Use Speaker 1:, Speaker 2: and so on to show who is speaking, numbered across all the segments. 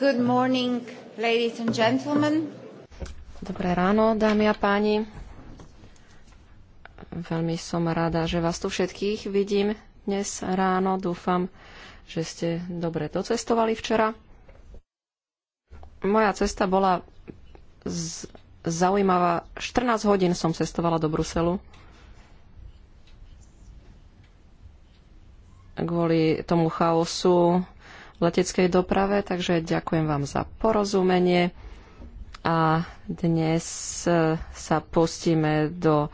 Speaker 1: Good morning, ladies and gentlemen.
Speaker 2: Dobré ráno, dámy a páni. Veľmi som rada, že vás tu všetkých vidím dnes ráno. Dúfam, že ste dobre docestovali včera. Moja cesta bola z... zaujímavá. 14 hodín som cestovala do Bruselu. Kvôli tomu chaosu leteckej doprave, takže ďakujem vám za porozumenie a dnes e, sa pustíme do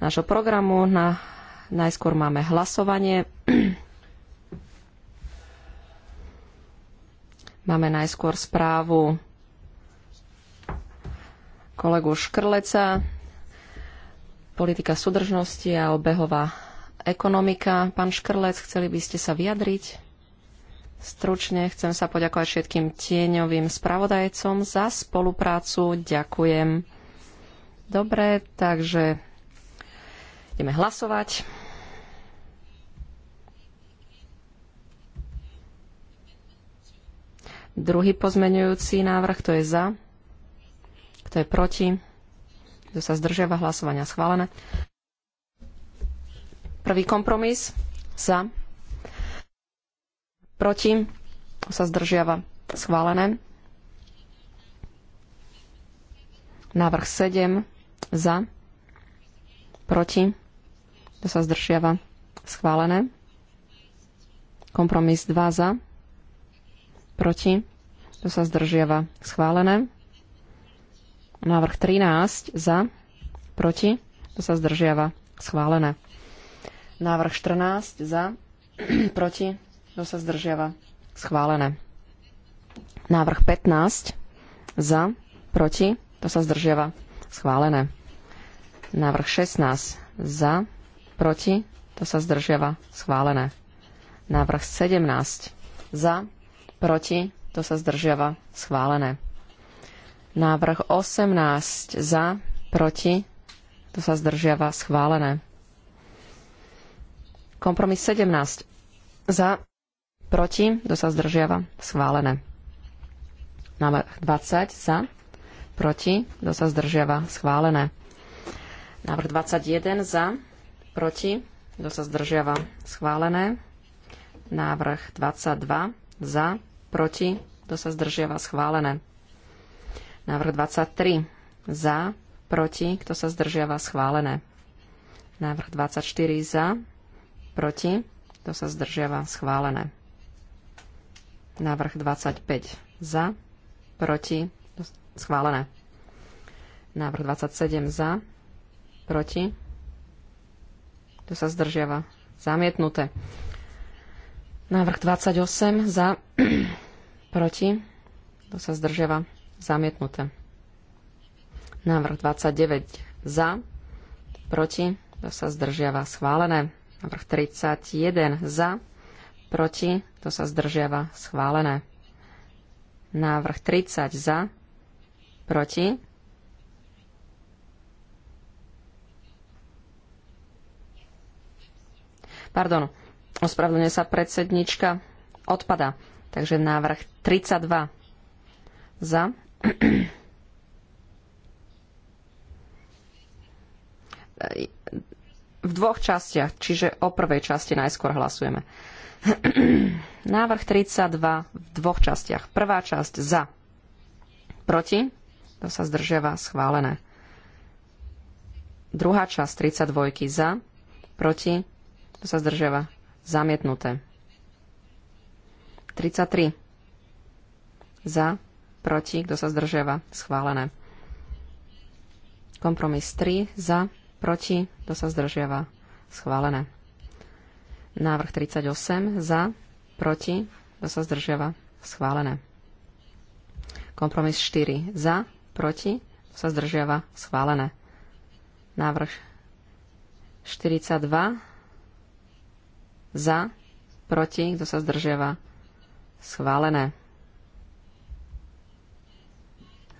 Speaker 2: nášho programu. Na, najskôr máme hlasovanie. Máme najskôr správu kolegu Škrleca, politika súdržnosti a obehová ekonomika. Pán Škrlec, chceli by ste sa vyjadriť? Stručne chcem sa poďakovať všetkým tieňovým spravodajcom za spoluprácu. Ďakujem. Dobre, takže ideme hlasovať. Druhý pozmenujúci návrh, kto je za, kto je proti, kto sa zdržiava hlasovania schválené. Prvý kompromis za Proti? Sa zdržiava. Schválené. Návrh 7. Za. Proti? To sa zdržiava. Schválené. Kompromis 2 za. Proti? To sa zdržiava. Schválené. Návrh 13 za. Proti? To sa zdržiava. Schválené. Návrh 14 za. proti? Kto sa zdržiava? Schválené. Návrh 15. Za. Proti. Kto sa zdržiava? Schválené. Návrh 16. Za. Proti. Kto sa zdržiava? Schválené. Návrh 17. Za. Proti. Kto sa zdržiava? Schválené. Návrh 18. Za. Proti. Kto sa zdržiava? Schválené. Kompromis 17. Za. Proti? Kto sa zdržiava? Schválené. Návrh 20 za. Proti? Kto sa zdržiava? Schválené. Návrh 21 za. Proti? Kto sa zdržiava? Schválené. Návrh 22 za. Proti? Kto sa zdržiava? Schválené. Návrh 23 za. Proti? Kto sa zdržiava? Schválené. Návrh 24 za. Proti? Kto sa zdržiava? Schválené. Návrh 25 za, proti, schválené. Návrh 27 za, proti, to sa zdržiava, zamietnuté. Návrh 28 za, proti, to sa zdržiava, zamietnuté. Návrh 29 za, proti, to sa zdržiava, schválené. Návrh 31 za, proti, to sa zdržiava schválené. Návrh 30 za, proti. Pardon, ospravedlňuje sa predsednička, odpada. Takže návrh 32 za. v dvoch častiach, čiže o prvej časti najskôr hlasujeme. Návrh 32 v dvoch častiach. Prvá časť za, proti, to sa zdržiava schválené. Druhá časť 32 za, proti, to sa zdržiava zamietnuté. 33 za, proti, kto sa zdržiava schválené. Kompromis 3 za, proti, kto sa zdržiava schválené. Návrh 38 za, proti, kto sa zdržiava, schválené. Kompromis 4 za, proti, kto sa zdržiava, schválené. Návrh 42 za, proti, kto sa zdržiava, schválené.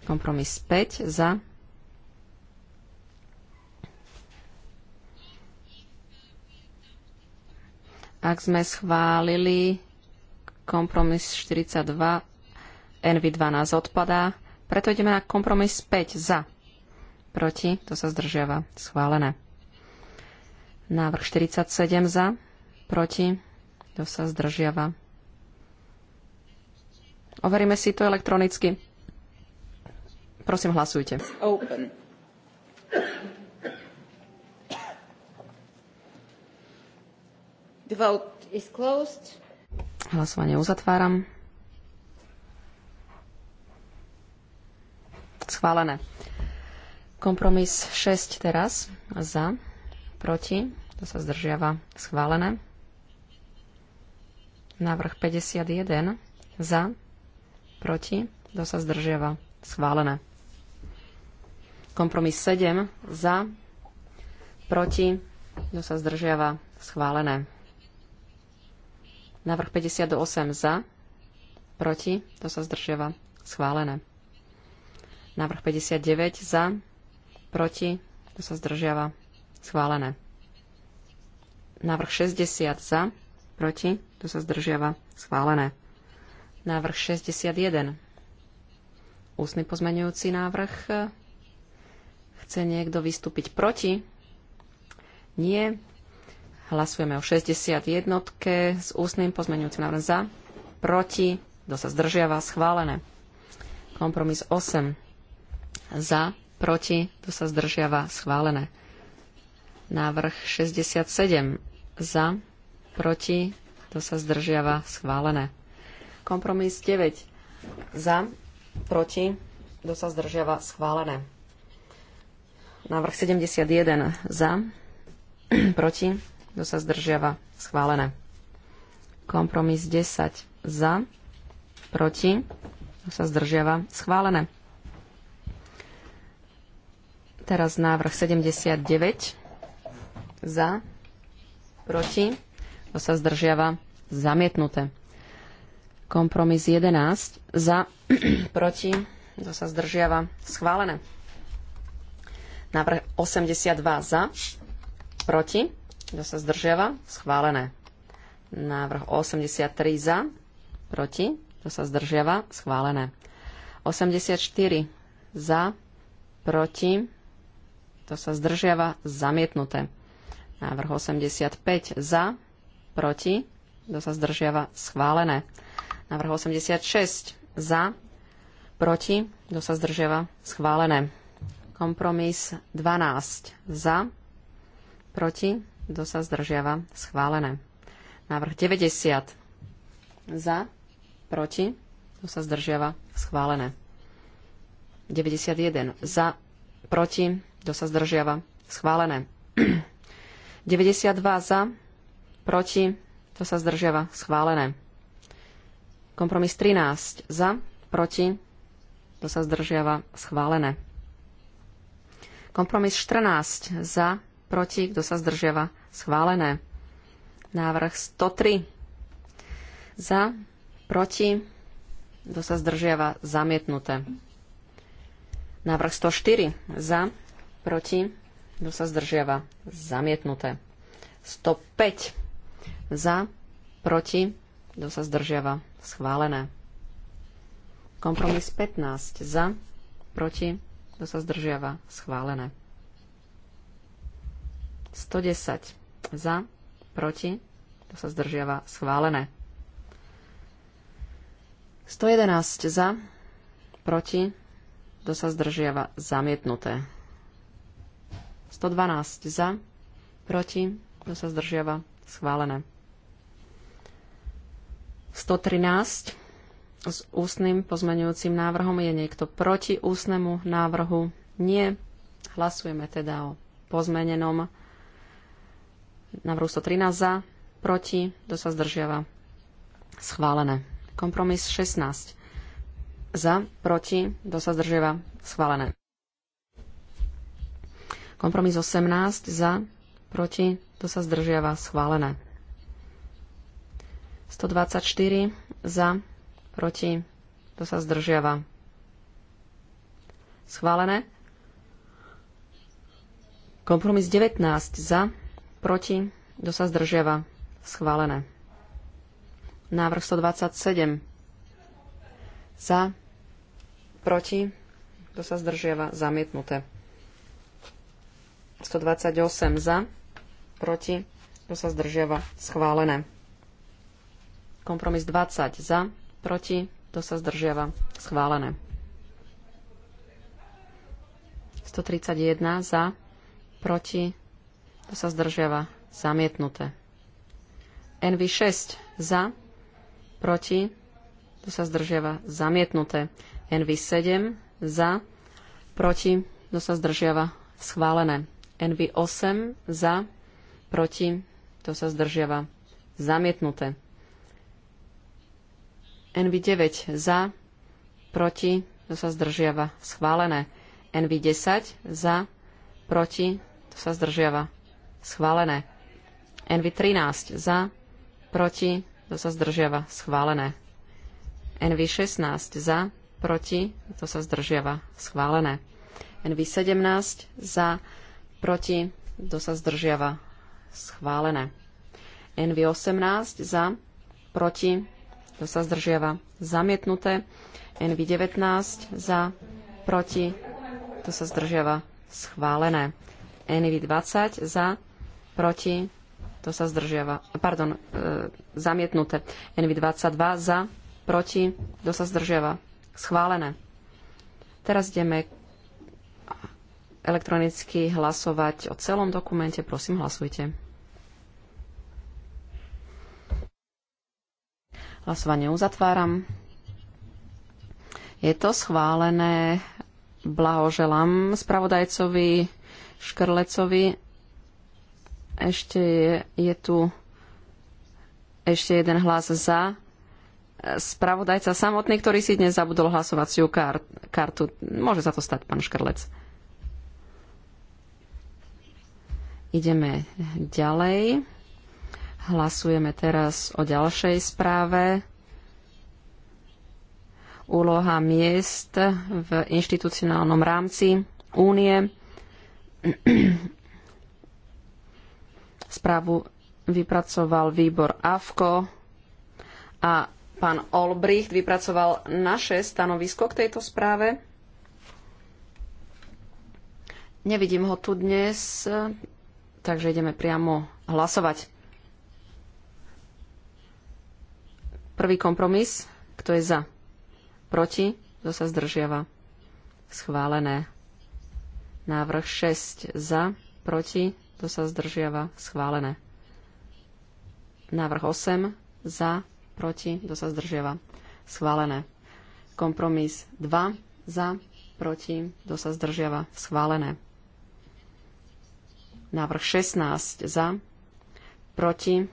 Speaker 2: Kompromis 5 za, ak sme schválili kompromis 42, NV12 odpadá, preto ideme na kompromis 5 za. Proti, to sa zdržiava. Schválené. Návrh 47 za. Proti, to sa zdržiava. Overíme si to elektronicky. Prosím, hlasujte. Open.
Speaker 1: The vote is closed.
Speaker 2: Hlasovanie uzatváram. Schválené. Kompromis 6 teraz. Za. Proti. To sa zdržiava. Schválené. Návrh 51. Za. Proti. To sa zdržiava. Schválené. Kompromis 7. Za. Proti. To sa zdržiava. Schválené. Návrh 58 za, proti, to sa zdržiava, schválené. Návrh 59 za, proti, to sa zdržiava, schválené. Návrh 60 za, proti, to sa zdržiava, schválené. Návrh 61. Ústny pozmeňujúci návrh. Chce niekto vystúpiť proti? Nie, Hlasujeme o 61 s ústnym pozmeňujúcim návrhom za, proti, kto sa zdržiava, schválené. Kompromis 8 za, proti, kto sa zdržiava, schválené. Návrh 67 za, proti, kto sa zdržiava, schválené. Kompromis 9 za, proti, kto sa zdržiava, schválené. Návrh 71 za, proti, kto sa zdržiava? Schválené. Kompromis 10 za, proti, kto sa zdržiava, schválené. Teraz návrh 79 za, proti, kto sa zdržiava, zamietnuté. Kompromis 11 za, proti, kto sa zdržiava, schválené. Návrh 82 za, proti, kto sa zdržiava? Schválené. Návrh 83 za, proti. Kto sa zdržiava? Schválené. 84 za, proti. Kto sa zdržiava? Zamietnuté. Návrh 85 za, proti. Kto sa zdržiava? Schválené. Návrh 86 za, proti. Kto sa zdržiava? Schválené. Kompromis 12 za, proti. Kto sa zdržiava? Schválené. Návrh 90. Za. Proti. Kto sa zdržiava? Schválené. 91. Za. Proti. Kto sa zdržiava? Schválené. 92. Za. Proti. Kto sa zdržiava? Schválené. Kompromis 13. Za. Proti. Kto sa zdržiava? Schválené. Kompromis 14. Za. Proti. Kto sa zdržiava? Schválené. Návrh 103. Za, proti, kto sa zdržiava, zamietnuté. Návrh 104. Za, proti, kto sa zdržiava, zamietnuté. 105. Za, proti, kto sa zdržiava, schválené. Kompromis 15. Za, proti, kto sa zdržiava, schválené. 110 za, proti, to sa zdržiava schválené. 111 za, proti, to sa zdržiava zamietnuté. 112 za, proti, to sa zdržiava schválené. 113 s ústnym pozmeňujúcim návrhom. Je niekto proti ústnemu návrhu? Nie. Hlasujeme teda o pozmenenom Návrh 113 za, proti, kto sa zdržiava. Schválené. Kompromis 16. Za, proti, kto sa zdržiava. Schválené. Kompromis 18 za, proti, kto sa zdržiava. Schválené. 124 za, proti, kto sa zdržiava. Schválené. Kompromis 19 za, Proti? Kto sa zdržiava? Schválené. Návrh 127. Za? Proti? Kto sa zdržiava? Zamietnuté. 128 za, proti, kto sa zdržiava, schválené. Kompromis 20 za, proti, kto sa zdržiava, schválené. 131 za, proti, to sa zdržiava? Zamietnuté. NV6 za, proti, to sa zdržiava zamietnuté. NV7 za, proti, to sa zdržiava schválené. NV8 za, proti, to sa zdržiava zamietnuté. NV9 za, proti, to sa zdržiava schválené. NV10 za, proti, to sa zdržiava schválené. NV13 za, proti, To sa zdržiava, schválené. NV16 za, proti, to sa zdržiava, schválené. NV17 za, proti, to sa zdržiava, schválené. NV18 za, proti, To sa zdržiava, zamietnuté. Envy 19 za, proti, to sa zdržiava, schválené. Envy 20 za, proti, to sa zdržiava, pardon, e, zamietnuté. NV22 za, proti, kto sa zdržiava, schválené. Teraz ideme elektronicky hlasovať o celom dokumente. Prosím, hlasujte. Hlasovanie uzatváram. Je to schválené. Blahoželám spravodajcovi Škrlecovi ešte je, je tu ešte jeden hlas za. E, spravodajca samotný, ktorý si dnes zabudol hlasovaciu kart, kartu. Môže sa to stať, pán Škrlec. Ideme ďalej. Hlasujeme teraz o ďalšej správe. Úloha miest v inštitucionálnom rámci únie. Správu vypracoval výbor AFKO a pán Olbricht vypracoval naše stanovisko k tejto správe. Nevidím ho tu dnes, takže ideme priamo hlasovať. Prvý kompromis. Kto je za? Proti? Kto sa zdržiava? Schválené. Návrh 6 za, proti, kto sa zdržiava, schválené. Návrh 8 za, proti, kto sa zdržiava, schválené. Kompromis 2 za, proti, kto sa zdržiava, schválené. Návrh 16 za, proti,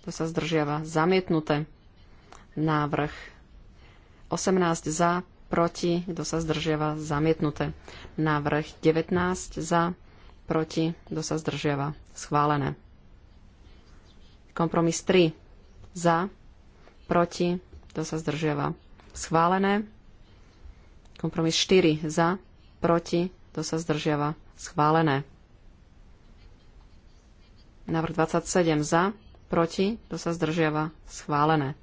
Speaker 2: kto sa zdržiava, zamietnuté. Návrh 18 za, proti, kto sa zdržiava, zamietnuté. Návrh 19 za, proti, kto sa zdržiava, schválené. Kompromis 3, za, proti, kto sa zdržiava, schválené. Kompromis 4, za, proti, kto sa zdržiava, schválené. Návrh 27 za, proti, kto sa zdržiava, schválené.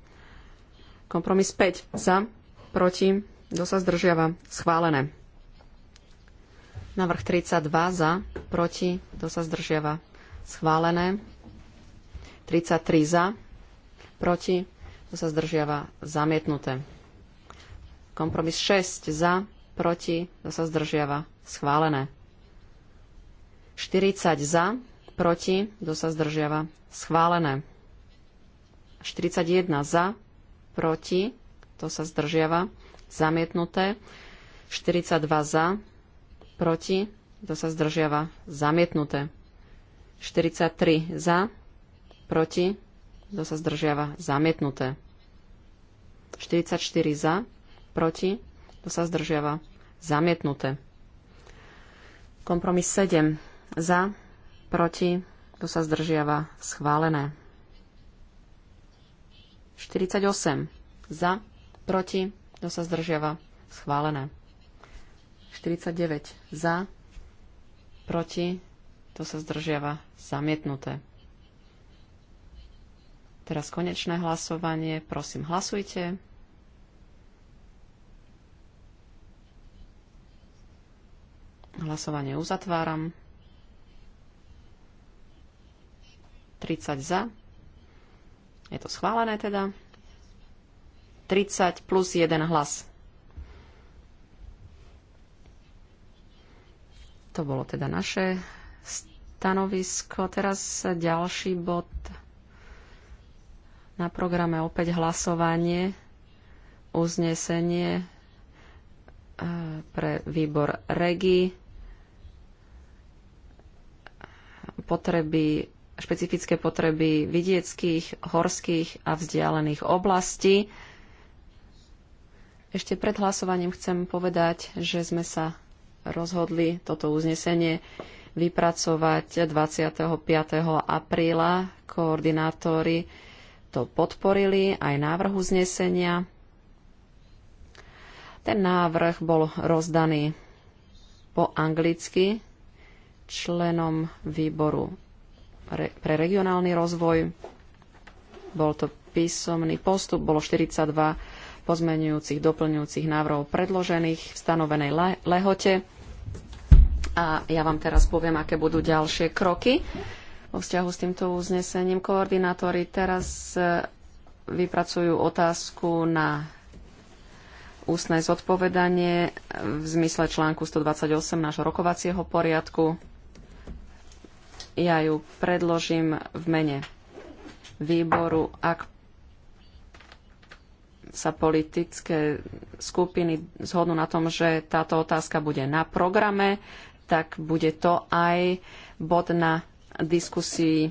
Speaker 2: Kompromis 5 za, proti, kto sa zdržiava, schválené. Navrh 32 za, proti, kto sa zdržiava. Schválené. 33 za, proti, kto sa zdržiava. Zamietnuté. Kompromis 6 za, proti, kto sa zdržiava. Schválené. 40 za, proti, kto sa zdržiava. Schválené. 41 za, proti, kto sa zdržiava. Zamietnuté. 42 za, proti, kto sa zdržiava, zamietnuté. 43 za, proti, kto sa zdržiava, zamietnuté. 44 za, proti, kto sa zdržiava, zamietnuté. Kompromis 7 za, proti, kto sa zdržiava, schválené. 48 za, proti, kto sa zdržiava, schválené. 49 za, proti, to sa zdržiava zamietnuté. Teraz konečné hlasovanie. Prosím, hlasujte. Hlasovanie uzatváram. 30 za. Je to schválené teda. 30 plus 1 hlas. To bolo teda naše stanovisko. Teraz ďalší bod na programe opäť hlasovanie, uznesenie e, pre výbor REGI, potreby, špecifické potreby vidieckých, horských a vzdialených oblastí. Ešte pred hlasovaním chcem povedať, že sme sa rozhodli toto uznesenie vypracovať 25. apríla. Koordinátori to podporili, aj návrh uznesenia. Ten návrh bol rozdaný po anglicky členom výboru pre regionálny rozvoj. Bol to písomný postup, bolo 42 pozmenujúcich, doplňujúcich návrhov predložených v stanovenej le- lehote. A ja vám teraz poviem, aké budú ďalšie kroky vo vzťahu s týmto uznesením. Koordinátori teraz e, vypracujú otázku na ústne zodpovedanie v zmysle článku 128 nášho rokovacieho poriadku. Ja ju predložím v mene výboru, ak sa politické skupiny zhodnú na tom, že táto otázka bude na programe, tak bude to aj bod na diskusii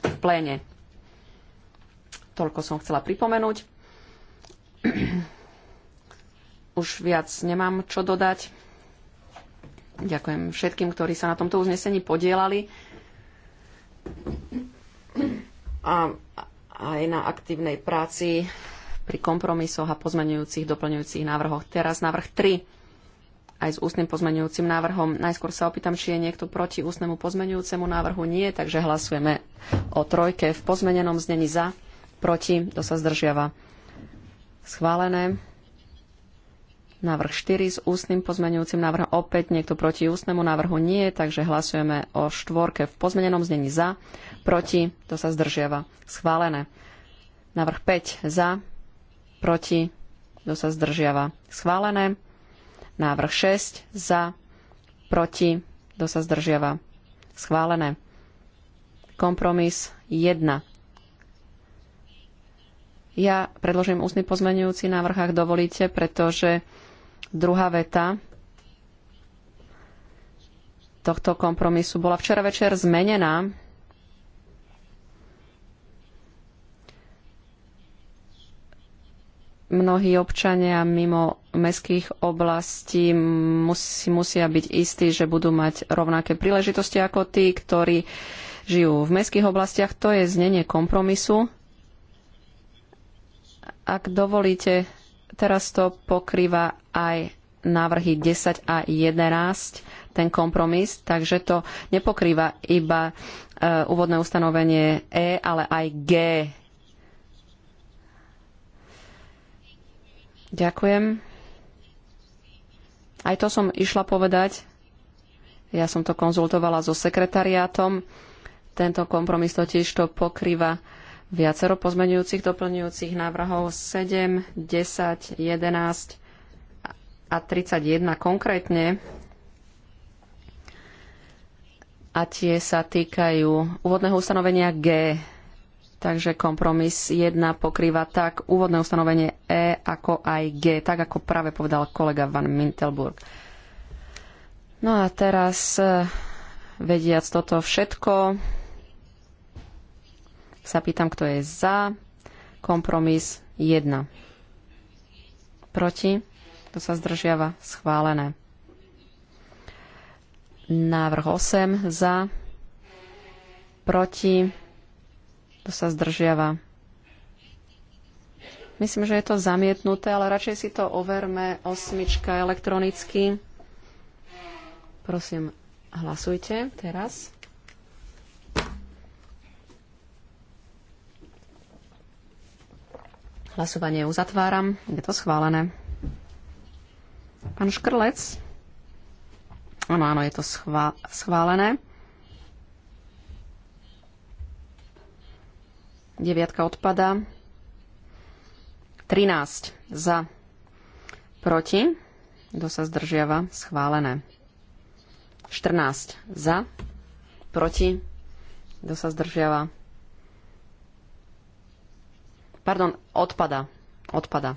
Speaker 2: v pléne. Toľko som chcela pripomenúť. Už viac nemám čo dodať. Ďakujem všetkým, ktorí sa na tomto uznesení podielali a aj na aktívnej práci pri kompromisoch a pozmenujúcich, doplňujúcich návrhoch. Teraz návrh 3 aj s ústnym pozmenujúcim návrhom. Najskôr sa opýtam, či je niekto proti ústnemu pozmenujúcemu návrhu. Nie, takže hlasujeme o trojke v pozmenenom znení za, proti, to sa zdržiava. Schválené. Návrh 4 s ústnym pozmenujúcim návrhom opäť niekto proti ústnemu návrhu nie, takže hlasujeme o štvorke v pozmenenom znení za, proti, to sa zdržiava. Schválené. Návrh 5 za, proti, kto sa zdržiava. Schválené. Návrh 6 za, proti, kto sa zdržiava. Schválené. Kompromis 1. Ja predložím ústny pozmenujúci návrh, ak dovolíte, pretože druhá veta tohto kompromisu bola včera večer zmenená mnohí občania mimo mestských oblastí musí, musia byť istí, že budú mať rovnaké príležitosti ako tí, ktorí žijú v mestských oblastiach. To je znenie kompromisu. Ak dovolíte, teraz to pokrýva aj návrhy 10 a 11, ten kompromis, takže to nepokrýva iba e, úvodné ustanovenie E, ale aj G Ďakujem. Aj to som išla povedať. Ja som to konzultovala so sekretariátom. Tento kompromis totiž to pokrýva viacero pozmenujúcich, doplňujúcich návrhov 7, 10, 11 a 31 konkrétne. A tie sa týkajú úvodného ustanovenia G Takže kompromis 1 pokrýva tak úvodné ustanovenie E ako aj G, tak ako práve povedal kolega Van Mintelburg. No a teraz, e, vediac toto všetko, sa pýtam, kto je za kompromis 1. Proti? Kto sa zdržiava? Schválené. Návrh 8 za. Proti? Kto sa zdržiava? Myslím, že je to zamietnuté, ale radšej si to overme. Osmička elektronicky. Prosím, hlasujte teraz. Hlasovanie uzatváram. Je to schválené. Pán Škrlec. Áno, áno, je to schvá- schválené. Deviatka odpada. 13 za, proti. Kto sa zdržiava? Schválené. 14 za, proti. Kto sa zdržiava? Pardon, odpada. Odpada.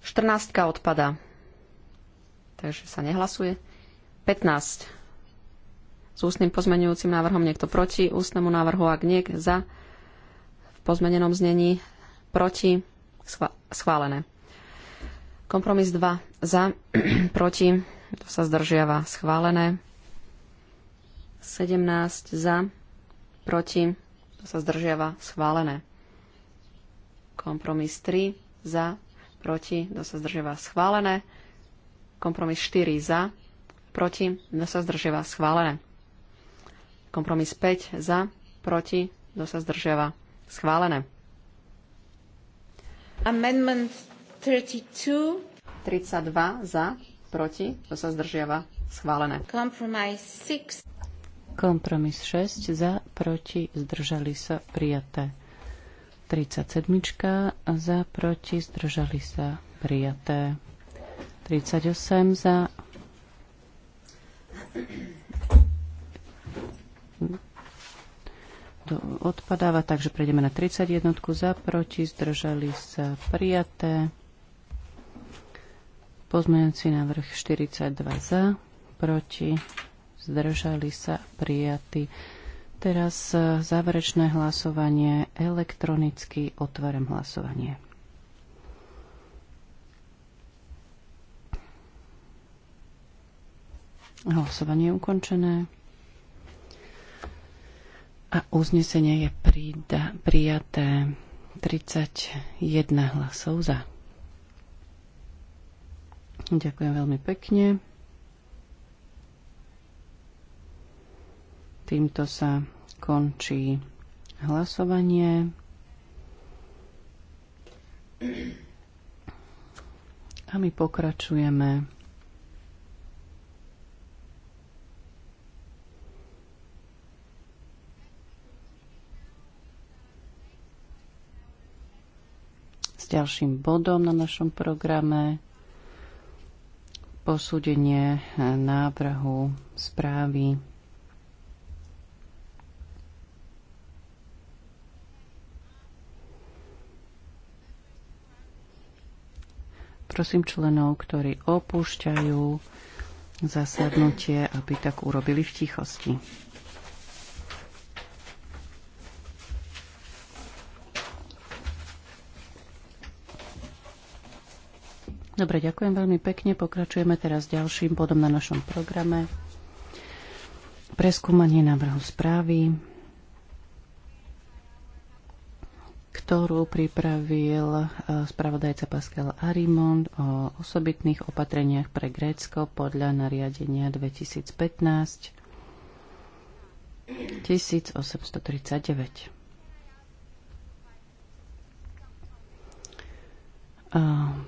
Speaker 2: 14 odpada. Takže sa nehlasuje. 15 s ústnym pozmenujúcim návrhom, niekto proti ústnemu návrhu, ak niek za v pozmenenom znení, proti, schválené. Kompromis 2 za, proti, to sa zdržiava, schválené. 17 za, proti, to sa zdržiava, schválené. Kompromis 3 za, proti, to sa zdržiava, schválené. Kompromis 4 za, proti, to sa zdržiava, schválené. Kompromis 5 za, proti, kto sa zdržiava. Schválené. Amendment 32. 32 za, proti, kto sa zdržiava. Schválené. Compromise 6.
Speaker 3: Kompromis 6 za, proti, zdržali sa, prijaté. 37 za, proti, zdržali sa, prijaté. 38 za, to odpadáva, takže prejdeme na 31 za, proti, zdržali sa prijaté. Pozmeňujúci návrh 42 za, proti, zdržali sa prijatí. Teraz e, záverečné hlasovanie elektronicky otvorem hlasovanie. Hlasovanie je ukončené. A uznesenie je prida, prijaté 31 hlasov za. Ďakujem veľmi pekne. Týmto sa končí hlasovanie. A my pokračujeme. ďalším bodom na našom programe posúdenie eh, návrhu správy Prosím členov, ktorí opúšťajú zasadnutie, aby tak urobili v tichosti. Dobre, ďakujem veľmi pekne. Pokračujeme teraz ďalším bodom na našom programe. Preskúmanie návrhu správy, ktorú pripravil e, spravodajca Pascal Arimond o osobitných opatreniach pre Grécko podľa nariadenia 2015 1839.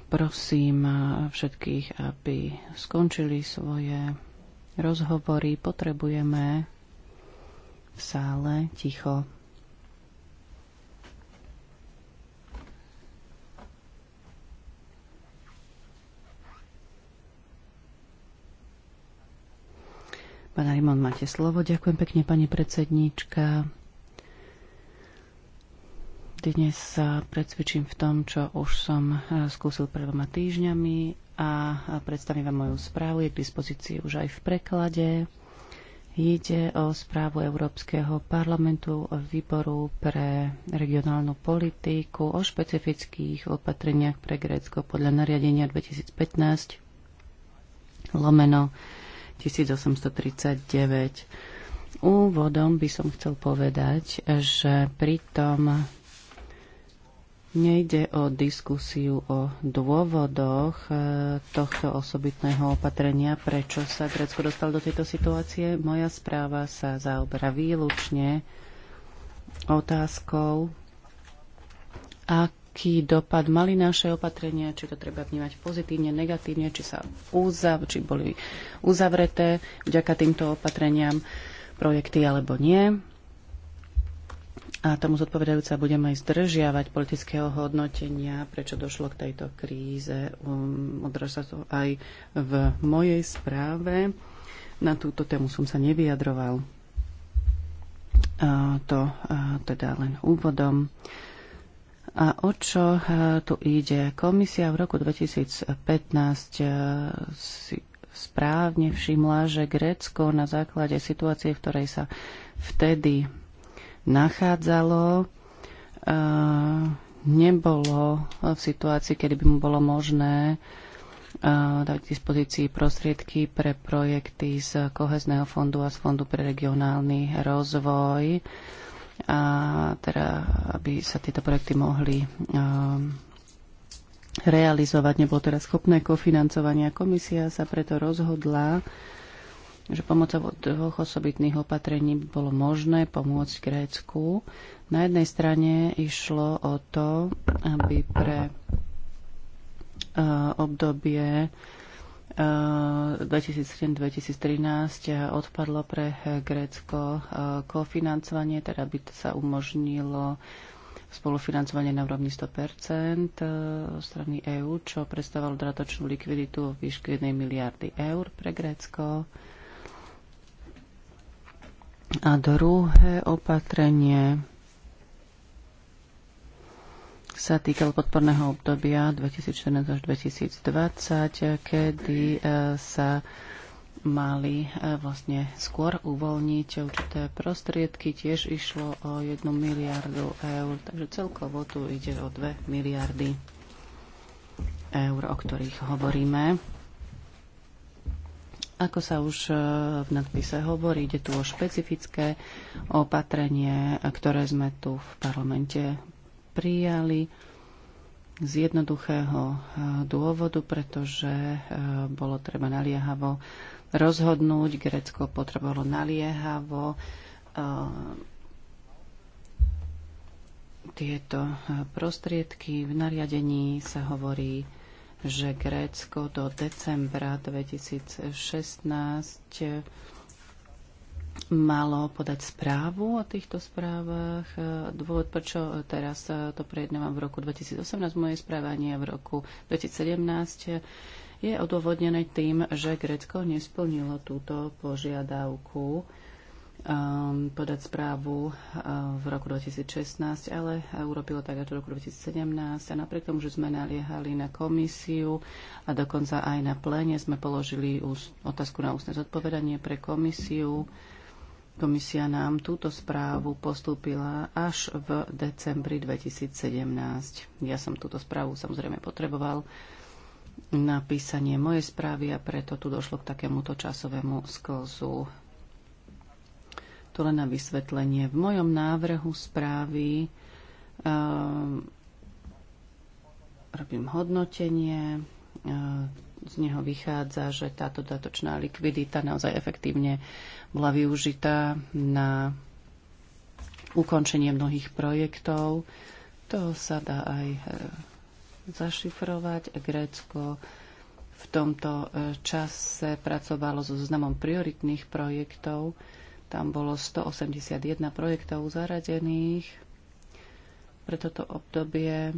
Speaker 3: Prosím všetkých, aby skončili svoje rozhovory. Potrebujeme v sále ticho. Pán Rimon, máte slovo. Ďakujem pekne, pani predsedníčka. Dnes sa predsvičím v tom, čo už som eh, skúsil pred dvoma týždňami a predstavím vám moju správu. Je k dispozícii už aj v preklade. Ide o správu Európskeho parlamentu o výboru pre regionálnu politiku o špecifických opatreniach pre Grécko podľa nariadenia 2015 lomeno 1839. Úvodom by som chcel povedať, že pri tom Nejde o diskusiu o dôvodoch e, tohto osobitného opatrenia, prečo sa Grécko dostalo do tejto situácie. Moja správa sa zaoberá výlučne otázkou, aký dopad mali naše opatrenia, či to treba vnímať pozitívne, negatívne, či, sa uzav, či boli uzavreté vďaka týmto opatreniam projekty alebo nie a tomu zodpovedajúca budeme aj zdržiavať politického hodnotenia, prečo došlo k tejto kríze. Um, Odraž sa to aj v mojej správe. Na túto tému som sa nevyjadroval. To teda len úvodom. A o čo tu ide? Komisia v roku 2015 si správne všimla, že Grécko na základe situácie, v ktorej sa vtedy nachádzalo, eh, nebolo v situácii, kedy by mu bolo možné eh, dať k dispozícii prostriedky pre projekty z kohezného fondu a z Fondu pre regionálny rozvoj, a teda, aby sa tieto projekty mohli eh, realizovať. Nebolo teraz schopné kofinancovanie. Komisia sa preto rozhodla že pomocou dvoch osobitných opatrení by bolo možné pomôcť Grécku. Na jednej strane išlo o to, aby pre e, obdobie 2007-2013 e, odpadlo pre Grécko e, kofinancovanie, teda by sa umožnilo spolufinancovanie na úrovni 100% strany EÚ, čo predstavovalo dodatočnú likviditu v výške 1 miliardy eur pre Grécko. A druhé opatrenie sa týkalo podporného obdobia 2014 až 2020, kedy e, sa mali e, vlastne skôr uvoľniť určité prostriedky. Tiež išlo o 1 miliardu eur, takže celkovo tu ide o 2 miliardy eur, o ktorých hovoríme. Ako sa už e, v nadpise hovorí, ide tu o špecifické opatrenie, ktoré sme tu v parlamente prijali z jednoduchého e, dôvodu, pretože e, bolo treba naliehavo rozhodnúť. Grécko potrebovalo naliehavo tieto prostriedky. V nariadení sa hovorí že Grécko do decembra 2016 malo podať správu o týchto správach. Dôvod, prečo teraz to prejednávam v roku 2018, moje správanie v roku 2017, je odôvodnené tým, že Grécko nesplnilo túto požiadavku um, podať správu uh, v roku 2016, ale urobilo tak až v roku 2017 a napriek tomu, že sme naliehali na komisiu a dokonca aj na plene sme položili ús- otázku na ústne zodpovedanie pre komisiu. Komisia nám túto správu postúpila až v decembri 2017. Ja som túto správu samozrejme potreboval na písanie mojej správy a preto tu došlo k takémuto časovému sklzu to len na vysvetlenie. V mojom návrhu správy uh, robím hodnotenie, ehm, z neho vychádza, že táto dodatočná likvidita naozaj efektívne bola využitá na ukončenie mnohých projektov. To sa dá aj ehm, zašifrovať. Grécko v tomto čase pracovalo so zoznamom prioritných projektov, tam bolo 181 projektov zaradených pre toto obdobie.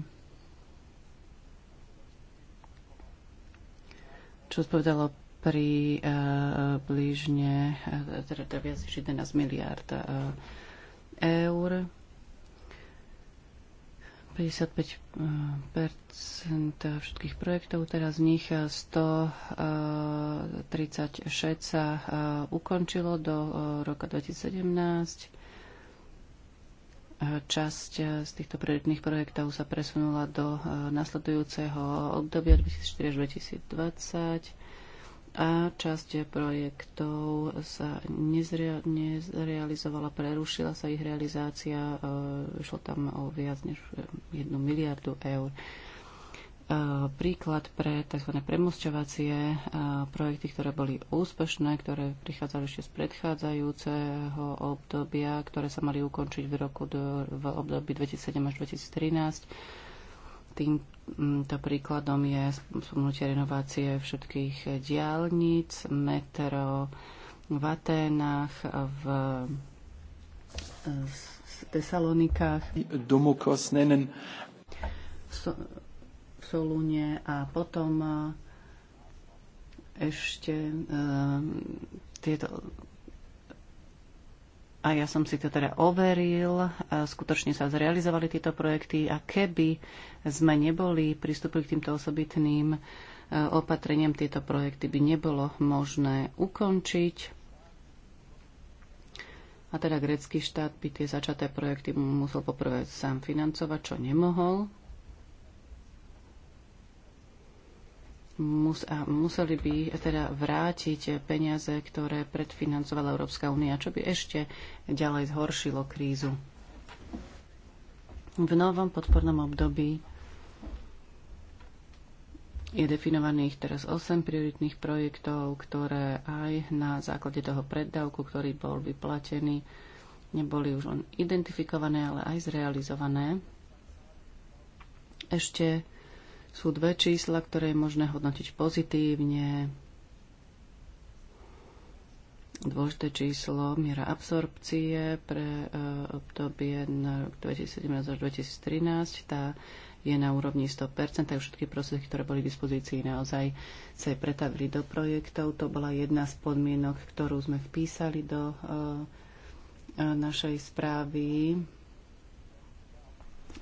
Speaker 3: Čo spovedalo pri uh, blížne uh, teda viac 11 miliard uh, eur. 55 eh, všetkých projektov, teraz z nich 136 eh, eh, sa ukončilo do roka 2017. Časť z týchto prioritných projektov sa presunula do nasledujúceho obdobia 2004 až 2020 a časť projektov sa nezrealizovala, prerušila sa ich realizácia, išlo e, tam o viac než 1 e, miliardu eur. E, príklad pre tzv. premosťovacie projekty, ktoré boli úspešné, ktoré prichádzali ešte z predchádzajúceho obdobia, ktoré sa mali ukončiť v roku do, v období 2007 až 2013 Týmto mm, príkladom je spomnutie renovácie všetkých diálnic, metro v Aténach, v, eh, v Tesalonikách.
Speaker 2: Domokos nenen.
Speaker 3: V Solúne a potom eh, ešte e, tieto a ja som si to teda overil, skutočne sa zrealizovali tieto projekty a keby sme neboli pristúpili k týmto osobitným e, opatreniam, tieto projekty by nebolo možné ukončiť. A teda grecký štát by tie začaté projekty musel poprvé sám financovať, čo nemohol, mus, a museli by teda vrátiť peniaze, ktoré predfinancovala Európska únia, čo by ešte ďalej zhoršilo krízu. V novom podpornom období je definovaných teraz 8 prioritných projektov, ktoré aj na základe toho preddavku, ktorý bol vyplatený, neboli už len identifikované, ale aj zrealizované. Ešte sú dve čísla, ktoré je možné hodnotiť pozitívne. Dôležité číslo miera absorpcie pre e, obdobie na rok 2017 až 2013. Tá je na úrovni 100%, tak všetky prostriedky, ktoré boli k dispozícii, naozaj sa aj pretavili do projektov. To bola jedna z podmienok, ktorú sme vpísali do e, e, našej správy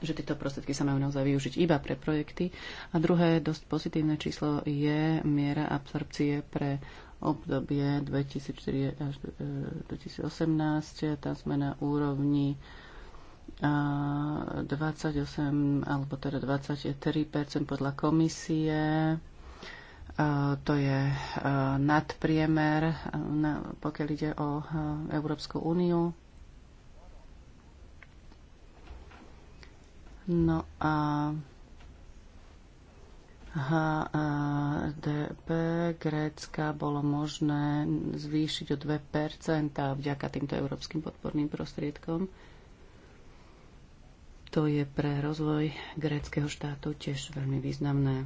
Speaker 3: že tieto prostriedky sa majú naozaj využiť iba pre projekty. A druhé dosť pozitívne číslo je miera absorpcie pre obdobie 2004 až 2018. E, Tam sme na úrovni 28 alebo teda 23 podľa komisie. To je nadpriemer, pokiaľ ide o Európsku úniu. No a HDP Grécka bolo možné zvýšiť o 2% vďaka týmto európskym podporným prostriedkom. To je pre rozvoj gréckého štátu tiež veľmi významné.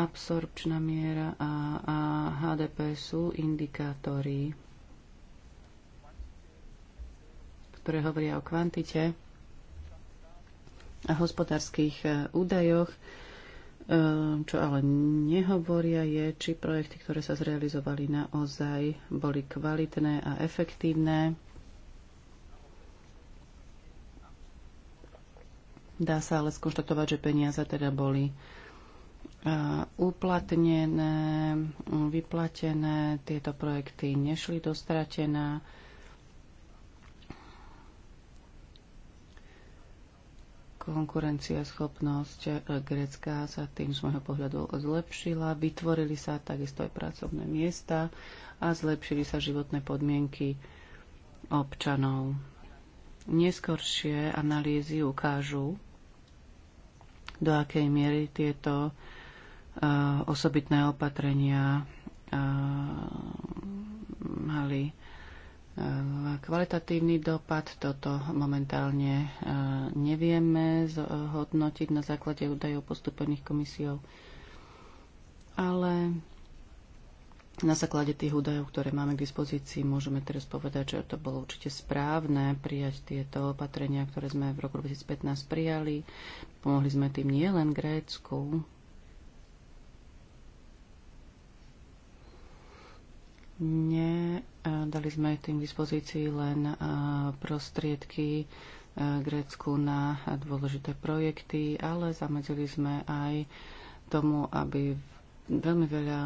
Speaker 3: Absorpčná miera a, a HDP sú indikátory, ktoré hovoria o kvantite a hospodárskych e, údajoch. E, čo ale nehovoria je, či projekty, ktoré sa zrealizovali naozaj, boli kvalitné a efektívne. Dá sa ale skonštatovať, že peniaze teda boli e, uplatnené, vyplatené, tieto projekty nešli dostratená konkurencieschopnosť eh, Grécka sa tým z môjho pohľadu zlepšila, vytvorili sa takisto aj pracovné miesta a zlepšili sa životné podmienky občanov. Neskoršie analýzy ukážu, do akej miery tieto uh, osobitné opatrenia uh, mali Eh, Kvalitatívny dopad toto momentálne eh, nevieme zhodnotiť na základe údajov postupených komisiou, ale na základe tých údajov, ktoré máme k dispozícii, môžeme teraz povedať, že to bolo určite správne prijať tieto opatrenia, ktoré sme v roku 2015 prijali. Pomohli sme tým nielen Grécku, Ne, dali sme tým k dispozícii len prostriedky Grécku na dôležité projekty, ale zamedzili sme aj tomu, aby veľmi veľa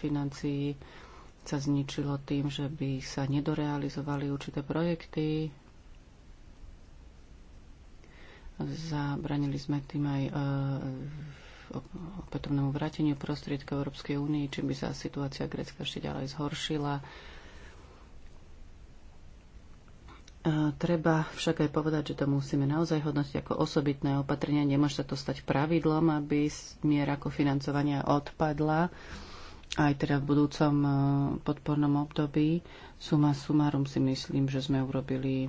Speaker 3: financií sa zničilo tým, že by sa nedorealizovali určité projekty. Zabranili sme tým aj opätovnému vráteniu prostriedkov Európskej únii, čím by sa situácia Grécka ešte ďalej zhoršila. Treba však aj povedať, že to musíme naozaj hodnotiť ako osobitné opatrenia. Nemôže sa to stať pravidlom, aby miera ako financovania odpadla aj teda v budúcom e, podpornom období. Suma sumárum si myslím, že sme urobili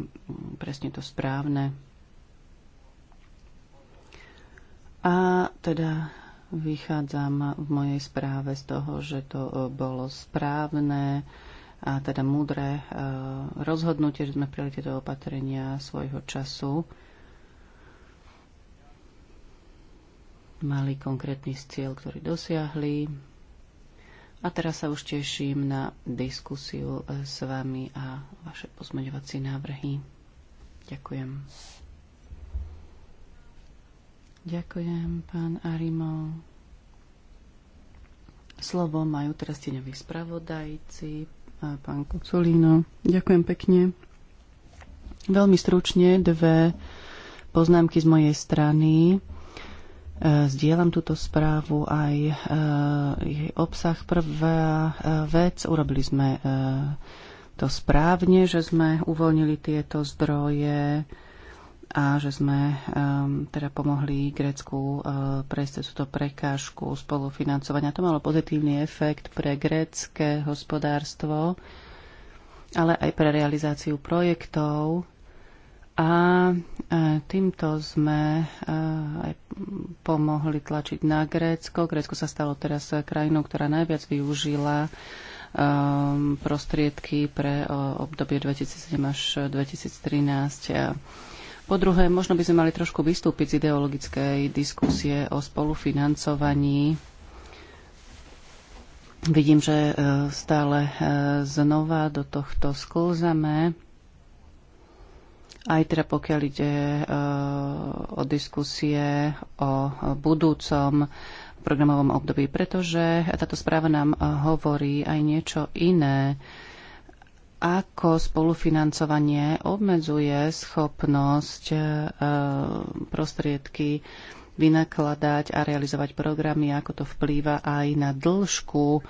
Speaker 3: presne to správne. A teda vychádzam v mojej správe z toho, že to e, bolo správne a teda múdre e, rozhodnutie, že sme prijali tieto opatrenia svojho času. Mali konkrétny cieľ, ktorý dosiahli. A teraz sa už teším na diskusiu e, s vami a vaše pozmeňovacie návrhy. Ďakujem. Ďakujem, pán Arimo. Slovo majú teraz tieňoví spravodajci, pán Kuculino. Ďakujem pekne. Veľmi stručne dve poznámky z mojej strany. E, zdieľam túto správu aj e, jej obsah. Prvá e, vec, urobili sme to správne, že sme uvoľnili tieto zdroje a že sme um, teda pomohli Grécku uh, prejsť cez túto prekážku spolufinancovania. To malo pozitívny efekt pre grécké hospodárstvo, ale aj pre realizáciu projektov. A e, týmto sme e, aj pomohli tlačiť na Grécko. Grécko sa stalo teraz krajinou, ktorá najviac využila um, prostriedky pre obdobie 2007 až 2013 po druhé, možno by sme mali trošku vystúpiť z ideologickej diskusie o spolufinancovaní. Vidím, že e, stále e, znova do tohto sklzame. Aj teda pokiaľ ide e, o diskusie o budúcom programovom období, pretože táto správa nám hovorí aj niečo iné ako spolufinancovanie obmedzuje schopnosť e, prostriedky vynakladať a realizovať programy, ako to vplýva aj na dĺžku e,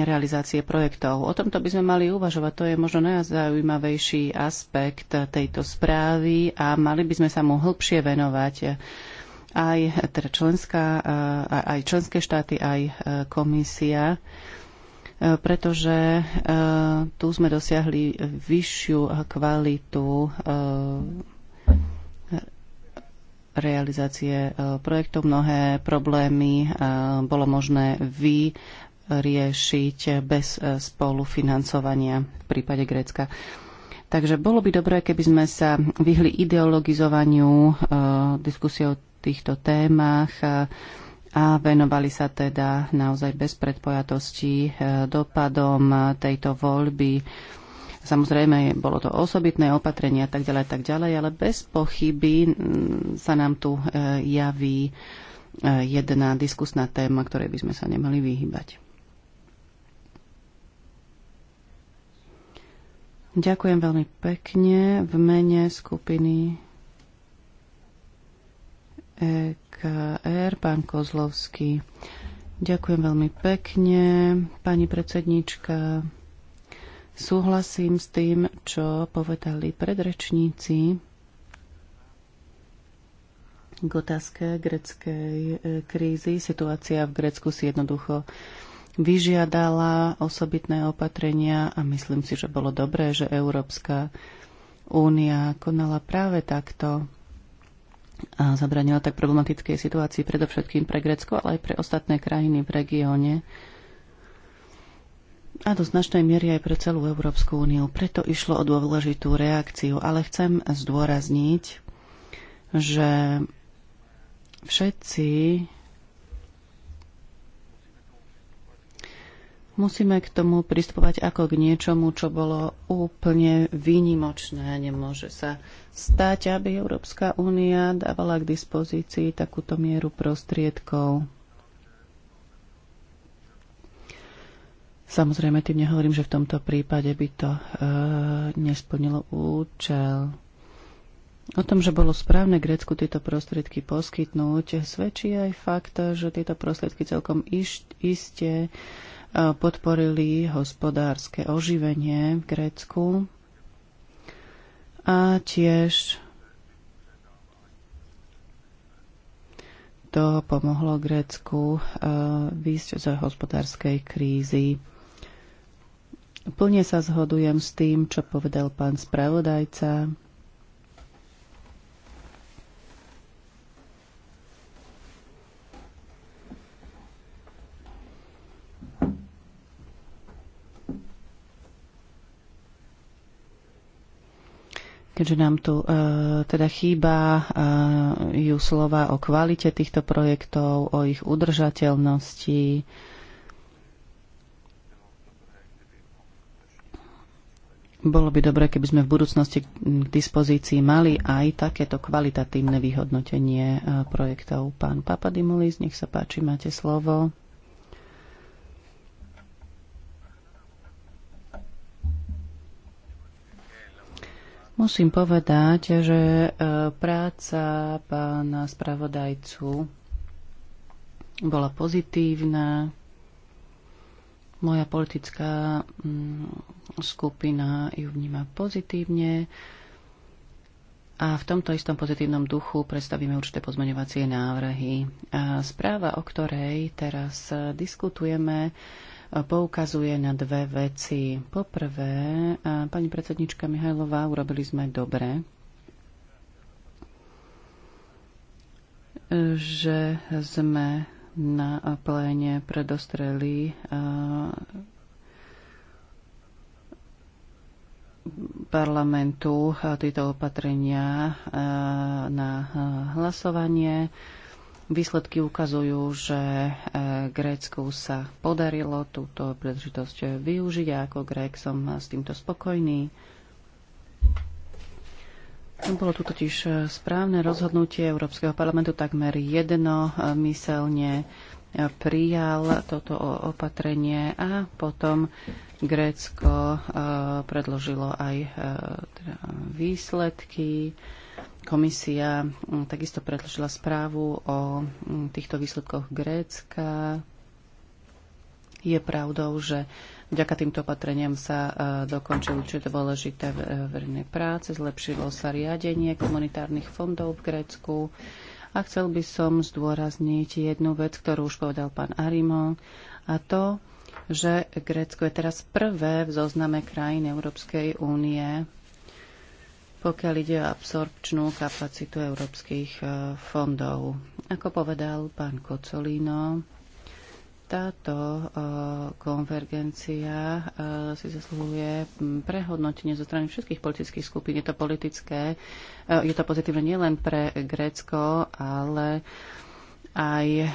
Speaker 3: realizácie projektov. O tomto by sme mali uvažovať. To je možno najzaujímavejší aspekt tejto správy a mali by sme sa mu hĺbšie venovať aj, teda členská, e, aj členské štáty, aj komisia pretože eh, tu sme dosiahli vyššiu kvalitu eh, realizácie eh, projektov. Mnohé problémy bolo možné vyriešiť bez spolufinancovania v prípade Grécka. Takže bolo by dobré, keby sme sa vyhli ideologizovaniu diskusie o týchto témach. A a venovali sa teda naozaj bez predpojatosti e, dopadom e, tejto voľby. Samozrejme, bolo to osobitné opatrenie a tak ďalej, tak ďalej, ale bez pochyby sa nám tu e, javí jedna diskusná téma, ktorej by sme sa nemali vyhybať. Ďakujem veľmi pekne v mene skupiny EKR, pán Kozlovský. Ďakujem veľmi pekne, pani predsednička. Súhlasím s tým, čo povedali predrečníci k otázke greckej e, krízy. Situácia v Grécku si jednoducho vyžiadala osobitné opatrenia a myslím si, že bolo dobré, že Európska únia konala práve takto a zabranila tak problematickej situácii predovšetkým pre Grécko, ale aj pre ostatné krajiny v regióne a do značnej miery aj pre celú Európsku úniu. Preto išlo o dôležitú reakciu, ale chcem zdôrazniť, že všetci Musíme k tomu pristupovať ako k niečomu, čo bolo úplne výnimočné. Nemôže sa stať, aby Európska únia dávala k dispozícii takúto mieru prostriedkov. Samozrejme, tým nehovorím, že v tomto prípade by to e, nesplnilo účel. O tom, že bolo správne Grécku tieto prostriedky poskytnúť, svedčí aj fakt, že tieto prostriedky celkom iš, iste podporili hospodárske oživenie v Grécku a tiež to pomohlo Grécku e, výjsť z hospodárskej krízy. Plne sa zhodujem s tým, čo povedal pán spravodajca. keďže nám tu e, teda chýba e, ju slova o kvalite týchto projektov, o ich udržateľnosti. Bolo by dobre, keby sme v budúcnosti k dispozícii mali aj takéto kvalitatívne vyhodnotenie e, projektov. Pán Papadimulis, nech sa páči, máte slovo. Musím povedať, že e, práca pána spravodajcu bola pozitívna. Moja politická mm, skupina ju vníma pozitívne a v tomto istom pozitívnom duchu predstavíme určité pozmeňovacie návrhy. A správa, o ktorej teraz diskutujeme, poukazuje na dve veci. Poprvé, pani predsednička Mihajlová, urobili sme dobre, že sme na pléne predostreli parlamentu tieto opatrenia na hlasovanie. Výsledky ukazujú, že e, Grécku sa podarilo túto príležitosť využiť a ako Grék som s týmto spokojný. Bolo tu totiž správne rozhodnutie Európskeho parlamentu takmer jednomyselne prijal toto opatrenie a potom Grécko e, predložilo aj e, teda výsledky Komisia mm, takisto predložila správu o mm, týchto výsledkoch Grécka. Je pravdou, že vďaka týmto opatreniam sa e, dokončili určite dôležité e, verejné práce, zlepšilo sa riadenie komunitárnych fondov v Grécku. A chcel by som zdôrazniť jednu vec, ktorú už povedal pán Arimo, a to, že Grécko je teraz prvé v zozname krajín Európskej únie, pokiaľ ide o absorpčnú kapacitu európskych e, fondov. Ako povedal pán Kocolino, táto e, konvergencia e, si zaslúhuje prehodnotenie zo strany všetkých politických skupín. Je to politické, je to pozitívne nielen pre Grécko, ale aj e,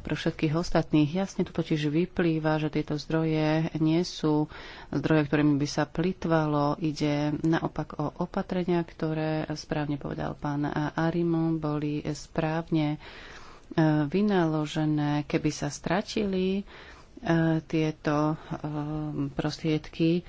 Speaker 3: pre všetkých ostatných. Jasne tu totiž vyplýva, že tieto zdroje nie sú zdroje, ktorými by sa plitvalo. Ide naopak o opatrenia, ktoré, správne povedal pán Arimu, boli správne e, vynaložené. Keby sa stratili e, tieto prostriedky,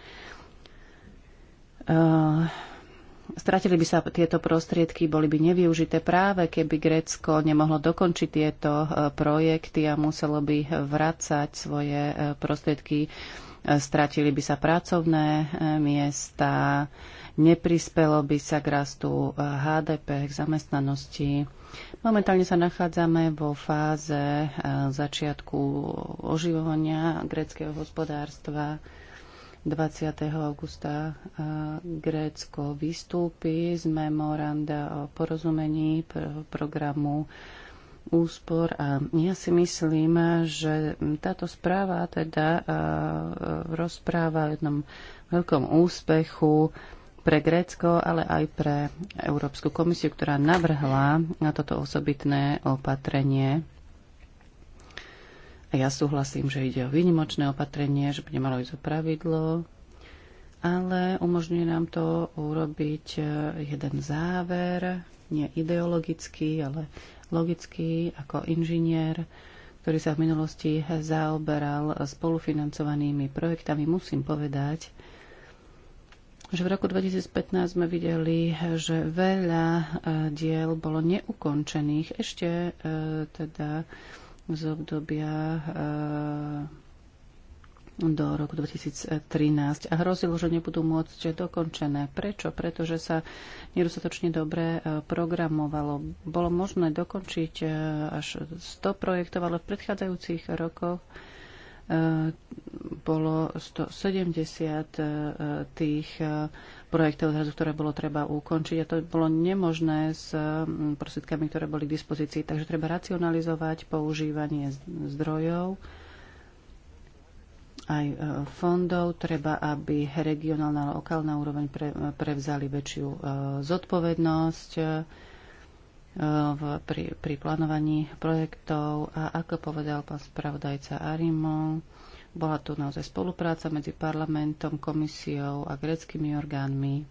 Speaker 3: Stratili by sa tieto prostriedky, boli by nevyužité práve, keby Grécko nemohlo dokončiť tieto e, projekty a muselo by vrácať svoje e, prostriedky. E, stratili by sa pracovné miesta, neprispelo by sa k rastu HDP, k zamestnanosti. Momentálne sa nachádzame vo fáze začiatku oživovania gréckého hospodárstva 20. augusta e, Grécko vystúpi z memoranda o porozumení programu úspor a ja si myslím, že táto správa, teda e, rozpráva o jednom veľkom úspechu pre Grécko, ale aj pre Európsku komisiu, ktorá navrhla na toto osobitné opatrenie a ja súhlasím, že ide o výnimočné opatrenie, že by nemalo ísť o pravidlo, ale umožňuje nám to urobiť e, jeden záver, nie ideologický, ale logický, ako inžinier, ktorý sa v minulosti zaoberal spolufinancovanými projektami, musím povedať, že v roku 2015 sme videli, že veľa e, diel bolo neukončených ešte e, teda z obdobia eh, do roku 2013 a hrozilo, že nebudú môcť dokončené. Prečo? Pretože sa nedostatočne dobre eh, programovalo. Bolo možné dokončiť eh, až 100 projektov, ale v predchádzajúcich rokoch bolo 170 e, tých e, projektov zrazu, ktoré bolo treba ukončiť a to bolo nemožné s prostriedkami, ktoré boli k dispozícii. Takže treba racionalizovať používanie zdrojov aj e, fondov. Treba, aby regionálna a lokálna úroveň pre, prevzali väčšiu zodpovednosť v, pri, pri plánovaní projektov a ako povedal pán spravodajca Arimo, bola tu naozaj spolupráca medzi parlamentom, komisiou a greckými orgánmi.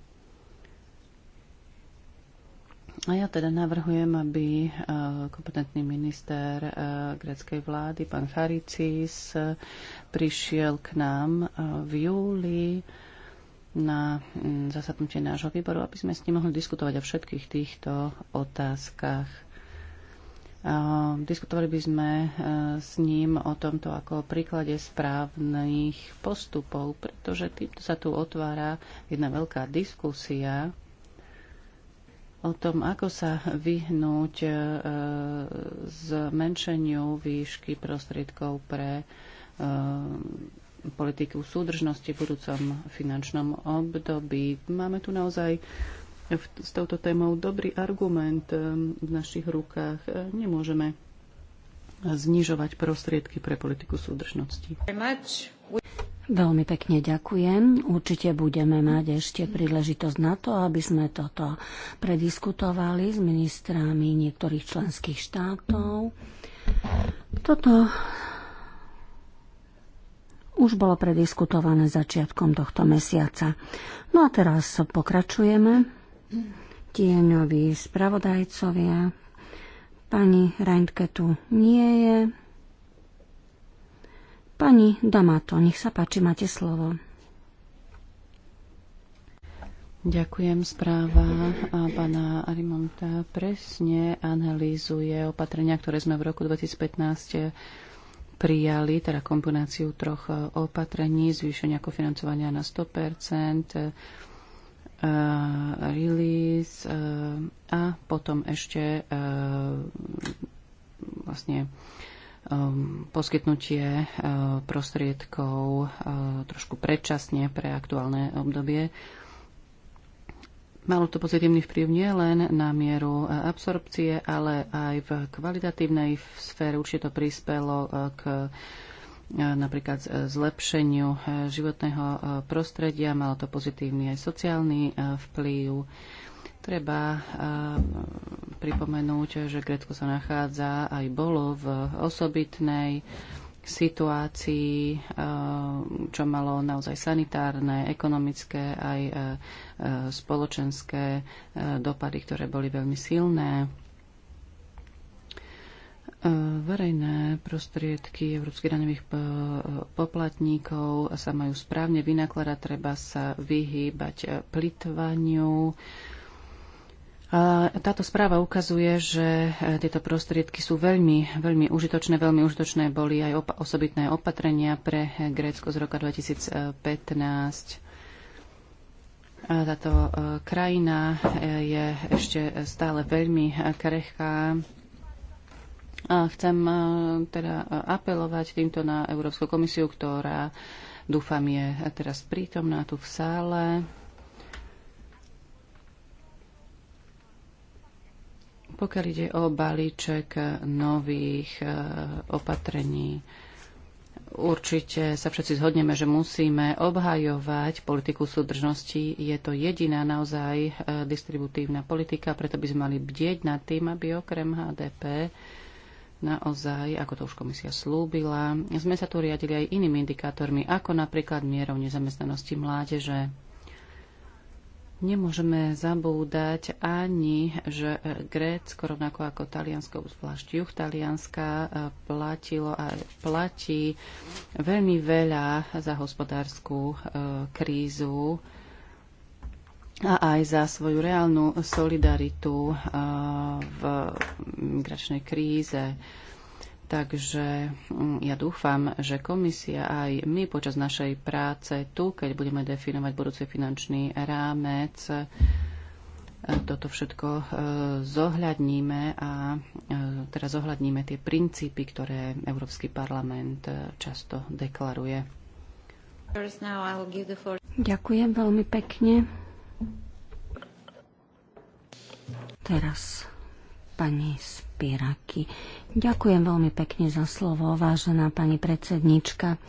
Speaker 3: A ja teda navrhujem, aby e, kompetentný minister e, greckej vlády, pán Charicis, e, prišiel k nám v júli na mm, zasadnutie nášho výboru, aby sme s ním mohli diskutovať o všetkých týchto otázkach. Diskutovali by sme e, s ním o tomto ako o príklade správnych postupov, pretože týmto sa tu otvára jedna veľká diskusia o tom, ako sa vyhnúť e, zmenšeniu výšky prostriedkov pre e, politiku súdržnosti v budúcom finančnom období. Máme tu naozaj s touto témou dobrý argument ehm, v našich rukách. Nemôžeme znižovať prostriedky pre politiku súdržnosti.
Speaker 1: Veľmi pekne ďakujem. Určite budeme mať ešte príležitosť na to, aby sme toto prediskutovali s ministrami niektorých členských štátov. Toto už bolo prediskutované začiatkom tohto mesiaca. No a teraz pokračujeme. Tieňoví spravodajcovia. Pani Reintke tu nie je.
Speaker 3: Pani Damato, nech sa páči, máte slovo. Ďakujem. Správa pána Arimonta presne analýzuje opatrenia, ktoré sme v roku 2015 prijali teda kombináciu troch e, opatrení, zvýšenie ako financovania na 100%, e, release e, a potom ešte vlastne poskytnutie prostriedkov trošku predčasne pre aktuálne obdobie. Malo to pozitívny vplyv nielen na mieru e, absorpcie, ale aj v kvalitatívnej sfére. Určite to prispelo e, k e, napríklad zlepšeniu životného prostredia, malo to pozitívny aj sociálny vplyv. Treba pripomenúť, že Grécko sa nachádza aj bolo v osobitnej k situácii, eh, čo malo naozaj sanitárne, ekonomické aj eh, eh, spoločenské dopady, ktoré boli veľmi silné. Verejné prostriedky európskych daňových poplatníkov sa majú správne vynakladať, treba sa vyhýbať plitvaniu táto správa ukazuje, že e, tieto prostriedky sú veľmi, veľmi užitočné. Veľmi užitočné boli aj opa- osobitné opatrenia pre e, Grécko z roka 2015. Táto e, krajina je ešte stále veľmi krehká. Chcem teda apelovať týmto na Európsku komisiu, ktorá dúfam je teraz prítomná tu v sále pokiaľ ide o balíček nových e, opatrení. Určite sa všetci zhodneme, že musíme obhajovať politiku súdržnosti. Je to jediná naozaj e, distributívna politika, preto by sme mali bdieť nad tým, aby okrem HDP naozaj, ako to už komisia slúbila, sme sa tu riadili aj inými indikátormi, ako napríklad mierou nezamestnanosti mládeže, Nemôžeme zabúdať ani, že Grécko, rovnako ako Taliansko, zvlášť juh Talianska, platilo a platí veľmi veľa za hospodárskú e, krízu a aj za svoju reálnu solidaritu e, v migračnej kríze. Takže mm, ja dúfam, že komisia aj my počas našej práce tu, keď budeme definovať budúci finančný rámec, e, toto všetko e, zohľadníme a e, teraz zohľadníme tie princípy, ktoré Európsky parlament často deklaruje. Ďakujem veľmi pekne.
Speaker 1: Teraz pani Spiraky. Ďakujem veľmi pekne za slovo, vážená pani predsednička.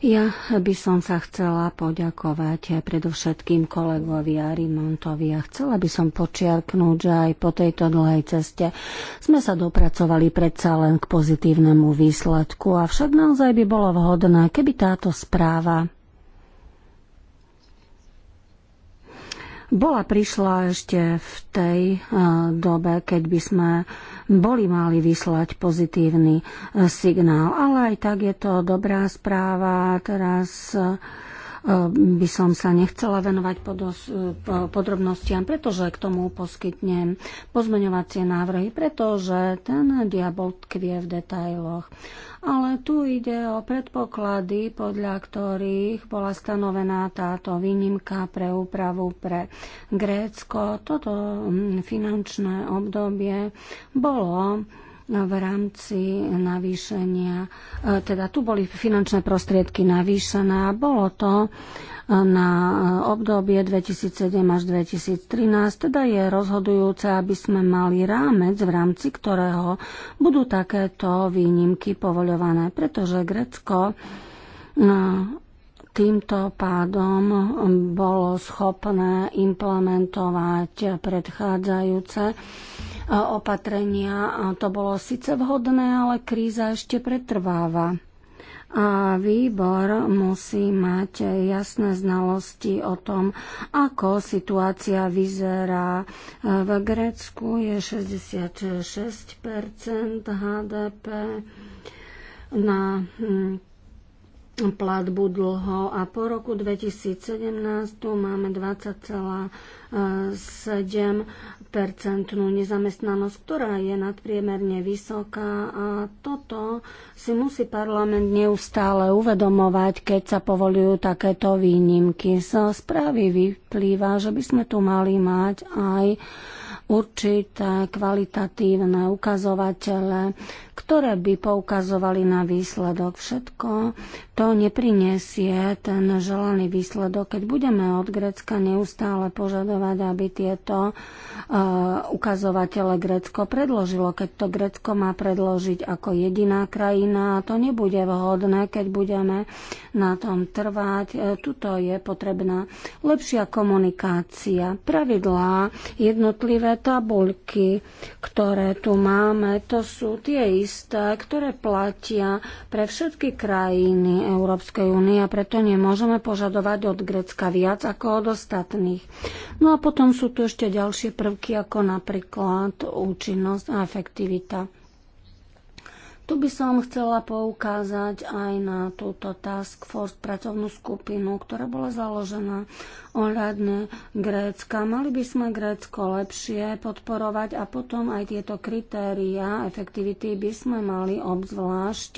Speaker 1: Ja by som sa chcela poďakovať predovšetkým kolegovi Arimontovi a chcela by som počiarknúť, že aj po tejto dlhej ceste sme sa dopracovali predsa len k pozitívnemu výsledku, avšak naozaj by bolo vhodné, keby táto správa bola prišla ešte v tej e, dobe, keď by sme boli mali vyslať pozitívny e, signál. Ale aj tak je to dobrá správa. Teraz e, Ehm, by som sa nechcela venovať podos, e, podrobnostiam, pretože k tomu poskytnem pozmeňovacie návrhy, pretože ten diabol tkvie v detailoch. Ale tu ide o predpoklady, podľa ktorých bola stanovená táto výnimka pre úpravu pre Grécko. Toto mm, finančné obdobie bolo v rámci navýšenia, e, teda tu boli finančné prostriedky navýšené a bolo to e, na e, obdobie 2007 až 2013, teda je rozhodujúce, aby sme mali rámec, v rámci ktorého budú takéto výnimky povoľované, pretože Grecko týmto pádom bolo schopné implementovať predchádzajúce opatrenia. To bolo síce vhodné, ale kríza ešte pretrváva. A výbor musí mať jasné znalosti o tom, ako situácia vyzerá. V Grécku je 66 HDP na hm, platbu dlho a po roku 2017 tu máme 20,7 percentnú nezamestnanosť, ktorá je nadpriemerne vysoká a toto si musí parlament neustále uvedomovať, keď sa povolujú takéto výnimky. Z správy vyplýva, že by sme tu mali mať aj určité kvalitatívne ukazovatele ktoré by poukazovali na výsledok. Všetko to nepriniesie ten želaný výsledok, keď budeme od Grécka neustále požadovať, aby tieto uh, ukazovatele Grécko predložilo. Keď to Grécko má predložiť ako jediná krajina, to nebude vhodné, keď budeme na tom trvať. E, tuto je potrebná lepšia komunikácia, pravidlá, jednotlivé tabuľky, ktoré tu máme, to sú tie isté isté, ktoré platia pre všetky krajiny Európskej únie a preto nemôžeme požadovať od Grécka viac ako od ostatných. No a potom sú tu ešte ďalšie prvky ako napríklad účinnosť a efektivita. Tu by som chcela poukázať aj na túto task force pracovnú skupinu, ktorá bola založená ohľadne Grécka. Mali by sme Grécko lepšie podporovať a potom aj tieto kritéria efektivity by sme mali obzvlášť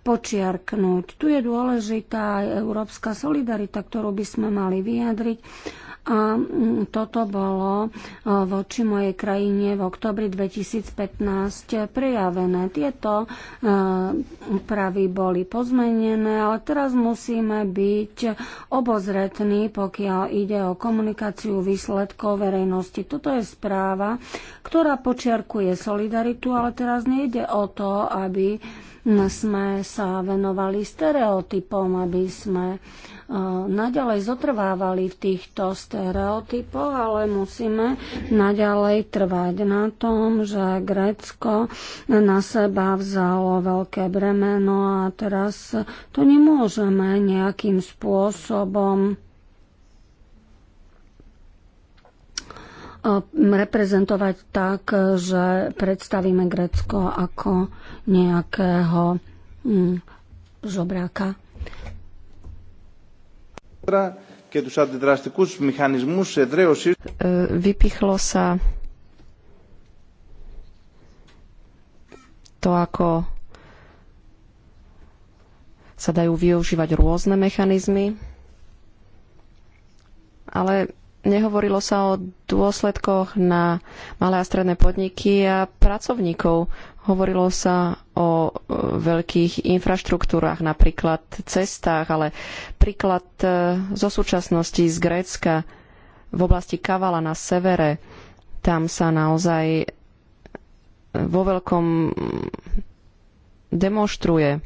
Speaker 1: počiarknúť. Tu je dôležitá aj európska solidarita, ktorú by sme mali vyjadriť a mm, toto bolo e, voči mojej krajine v oktobri 2015 prejavené. Tieto e, úpravy boli pozmenené, ale teraz musíme byť obozretní, pokiaľ ide o komunikáciu výsledkov verejnosti. Toto je správa, ktorá počiarkuje solidaritu, ale teraz nejde o to, aby sme sa venovali stereotypom, aby sme naďalej zotrvávali v týchto stereotypoch, ale musíme naďalej trvať na tom, že Grécko na seba vzalo veľké bremeno a teraz to nemôžeme nejakým spôsobom eh, reprezentovať tak, že predstavíme Grécko ako nejakého hm, žobráka.
Speaker 2: Vypichlo sa to, ako sa dajú využívať rôzne mechanizmy, ale nehovorilo sa o dôsledkoch na malé a stredné podniky a pracovníkov. Hovorilo sa o e, veľkých infraštruktúrach, napríklad cestách, ale príklad e, zo súčasnosti z Grécka v oblasti Kavala na severe, tam sa naozaj e, vo veľkom demonstruje.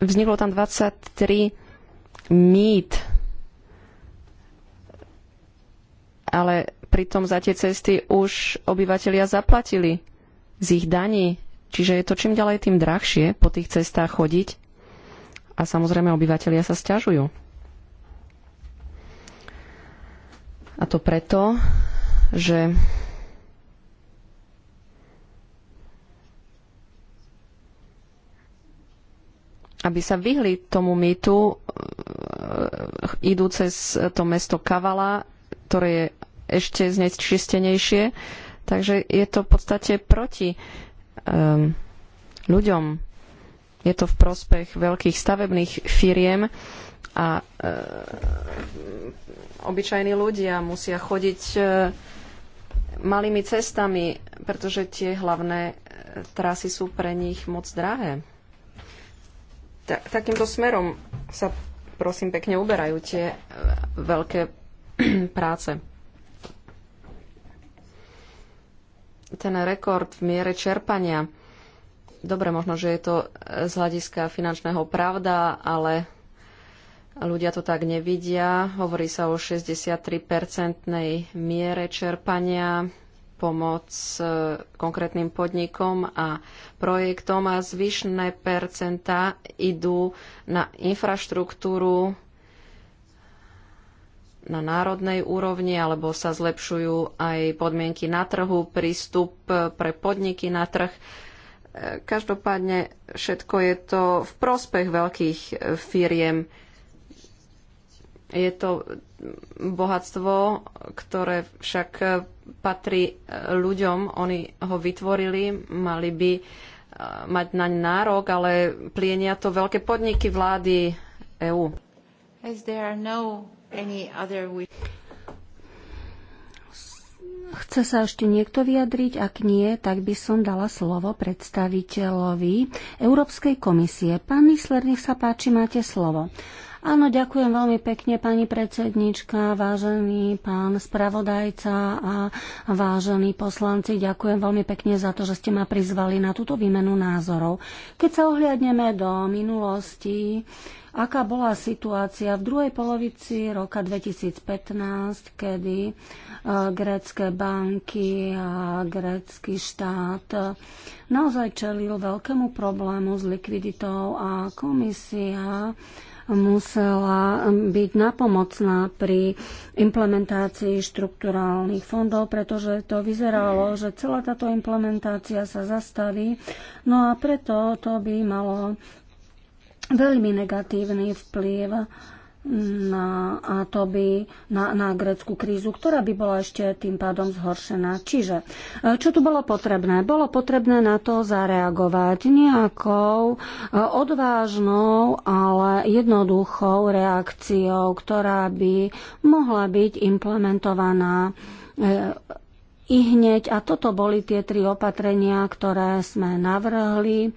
Speaker 2: Vzniklo tam 23 mýt, ale pritom za tie cesty už obyvatelia zaplatili z ich daní. Čiže je to čím ďalej tým drahšie po tých cestách chodiť. A samozrejme obyvatelia sa stiažujú. A to preto, že aby sa vyhli tomu mýtu, e, idú cez to mesto Kavala, ktoré je ešte znečistenejšie. Takže je to v podstate proti um, ľuďom. Je to v prospech veľkých stavebných firiem a uh, obyčajní ľudia musia chodiť uh, malými cestami, pretože tie hlavné e, trasy sú pre nich moc drahé. Ta- takýmto smerom sa prosím pekne uberajú tie e, veľké práce. ten rekord v miere čerpania. Dobre, možno, že je to e, z hľadiska finančného pravda, ale ľudia to tak nevidia. Hovorí sa o 63-percentnej miere čerpania pomoc e, konkrétnym podnikom a projektom a zvyšné percentá idú na infraštruktúru, na národnej úrovni, alebo sa zlepšujú aj podmienky na trhu, prístup e, pre podniky na trh. E, každopádne všetko je to v prospech veľkých e, firiem. Je to bohatstvo, ktoré však patrí ľuďom, oni ho vytvorili, mali by mať naň nárok, ale plienia to veľké podniky vlády EÚ. As there are no
Speaker 1: Chce sa ešte niekto vyjadriť? Ak nie, tak by som dala slovo predstaviteľovi Európskej komisie. Pán Misler, nech sa páči, máte slovo. Áno, ďakujem veľmi pekne, pani predsednička, vážený pán spravodajca a vážení poslanci. Ďakujem veľmi pekne za to, že ste ma prizvali na túto výmenu názorov. Keď sa ohliadneme do minulosti, aká bola situácia v druhej polovici roka 2015, kedy e, grécké banky a grécky štát e, naozaj čelil veľkému problému s likviditou a komisia musela byť napomocná pri implementácii štrukturálnych fondov, pretože to vyzeralo, že celá táto implementácia sa zastaví. No a preto to by malo veľmi negatívny vplyv na, a to by, na, na greckú krízu, ktorá by bola ešte tým pádom zhoršená. Čiže, e, čo tu bolo potrebné? Bolo potrebné na to zareagovať nejakou e, odvážnou, ale jednoduchou reakciou, ktorá by mohla byť implementovaná e, i hneď. A toto boli tie tri opatrenia, ktoré sme navrhli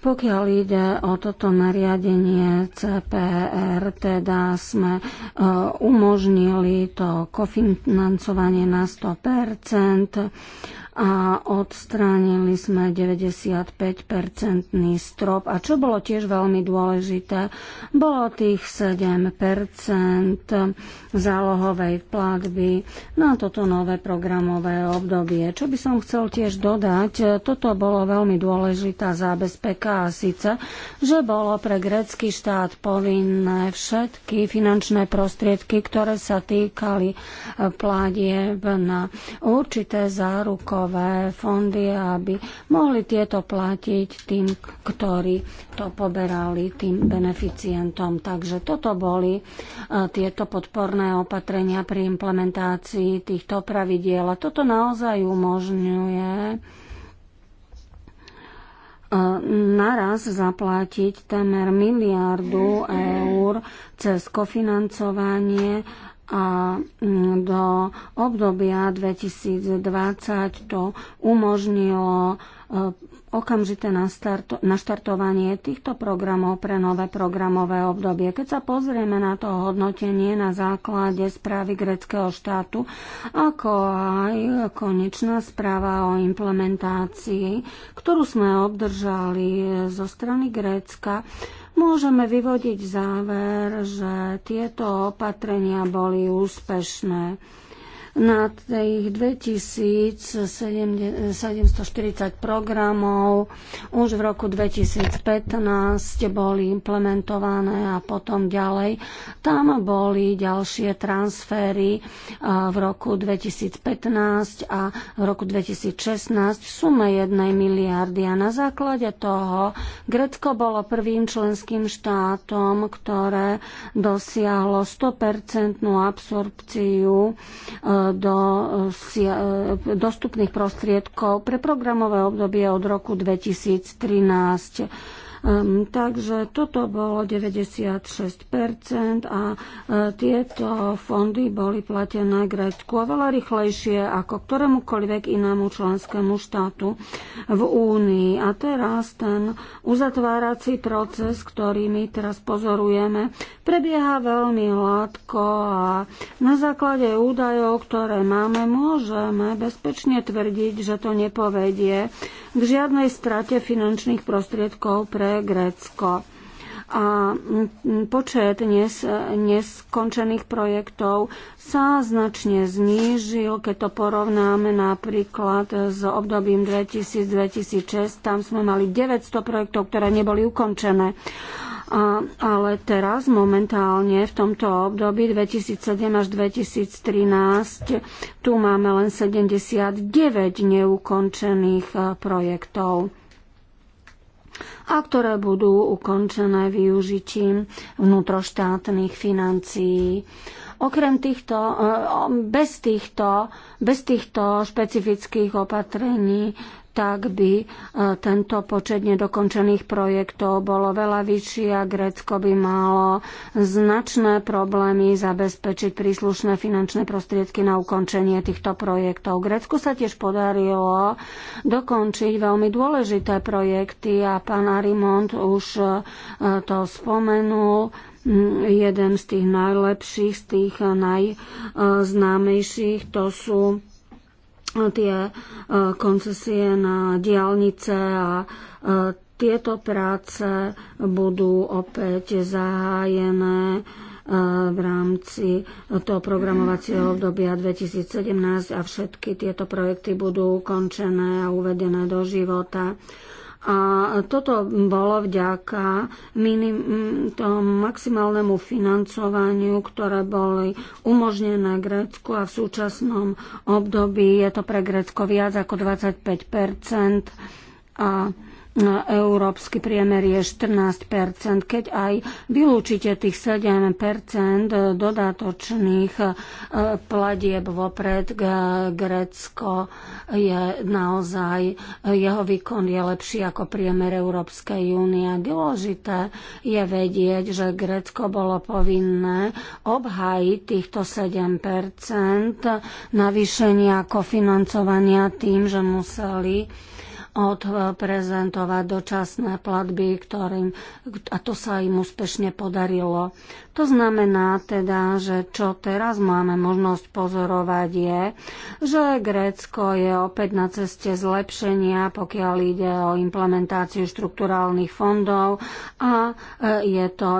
Speaker 1: pokiaľ ide o toto nariadenie CPR, teda sme e, umožnili to kofinancovanie na 100%, a odstránili sme 95-percentný strop. A čo bolo tiež veľmi dôležité, bolo tých 7 zálohovej platby na toto nové programové obdobie. Čo by som chcel tiež dodať, toto bolo veľmi dôležitá zábezpeka a síce, že bolo pre grécky štát povinné všetky finančné prostriedky, ktoré sa týkali eh, platieb na určité záruko dôchodkové fondy, aby mohli tieto platiť tým, ktorí to poberali, tým beneficientom. Takže toto boli e, tieto podporné opatrenia pri implementácii týchto pravidiel. A toto naozaj umožňuje e, naraz zaplatiť temer miliardu eur cez kofinancovanie a mm, do obdobia 2020 to umožnilo e, okamžité naštartovanie týchto programov pre nové programové obdobie. Keď sa pozrieme na to hodnotenie na základe správy greckého štátu, ako aj konečná správa o implementácii, ktorú sme obdržali zo strany Grécka, môžeme vyvodiť záver, že tieto opatrenia boli úspešné na tých 2740 programov už v roku 2015 boli implementované a potom ďalej. Tam boli ďalšie transfery v roku 2015 a v roku 2016 v sume 1 miliardy a na základe toho Grecko bolo prvým členským štátom, ktoré dosiahlo 100% absorpciu e, do e, dostupných prostriedkov pre programové obdobie od roku 2013. Um, takže toto bolo 96% a e, tieto fondy boli platené Grécku oveľa rýchlejšie ako ktorémukoľvek inému členskému štátu v Únii. A teraz ten uzatvárací proces, ktorý my teraz pozorujeme, prebieha veľmi hladko a na základe údajov, ktoré máme, môžeme bezpečne tvrdiť, že to nepovedie k žiadnej strate finančných prostriedkov pre Grécko. A počet nes, neskončených projektov sa značne znížil, keď to porovnáme napríklad s obdobím 2000-2006. Tam sme mali 900 projektov, ktoré neboli ukončené. A, ale teraz momentálne v tomto období 2007 až 2013 tu máme len 79 neukončených e, projektov a ktoré budú ukončené využitím vnútroštátnych financií. Okrem týchto, eh, bez týchto, bez týchto špecifických opatrení tak by e, tento počet nedokončených projektov bolo veľa vyšší a Grécko by malo značné problémy zabezpečiť príslušné finančné prostriedky na ukončenie týchto projektov. Grécku sa tiež podarilo dokončiť veľmi dôležité projekty a pán Arimont už e, to spomenul jeden z tých najlepších, z tých najznámejších, to sú tie e, koncesie na diálnice a e, tieto práce budú opäť zahájené e, v rámci toho programovacieho obdobia 2017 a všetky tieto projekty budú ukončené a uvedené do života a toto bolo vďaka minim, tomu maximálnemu financovaniu, ktoré boli umožnené Grécku a v súčasnom období je to pre Grécko viac ako 25 a No, európsky priemer je 14 Keď aj vylúčite tých 7 dodatočných e, platieb vopred, Grécko je naozaj, jeho výkon je lepší ako priemer Európskej únie. Dôležité je vedieť, že Grécko bolo povinné obhájiť týchto 7 navýšenia kofinancovania tým, že museli odprezentovať dočasné platby, ktorým, a to sa im úspešne podarilo. To znamená teda, že čo teraz máme možnosť pozorovať je, že Grécko je opäť na ceste zlepšenia, pokiaľ ide o implementáciu štrukturálnych fondov a e, je to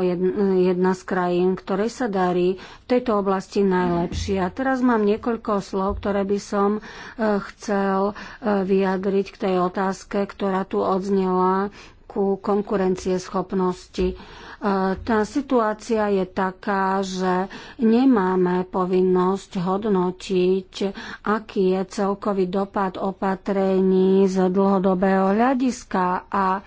Speaker 1: jedna z krajín, ktorej sa darí v tejto oblasti najlepšie. A teraz mám niekoľko slov, ktoré by som e, chcel e, vyjadriť k tej otázke otázke, ktorá tu odznela ku schopnosti. E, tá situácia je taká, že nemáme povinnosť hodnotiť, aký je celkový dopad opatrení z dlhodobého hľadiska a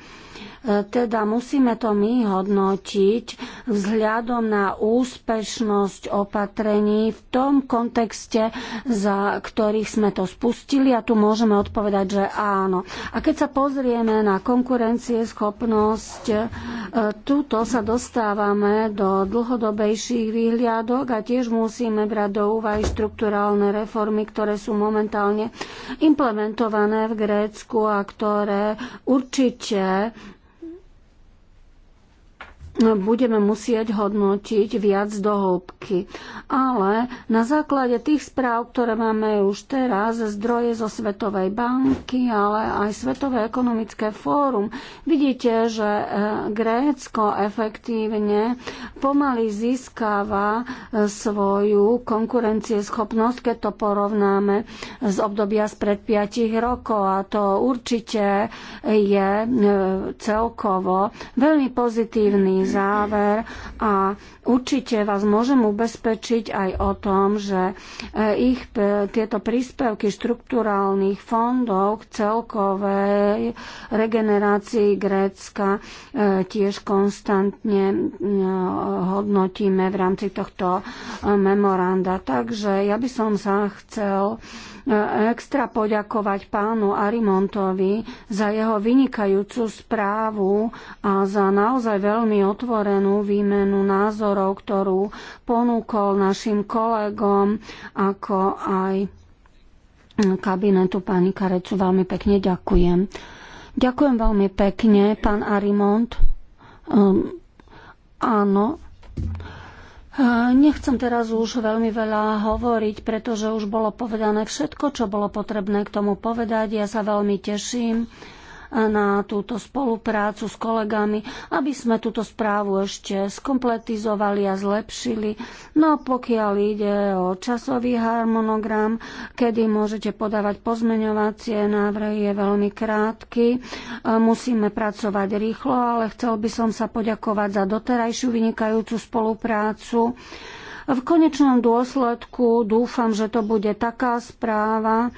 Speaker 1: E, teda musíme to my hodnotiť vzhľadom na úspešnosť opatrení v tom kontexte, za ktorých sme to spustili a tu môžeme odpovedať, že áno. A keď sa pozrieme na konkurencieschopnosť, e, tuto sa dostávame do dlhodobejších výhľadok a tiež musíme brať do úvahy štrukturálne reformy, ktoré sú momentálne implementované v Grécku a ktoré určite budeme musieť hodnotiť viac do hĺbky. Ale na základe tých správ, ktoré máme už teraz, zdroje zo Svetovej banky, ale aj Svetové ekonomické fórum, vidíte, že e, Grécko efektívne pomaly získava e, svoju konkurencieschopnosť, keď to porovnáme z obdobia spred 5 rokov. A to určite je e, celkovo veľmi pozitívny záver a určite vás môžem ubezpečiť aj o tom, že eh, ich eh, tieto príspevky štruktúrálnych fondov k celkovej regenerácii Grécka eh, tiež konstantne hodnotíme v rámci tohto memoranda. Takže ja by som sa chcel extra poďakovať pánu Arimontovi za jeho vynikajúcu správu a za naozaj veľmi otvorenú výmenu názorov, ktorú ponúkol našim kolegom, ako aj kabinetu pani Karecu. Veľmi pekne ďakujem. Ďakujem veľmi pekne, pán Arimont. Um, áno, Nechcem teraz už veľmi veľa hovoriť, pretože už bolo povedané všetko, čo bolo potrebné k tomu povedať. Ja sa veľmi teším na túto spoluprácu s kolegami, aby sme túto správu ešte skompletizovali a zlepšili. No pokiaľ ide o časový harmonogram, kedy môžete podávať pozmeňovacie návrhy, je veľmi krátky. E, musíme pracovať rýchlo, ale chcel by som sa poďakovať za doterajšiu vynikajúcu spoluprácu. V konečnom dôsledku dúfam, že to bude taká správa, e,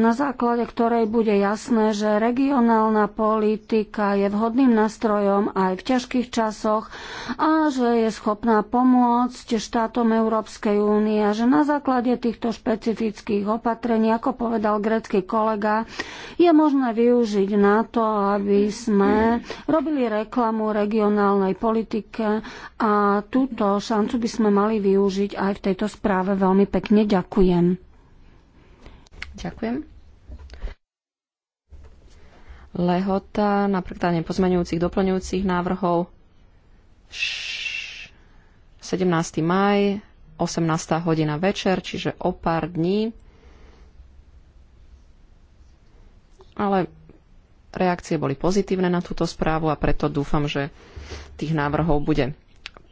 Speaker 1: na základe ktorej bude jasné, že regionálna politika je vhodným nástrojom aj v ťažkých časoch a že je schopná pomôcť štátom Európskej únie a že na základe týchto špecifických opatrení, ako povedal grecký kolega, je možné využiť na to, aby sme robili reklamu regionálnej politike a túto šancu by sme sme mali využiť aj v tejto správe. Veľmi pekne ďakujem. Ďakujem. Lehota
Speaker 2: na prekladanie pozmeňujúcich, doplňujúcich návrhov 17. maj, 18. hodina večer, čiže o pár dní. Ale reakcie boli pozitívne na túto správu a preto dúfam, že tých návrhov bude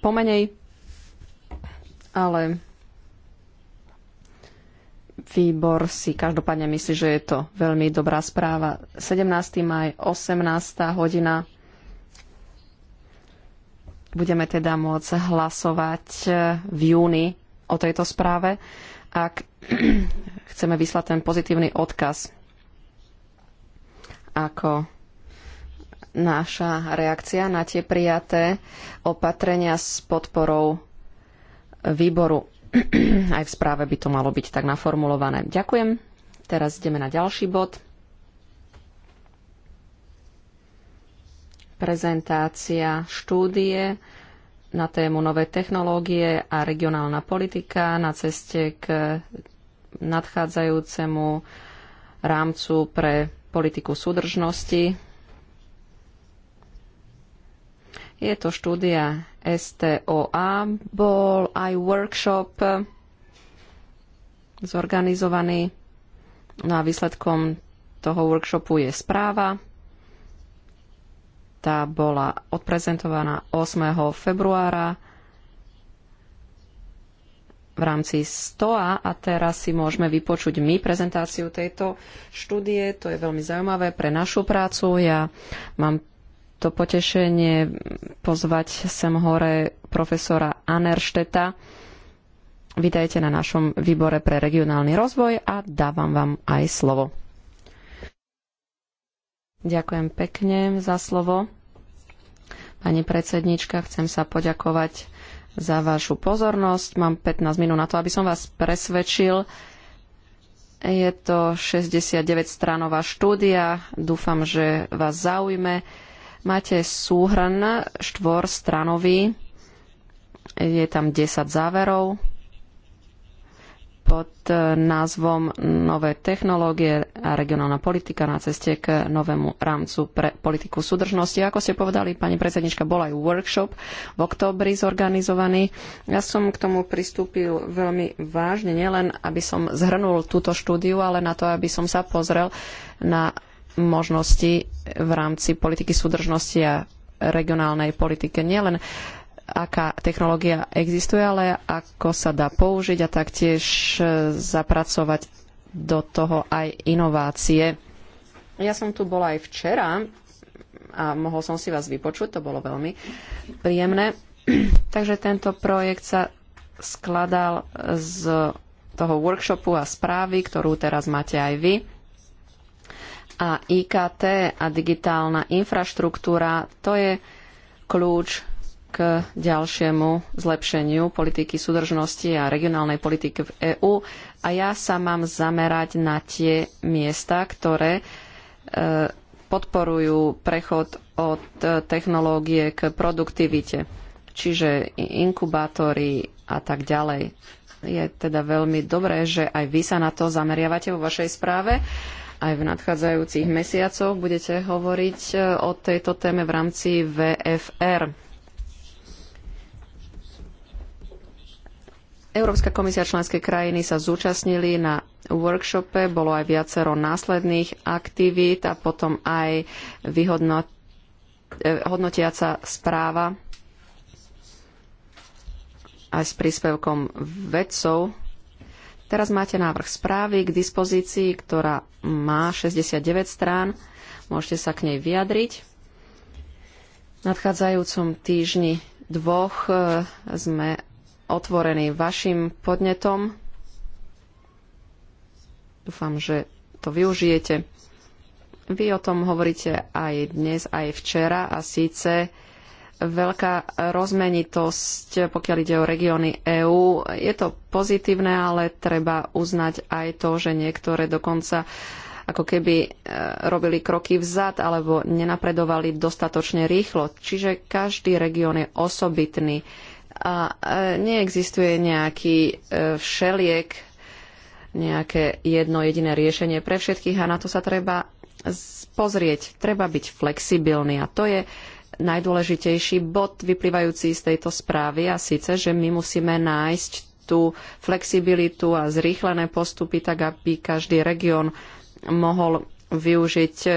Speaker 2: pomenej ale výbor si každopádne myslí, že je to veľmi dobrá správa. 17. maj, 18. hodina. Budeme teda môcť hlasovať eh, v júni o tejto správe, ak chceme vyslať ten pozitívny odkaz ako naša reakcia na tie prijaté opatrenia s podporou výboru. Aj v správe by to malo byť tak naformulované. Ďakujem. Teraz ideme na ďalší bod. Prezentácia štúdie na tému nové technológie a regionálna politika na ceste k nadchádzajúcemu rámcu pre politiku súdržnosti je to štúdia STOA, bol aj workshop zorganizovaný. No a výsledkom toho workshopu je správa. Tá bola odprezentovaná 8. februára v rámci STOA a teraz si môžeme vypočuť my prezentáciu tejto štúdie. To je veľmi zaujímavé pre našu prácu. Ja mám to potešenie pozvať sem hore profesora Aneršteta. Vítajte na našom výbore pre regionálny rozvoj a dávam vám aj slovo. Ďakujem pekne za slovo. Pani predsednička, chcem sa poďakovať za vašu pozornosť. Mám 15 minút na to, aby som vás presvedčil. Je to 69 stranová štúdia. Dúfam, že vás zaujme. Máte súhrn stranový, je tam 10 záverov pod názvom Nové technológie a regionálna politika na ceste k novému rámcu pre politiku súdržnosti. Ako ste povedali, pani predsednička, bol aj workshop v oktobri zorganizovaný. Ja som k tomu pristúpil veľmi vážne, nielen aby som zhrnul túto štúdiu, ale na to, aby som sa pozrel na možnosti v rámci politiky súdržnosti a regionálnej politike. Nielen aká technológia existuje, ale ako sa dá použiť a taktiež e, zapracovať do toho aj inovácie. Ja som tu bola aj včera a mohol som si vás vypočuť, to bolo veľmi príjemné. Takže tento projekt sa skladal z toho workshopu a správy, ktorú teraz máte aj vy. A IKT a digitálna infraštruktúra to je kľúč k ďalšiemu zlepšeniu politiky súdržnosti a regionálnej politiky v EÚ a ja sa mám zamerať na tie miesta, ktoré e, podporujú prechod od e, technológie k produktivite, čiže inkubátory a tak ďalej. Je teda veľmi dobré, že aj vy sa na to zameriavate vo vašej správe aj v nadchádzajúcich mesiacoch budete hovoriť e, o tejto téme v rámci VFR. Európska komisia členské krajiny sa zúčastnili na workshope, bolo aj viacero následných aktivít a potom aj e, hodnotiaca správa aj s príspevkom vedcov Teraz máte návrh správy k dispozícii, ktorá má 69 strán. Môžete sa k nej vyjadriť. V nadchádzajúcom týždni dvoch e, sme otvorení vašim podnetom. Dúfam, že to využijete. Vy o tom hovoríte aj dnes, aj včera a síce veľká rozmenitosť, pokiaľ ide o regióny EÚ. Je to pozitívne, ale treba uznať aj to, že niektoré dokonca ako keby e, robili kroky vzad alebo nenapredovali dostatočne rýchlo. Čiže každý región je osobitný a e, neexistuje nejaký e, všeliek, nejaké jedno jediné riešenie pre všetkých a na to sa treba pozrieť. Treba byť flexibilný a to je najdôležitejší bod vyplývajúci z tejto správy a síce, že my musíme nájsť tú flexibilitu a zrýchlené postupy, tak aby každý región mohol využiť e,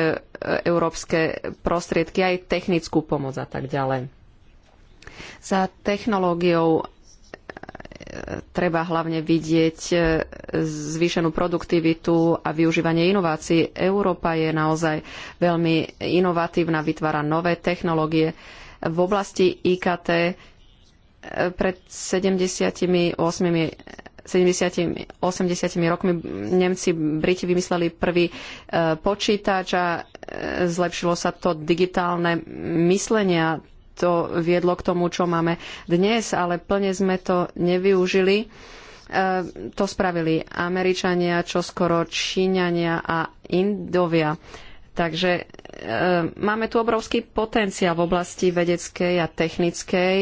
Speaker 2: európske prostriedky, aj technickú pomoc a tak ďalej. Za technológiou treba hlavne vidieť e, zvýšenú produktivitu a využívanie inovácií. Európa je naozaj veľmi inovatívna, vytvára nové technológie. V oblasti IKT e, pred 78 70 80 rokmi Nemci, Briti vymysleli prvý e, počítač a zlepšilo sa to digitálne myslenie a to viedlo k tomu, čo máme dnes, ale plne sme to nevyužili. E, to spravili Američania, čo skoro Číňania a Indovia. Takže e, máme tu obrovský potenciál v oblasti vedeckej a technickej,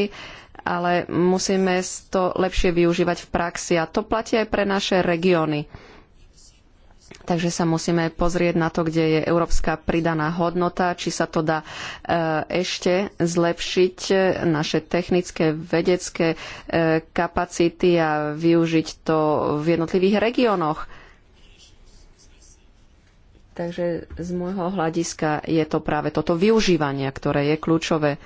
Speaker 2: ale musíme to lepšie využívať v praxi. A to platí aj pre naše regióny Takže sa musíme pozrieť na to, kde je európska pridaná hodnota, či sa to dá e, ešte zlepšiť e, naše technické, vedecké e, kapacity a využiť to v jednotlivých regiónoch. Takže z môjho hľadiska je to práve toto využívanie, ktoré je kľúčové.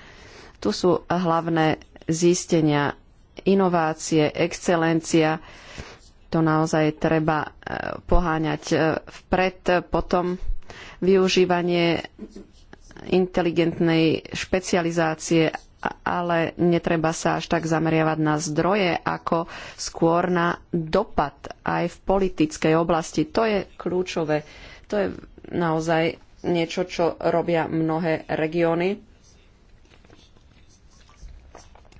Speaker 2: Tu sú hlavné zistenia, inovácie, excelencia to naozaj treba e, poháňať e, vpred. Potom využívanie inteligentnej špecializácie, ale netreba sa až tak zameriavať na zdroje, ako skôr na dopad aj v politickej oblasti. To je kľúčové. To je naozaj niečo, čo robia mnohé regióny.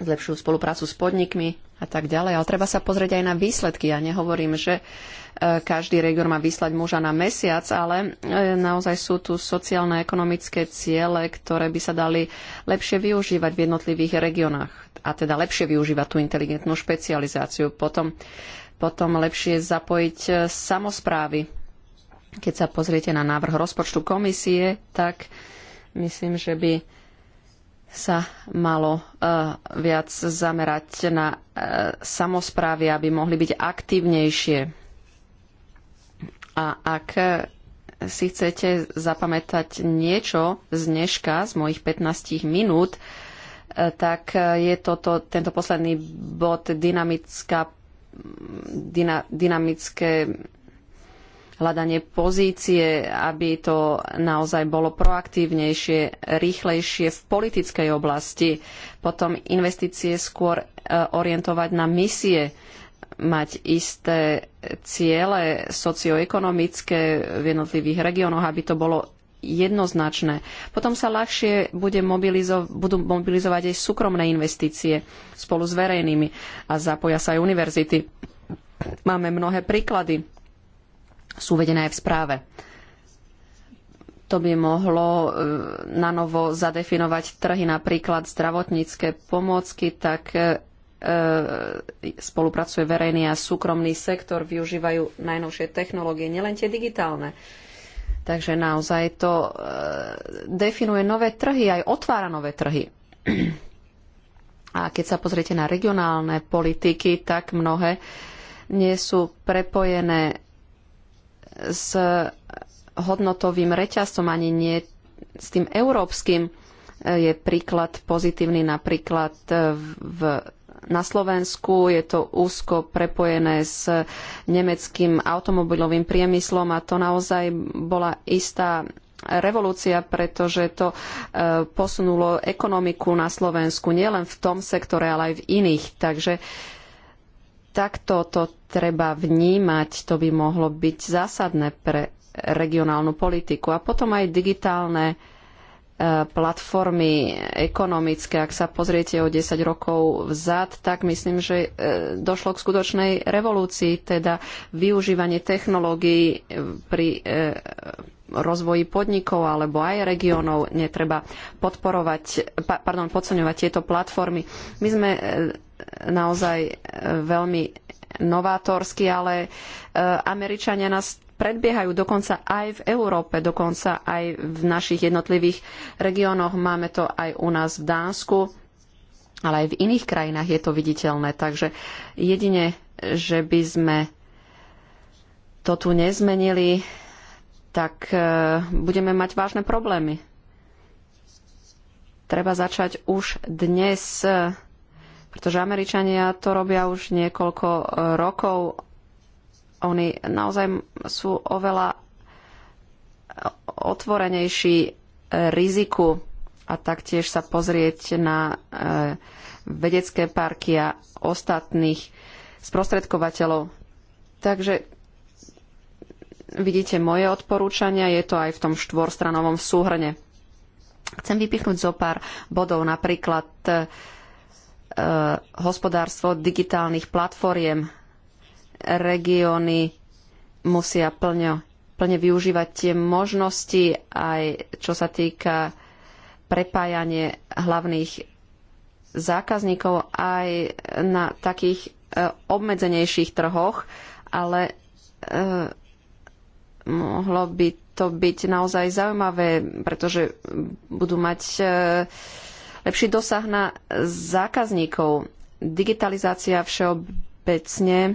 Speaker 2: Zlepšujú spoluprácu s podnikmi, a tak ďalej. Ale treba sa pozrieť aj na výsledky. Ja nehovorím, že e, každý región má vyslať muža na mesiac, ale e, naozaj sú tu sociálne ekonomické ciele, ktoré by sa dali lepšie využívať v jednotlivých regiónach a teda lepšie využívať tú inteligentnú špecializáciu. Potom, potom lepšie zapojiť e, samozprávy. Keď sa pozriete na návrh rozpočtu komisie, tak myslím, že by sa malo e, viac zamerať na e, samozprávy, aby mohli byť aktívnejšie. A ak e, si chcete zapamätať niečo z dneška, z mojich 15 minút, tak je toto, tento posledný bod dynamická, dyna, dynamické hľadanie pozície, aby to naozaj bolo proaktívnejšie, rýchlejšie v politickej oblasti. Potom investície skôr e, orientovať na misie, mať isté ciele socioekonomické v jednotlivých regiónoch, aby to bolo jednoznačné. Potom sa ľahšie bude mobilizo- budú mobilizovať aj súkromné investície spolu s verejnými a zapoja sa aj univerzity. Máme mnohé príklady sú vedené aj v správe. To by mohlo e, na novo zadefinovať trhy, napríklad zdravotnícke pomôcky, tak e, e, spolupracuje verejný a súkromný sektor, využívajú najnovšie technológie, nielen tie digitálne. Takže naozaj to definuje nové trhy, aj otvára nové trhy. A keď sa pozriete na regionálne politiky, tak mnohé nie sú prepojené s hodnotovým reťazcom, ani nie s tým európskym. E, je príklad pozitívny napríklad e, v, na Slovensku. Je to úzko prepojené s nemeckým automobilovým priemyslom a to naozaj bola istá revolúcia, pretože to e, posunulo ekonomiku na Slovensku nielen v tom sektore, ale aj v iných. Takže Takto to treba vnímať, to by mohlo byť zásadné pre regionálnu politiku. A potom aj digitálne e, platformy ekonomické, ak sa pozriete o 10 rokov vzad, tak myslím, že e, došlo k skutočnej revolúcii, teda využívanie technológií e, pri rozvoji podnikov alebo aj regiónov netreba podporovať, pardon, podceňovať tieto platformy. My sme naozaj e, veľmi novátorský, ale e, Američania nás predbiehajú dokonca aj v Európe, dokonca aj v našich jednotlivých regiónoch. Máme to aj u nás v Dánsku, ale aj v iných krajinách je to viditeľné. Takže jedine, že by sme to tu nezmenili, tak e, budeme mať vážne problémy. Treba začať už dnes pretože Američania to robia už niekoľko e, rokov. Oni naozaj sú oveľa e, otvorenejší e, riziku a taktiež sa pozrieť na vedecké parky a ostatných sprostredkovateľov. Takže vidíte moje odporúčania, je to aj v tom štvorstranovom súhrne. Chcem vypichnúť zo pár bodov, napríklad Eh, hospodárstvo digitálnych platformiem. Regióny musia plne, plne využívať tie možnosti, aj čo sa týka prepájanie hlavných zákazníkov aj na takých eh, obmedzenejších trhoch, ale eh, mohlo by to byť naozaj zaujímavé, pretože budú mať lepší dosah na zákazníkov. Digitalizácia všeobecne. E,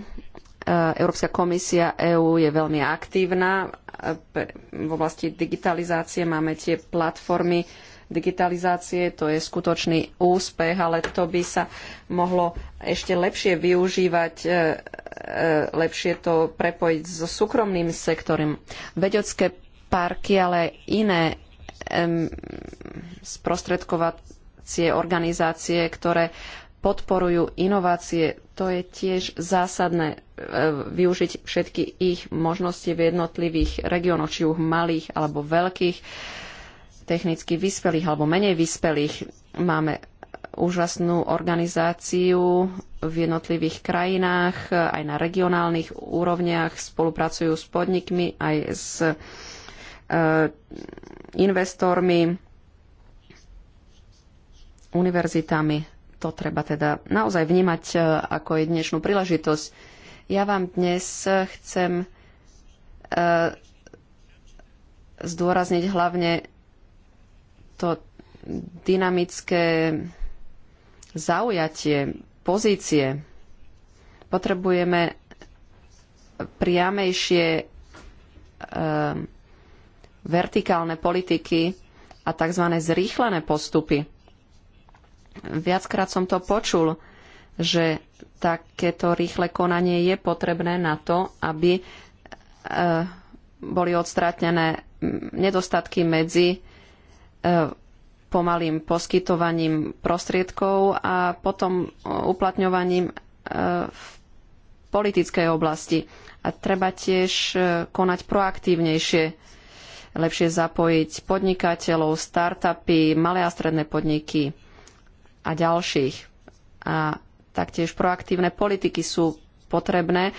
Speaker 2: Európska komisia EÚ je veľmi aktívna. E, v oblasti digitalizácie máme tie platformy digitalizácie, to je skutočný úspech, ale to by sa mohlo ešte lepšie využívať, e, lepšie to prepojiť so súkromným sektorom. Vedecké parky, ale aj iné sprostredkovať nadácie, organizácie, ktoré podporujú inovácie. To je tiež zásadné e, využiť všetky ich možnosti v jednotlivých regiónoch, či už malých alebo veľkých, technicky vyspelých alebo menej vyspelých. Máme úžasnú organizáciu v jednotlivých krajinách, aj na regionálnych úrovniach, spolupracujú s podnikmi, aj s e, investormi univerzitami. To treba teda naozaj vnímať e, ako je dnešnú príležitosť. Ja vám dnes chcem e, zdôrazniť hlavne to dynamické zaujatie pozície. Potrebujeme priamejšie e, vertikálne politiky a tzv. zrýchlené postupy. Viackrát som to počul, že takéto rýchle konanie je potrebné na to, aby e, boli odstratené nedostatky medzi e, pomalým poskytovaním prostriedkov a potom e, uplatňovaním v politickej oblasti. A treba tiež konať proaktívnejšie, lepšie zapojiť podnikateľov, startupy, malé a stredné podniky, a ďalších. A taktiež proaktívne politiky sú potrebné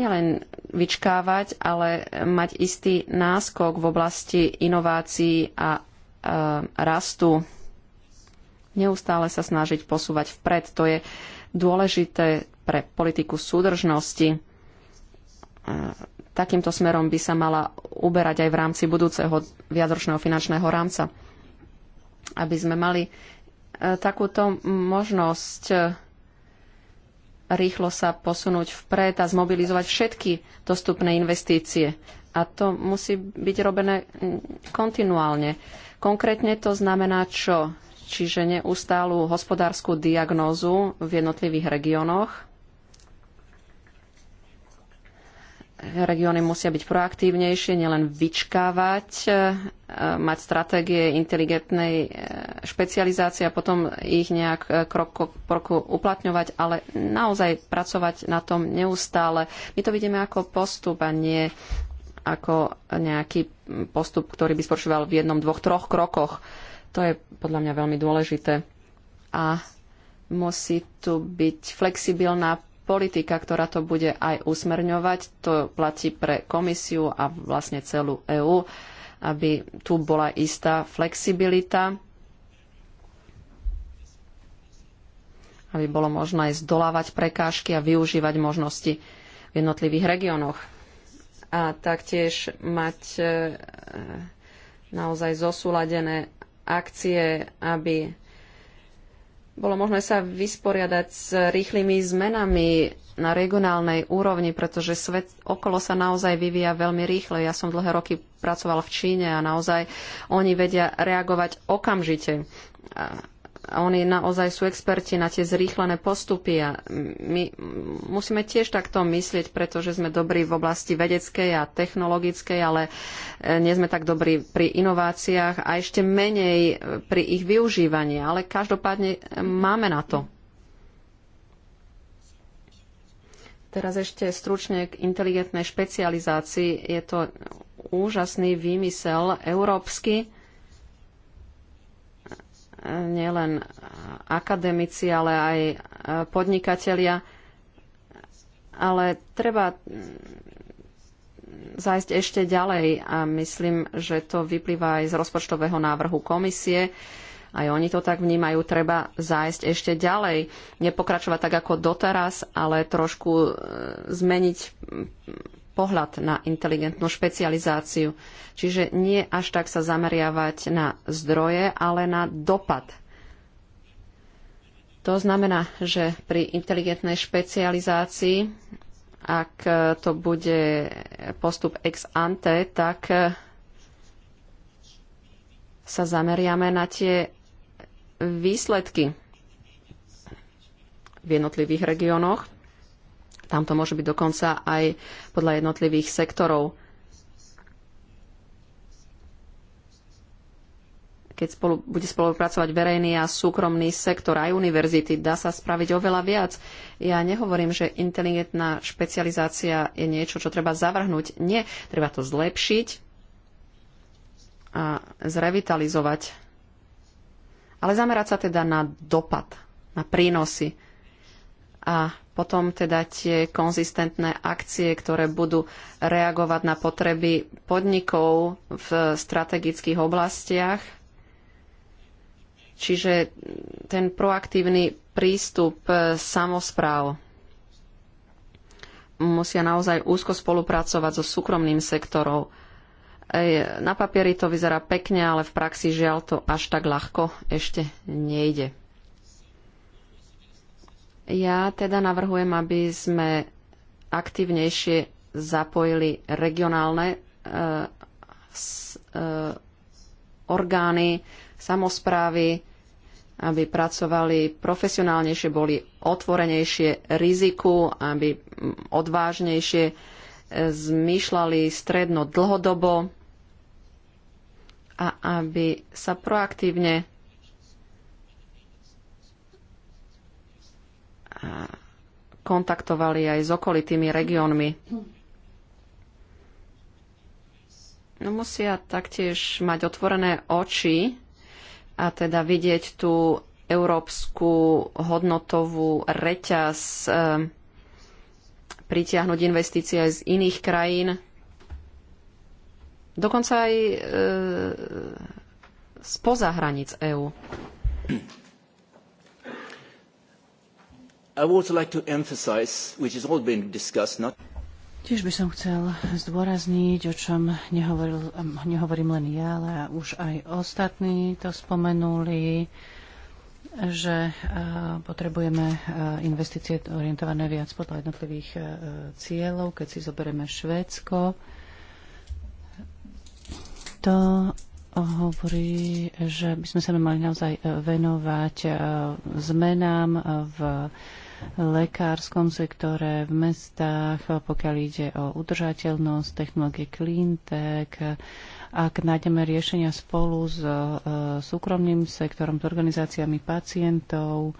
Speaker 2: nielen vyčkávať, ale mať istý náskok v oblasti inovácií a e, rastu. Neustále sa snažiť posúvať vpred. To je dôležité pre politiku súdržnosti. E, takýmto smerom by sa mala uberať aj v rámci budúceho viadročného finančného rámca, aby sme mali takúto možnosť e, rýchlo sa posunúť vpred a zmobilizovať všetky dostupné investície. A to musí byť robené kontinuálne. Konkrétne to znamená čo? Čiže neustálu hospodárskú diagnózu v jednotlivých regiónoch, regióny musia byť proaktívnejšie, nielen vyčkávať, e, mať stratégie inteligentnej e, špecializácie a potom ich nejak e, krok po kroku uplatňovať, ale naozaj pracovať na tom neustále. My to vidíme ako postup a nie ako nejaký postup, ktorý by spočíval v jednom, dvoch, troch krokoch. To je podľa mňa veľmi dôležité. A musí tu byť flexibilná politika, ktorá to bude aj usmerňovať. To platí pre komisiu a vlastne celú EÚ, aby tu bola istá flexibilita, aby bolo možné zdolávať prekážky a využívať možnosti v jednotlivých regiónoch. A taktiež mať e, naozaj zosúladené akcie, aby bolo možné sa vysporiadať s rýchlymi zmenami na regionálnej úrovni, pretože svet okolo sa naozaj vyvíja veľmi rýchle. Ja som dlhé roky pracoval v Číne a naozaj oni vedia reagovať okamžite. Oni naozaj sú experti na tie zrýchlené postupy a my musíme tiež takto myslieť, pretože sme dobrí v oblasti vedeckej a technologickej, ale e, nie sme tak dobrí pri inováciách a ešte menej e, pri ich využívaní. Ale každopádne e, máme na to. Teraz ešte stručne k inteligentnej špecializácii. Je to úžasný výmysel európsky nielen akademici, ale aj e, podnikatelia. Ale treba zajsť ešte ďalej a myslím, že to vyplýva aj z rozpočtového návrhu komisie. Aj oni to tak vnímajú, treba zájsť ešte ďalej, nepokračovať tak ako doteraz, ale trošku e, zmeniť pohľad na inteligentnú špecializáciu. Čiže nie až tak sa zameriavať na zdroje, ale na dopad. To znamená, že pri inteligentnej špecializácii, ak to bude postup ex ante, tak sa zameriame na tie výsledky v jednotlivých regiónoch tam to môže byť dokonca aj podľa jednotlivých sektorov. Keď spolu, bude spolupracovať verejný a súkromný sektor, aj univerzity, dá sa spraviť oveľa viac. Ja nehovorím, že inteligentná špecializácia je niečo, čo treba zavrhnúť. Nie, treba to zlepšiť a zrevitalizovať. Ale zamerať sa teda na dopad, na prínosy a potom teda tie konzistentné akcie, ktoré budú reagovať na potreby podnikov v strategických oblastiach. Čiže ten proaktívny prístup e, samospráv musia naozaj úzko spolupracovať so súkromným sektorom. E, na papieri to vyzerá pekne, ale v praxi žiaľ to až tak ľahko ešte nejde. Ja teda navrhujem, aby sme aktívnejšie zapojili regionálne e, e, orgány, samozprávy, aby pracovali profesionálnejšie, boli otvorenejšie riziku, aby odvážnejšie e, zmýšľali stredno dlhodobo a aby sa proaktívne kontaktovali aj s okolitými regiónmi. No, musia taktiež mať otvorené oči a teda vidieť tú európsku hodnotovú reťaz, e, pritiahnuť investície aj z iných krajín. Dokonca aj e, spoza hranic EÚ.
Speaker 3: Tiež by som chcel zdôrazniť, o čom nehovoril, nehovorím len ja, ale už aj ostatní to spomenuli, že e, potrebujeme e, investície orientované viac podľa jednotlivých e, cieľov. Keď si zoberieme Švédsko, to hovorí, že by sme sa mali naozaj e, venovať e, zmenám e, v lekárskom sektore, v mestách, pokiaľ ide o udržateľnosť, technológie cleantech, ak nájdeme riešenia spolu s súkromným sektorom, s organizáciami pacientov,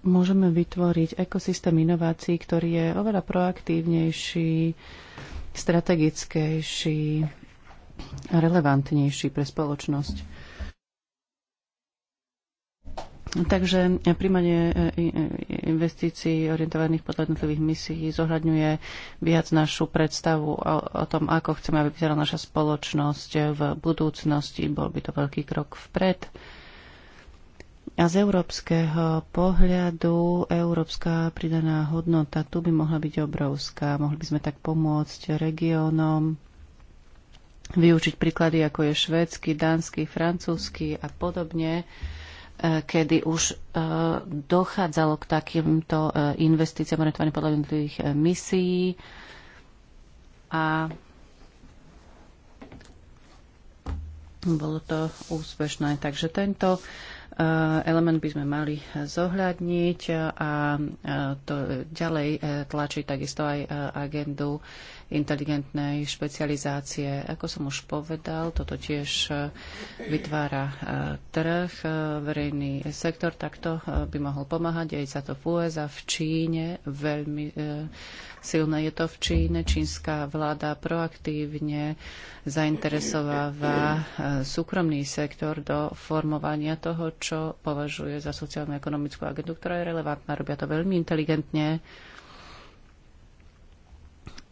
Speaker 3: môžeme vytvoriť ekosystém inovácií, ktorý je oveľa proaktívnejší, strategickejší, relevantnejší pre spoločnosť. Takže príjmanie eh, investícií orientovaných podľa jednotlivých misií zohľadňuje viac našu predstavu o, o tom, ako chceme, aby vyzerala naša spoločnosť v budúcnosti. Bol by to veľký krok vpred. A z európskeho pohľadu európska pridaná hodnota tu by mohla byť obrovská. Mohli by sme tak pomôcť regiónom, vyučiť príklady, ako je švédsky, dánsky, francúzsky a podobne, e, kedy už e, dochádzalo k takýmto e, investíciám orientovaným podľa jednotlivých misií a bolo to úspešné. Takže tento element by sme mali zohľadniť a to ďalej tlačiť takisto aj agendu inteligentnej špecializácie. Ako som už povedal, toto tiež e, vytvára e, trh, e, verejný sektor, takto by mohol pomáhať. Aj za to v USA, v Číne, veľmi silné je to v Číne. Čínska vláda proaktívne zainteresováva súkromný sektor do formovania toho, čo považuje za sociálnu ekonomickú agendu, ktorá je relevantná. Robia to veľmi inteligentne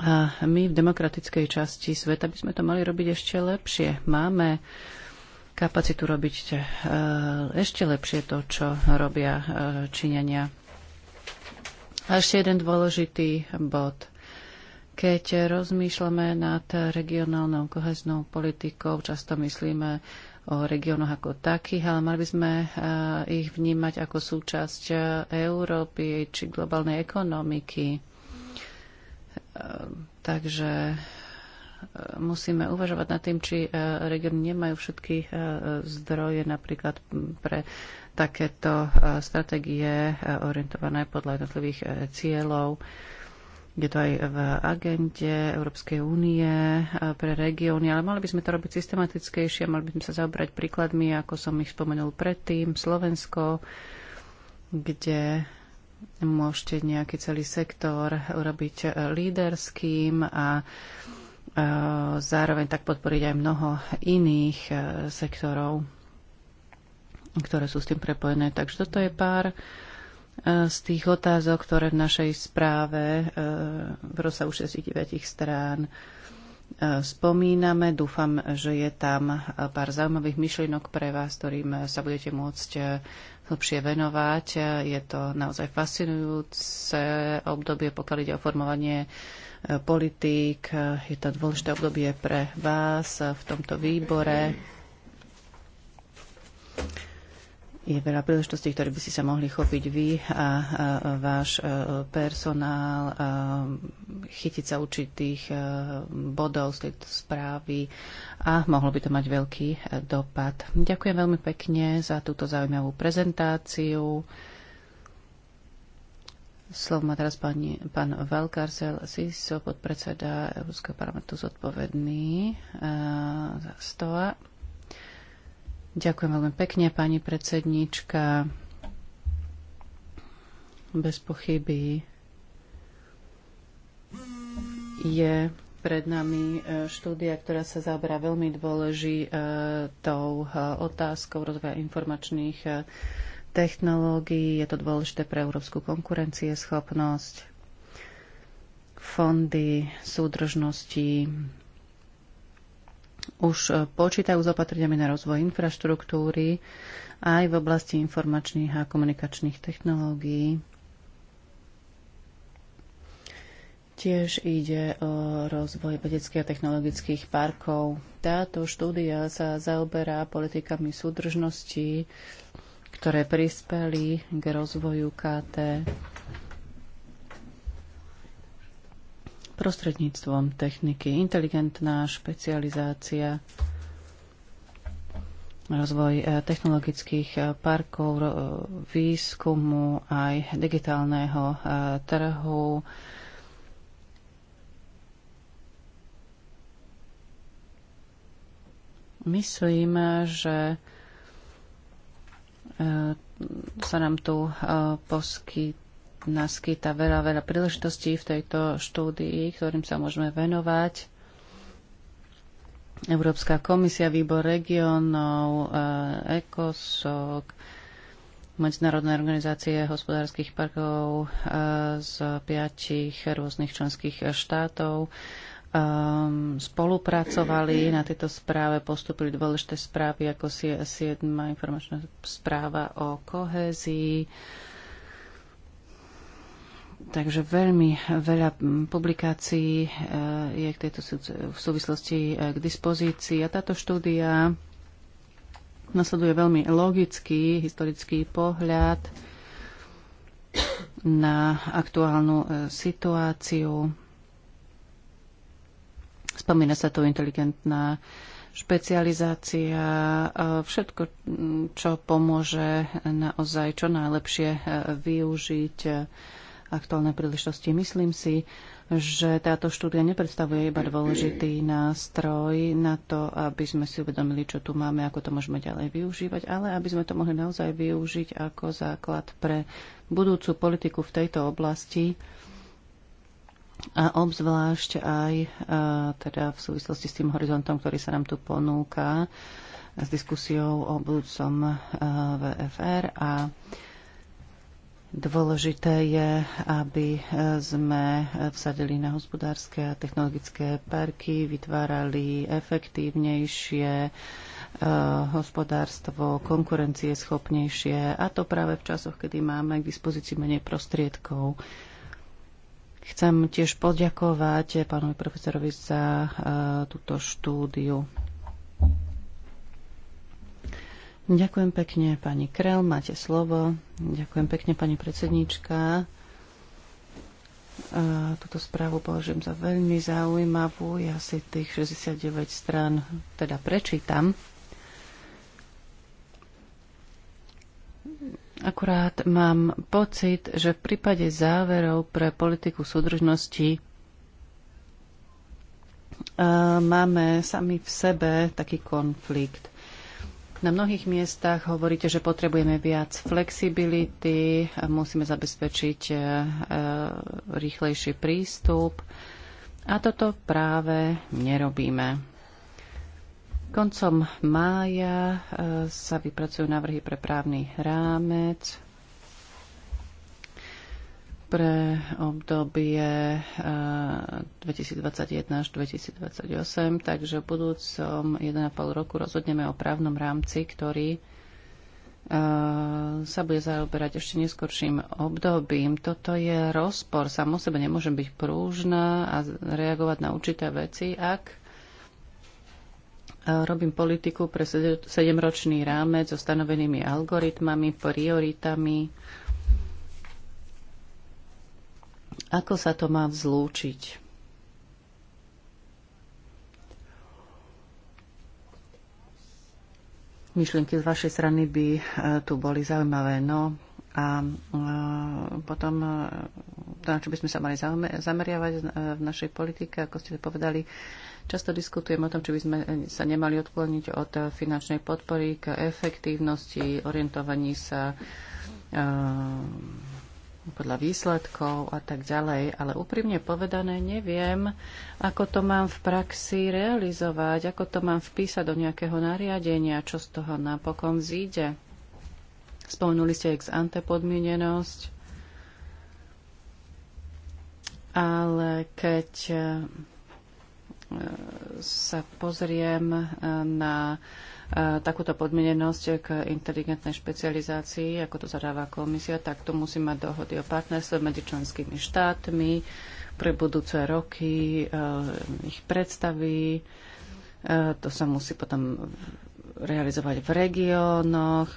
Speaker 3: a my v demokratickej časti sveta by sme to mali robiť ešte lepšie. Máme kapacitu robiť e, ešte lepšie to, čo robia e, Číňania. A ešte jeden dôležitý bod. Keď rozmýšľame nad regionálnou koheznou politikou, často myslíme o regiónoch ako takých, ale mali by sme e, ich vnímať ako súčasť Európy či globálnej ekonomiky Takže e, musíme uvažovať nad tým, či e, regióny nemajú všetky e, zdroje napríklad pre takéto stratégie orientované podľa jednotlivých cieľov. Je to aj v agente Európskej únie pre regióny, ale mali by sme to robiť systematickejšie, mali by sme sa zaobrať príkladmi, ako som ich spomenul predtým, Slovensko, kde môžete nejaký celý sektor urobiť e, líderským a e, zároveň tak podporiť aj mnoho iných e, sektorov, ktoré sú s tým prepojené. Takže toto je pár z tých otázok, ktoré v našej správe v rozsahu 69 strán spomíname. Dúfam, že je tam pár zaujímavých myšlienok pre vás, ktorým sa budete môcť hlbšie venovať. Je to naozaj fascinujúce obdobie, pokiaľ ide o formovanie e, politík. Je to dôležité obdobie pre vás v tomto výbore. Je veľa príležitostí, ktoré by ste sa mohli chopiť vy a, váš e, personál, e, chytiť sa určitých e, bodov z tejto správy a mohlo by to mať veľký dopad. Ďakujem veľmi pekne za túto zaujímavú prezentáciu. Slov má teraz pani, pán Valkarsel Siso, podpredseda Európskeho parlamentu zodpovedný za STOA. Ďakujem veľmi pekne, pani predsednička. Bez pochyby je pred nami e, štúdia, ktorá sa zaoberá veľmi dôležitou e, otázkou rozvoja informačných e, technológií. Je to dôležité pre európsku konkurencieschopnosť, fondy súdržnosti, už e, počítajú s opatreniami na rozvoj infraštruktúry aj v oblasti informačných a komunikačných technológií. Tiež ide o rozvoj vedeckých a technologických parkov. Táto štúdia sa zaoberá politikami súdržnosti, ktoré prispeli k rozvoju KT prostredníctvom techniky. Inteligentná špecializácia, rozvoj eh, technologických eh, parkov, eh, výskumu aj digitálneho trhu, Myslím, že sa nám tu poskyt naskyta veľa, veľa príležitostí v tejto štúdii, ktorým sa môžeme venovať. Európska komisia, výbor regionov, e, ECOSOC, medzinárodné organizácie hospodárskych parkov e, z piatich rôznych členských štátov e, spolupracovali na tejto správe, postupili dôležité správy ako 7. informačná správa o kohézii, Takže veľmi veľa publikácií e, je k tejto v súvislosti e, k dispozícii a táto štúdia nasleduje veľmi logický historický pohľad na aktuálnu e, situáciu. Spomína sa tu inteligentná špecializácia, všetko, čo pomôže naozaj čo najlepšie využiť aktuálne príležitosti. Myslím si, že táto štúdia nepredstavuje iba dôležitý nástroj na to, aby sme si uvedomili, čo tu máme, ako to môžeme ďalej využívať, ale aby sme to mohli naozaj využiť ako základ pre budúcu politiku v tejto oblasti a obzvlášť aj e, teda v súvislosti s tým horizontom, ktorý sa nám tu ponúka s diskusiou o budúcom e, VFR a Dôležité je, aby e, sme e, vsadili na hospodárske a technologické parky, vytvárali efektívnejšie e, hospodárstvo, konkurencie schopnejšie a to práve v časoch, kedy máme k dispozícii menej prostriedkov. Chcem tiež poďakovať pánovi profesorovi za túto štúdiu. Ďakujem pekne, pani Krel, máte slovo. Ďakujem pekne, pani predsednička. Túto správu považujem za veľmi zaujímavú. Ja si tých 69 strán teda prečítam. Akurát mám pocit, že v prípade záverov pre politiku súdržnosti e, máme sami v sebe taký konflikt. Na mnohých miestach hovoríte, že potrebujeme viac flexibility, musíme zabezpečiť e, e, rýchlejší prístup a toto práve nerobíme. Koncom mája e, sa vypracujú návrhy pre právny rámec pre obdobie 2021 eh, až 2028, takže v budúcom 1,5 roku rozhodneme o právnom rámci, ktorý eh, sa bude zaoberať ešte neskorším obdobím. Toto je rozpor. Sam o sebe nemôžem byť prúžna a reagovať na určité veci, ak eh, robím politiku pre sedemročný rámec so stanovenými algoritmami, prioritami, ako sa to má vzlúčiť? Myšlienky z vašej strany by e, tu boli zaujímavé. No, a e, potom, e, na čo by sme sa mali zameriavať v našej politike, ako ste povedali, často diskutujeme o tom, či by sme sa nemali odkloniť od finančnej podpory k efektívnosti, orientovaní sa podľa výsledkov a tak ďalej, ale úprimne povedané neviem, ako to mám v praxi realizovať, ako to mám vpísať do nejakého nariadenia, čo z toho napokon zíde. Spomenuli ste ex ante podmienenosť, ale keď eh, sa pozriem eh, na takúto podmienenosť k inteligentnej špecializácii, ako to zadáva komisia, tak to musí mať dohody o partnerstve medzi členskými štátmi pre budúce roky, eh, ich predstavy. Eh, to sa musí potom realizovať v regiónoch,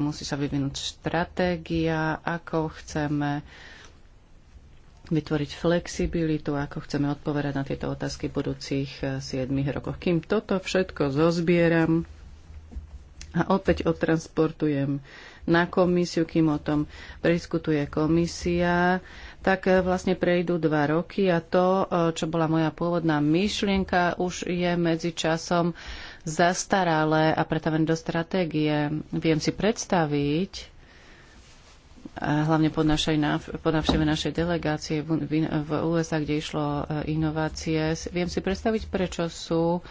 Speaker 3: musí sa vyvinúť stratégia, ako chceme vytvoriť flexibilitu, ako chceme odpovedať na tieto otázky v budúcich 7 eh, rokoch. Kým toto všetko zozbieram, a opäť otransportujem na komisiu, kým o tom prediskutuje komisia, tak e, vlastne prejdú dva roky a to, e, čo bola moja pôvodná myšlienka, už je medzi časom zastaralé a pretavené do stratégie. Viem si predstaviť, a hlavne pod, našej, pod návšteve našej delegácie v, v, v USA, kde išlo e, inovácie, viem si predstaviť, prečo sú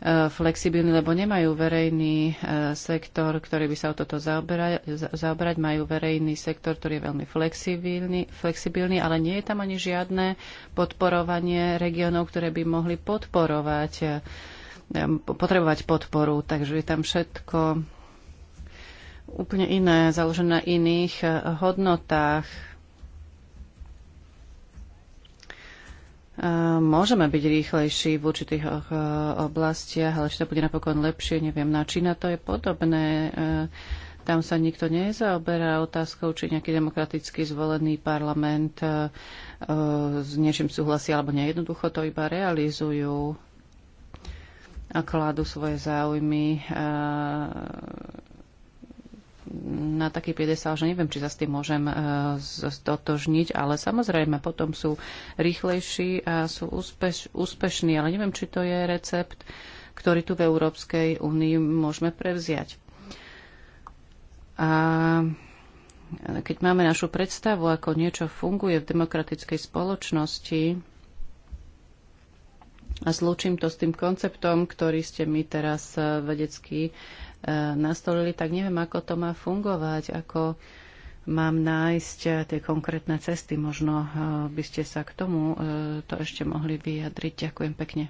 Speaker 3: Eh, flexibilní, lebo nemajú verejný eh, sektor, ktorý by sa o toto zaoberať, zaoberať. Majú verejný sektor, ktorý je veľmi flexibilný, flexibilný, ale nie je tam ani žiadne podporovanie regiónov, ktoré by mohli podporovať, eh, potrebovať podporu. Takže je tam všetko úplne iné, založené na iných hodnotách, Môžeme byť rýchlejší v určitých eh, oblastiach, ale či to bude napokon lepšie, neviem. Na Čína to je podobné. Eh, tam sa nikto nezaoberá otázkou, či nejaký demokraticky zvolený parlament eh, s niečím súhlasí alebo nejednoducho to iba realizujú a kladú svoje záujmy na taký piedestal, že neviem, či sa s tým môžem e, stotožniť, ale samozrejme potom sú rýchlejší a sú úspeš, úspešní, ale neviem, či to je recept, ktorý tu v Európskej únii môžeme prevziať. A keď máme našu predstavu, ako niečo funguje v demokratickej spoločnosti, a zlúčim to s tým konceptom, ktorý ste mi teraz e, vedecky E, nastolili, tak neviem, ako to má fungovať, ako mám nájsť e, tie konkrétne cesty. Možno e, by ste sa k tomu to ešte mohli vyjadriť. Ďakujem pekne.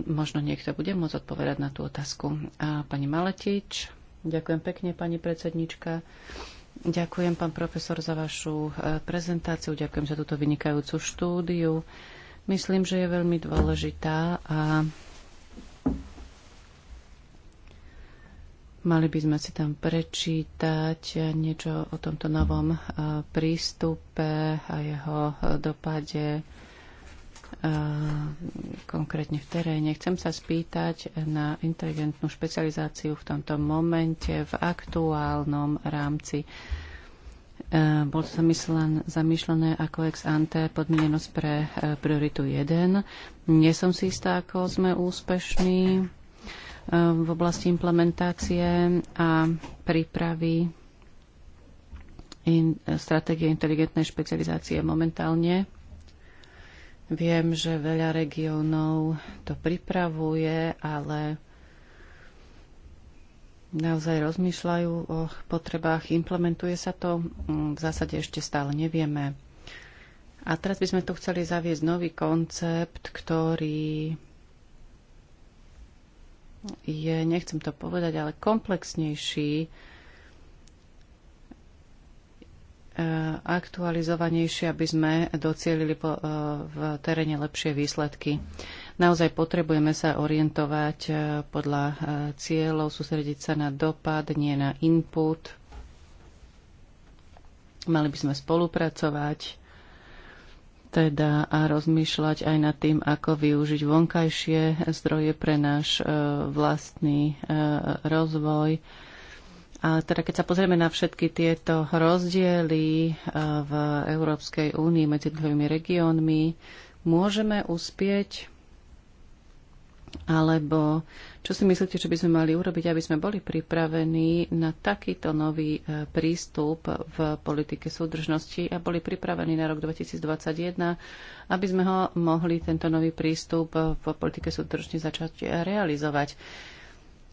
Speaker 3: Možno niekto bude môcť odpovedať na tú otázku. A pani Maletič, ďakujem pekne, pani predsednička. Ďakujem, pán profesor, za vašu prezentáciu. Ďakujem za túto vynikajúcu štúdiu. Myslím, že je veľmi dôležitá a Mali by sme si tam prečítať niečo o tomto novom e, prístupe a jeho dopade e, konkrétne v teréne. Chcem sa spýtať na inteligentnú špecializáciu v tomto momente, v aktuálnom rámci. E, bol to zamýšľané ako ex ante podmienenosť pre prioritu 1. Nie som si istá, ako sme úspešní v oblasti implementácie a prípravy in, stratégie inteligentnej špecializácie momentálne. Viem, že veľa regiónov to pripravuje, ale naozaj rozmýšľajú o potrebách. Implementuje sa to? Mm, v zásade ešte stále nevieme. A teraz by sme tu chceli zaviesť nový koncept, ktorý je, nechcem to povedať, ale komplexnejší, e, aktualizovanejšie, aby sme docielili e, v teréne lepšie výsledky. Naozaj potrebujeme sa orientovať e, podľa cieľov, sústrediť sa na dopad, nie na input. Mali by sme spolupracovať teda a rozmýšľať aj nad tým, ako využiť vonkajšie zdroje pre náš e, vlastný e, rozvoj. A teda keď sa pozrieme na všetky tieto rozdiely e, v Európskej únii medzi jednotlivými regiónmi, môžeme uspieť alebo čo si myslíte, že by sme mali urobiť, aby sme boli pripravení na takýto nový e, prístup v politike súdržnosti a boli pripravení na rok 2021, aby sme ho mohli tento nový prístup e, v politike súdržnosti začať realizovať?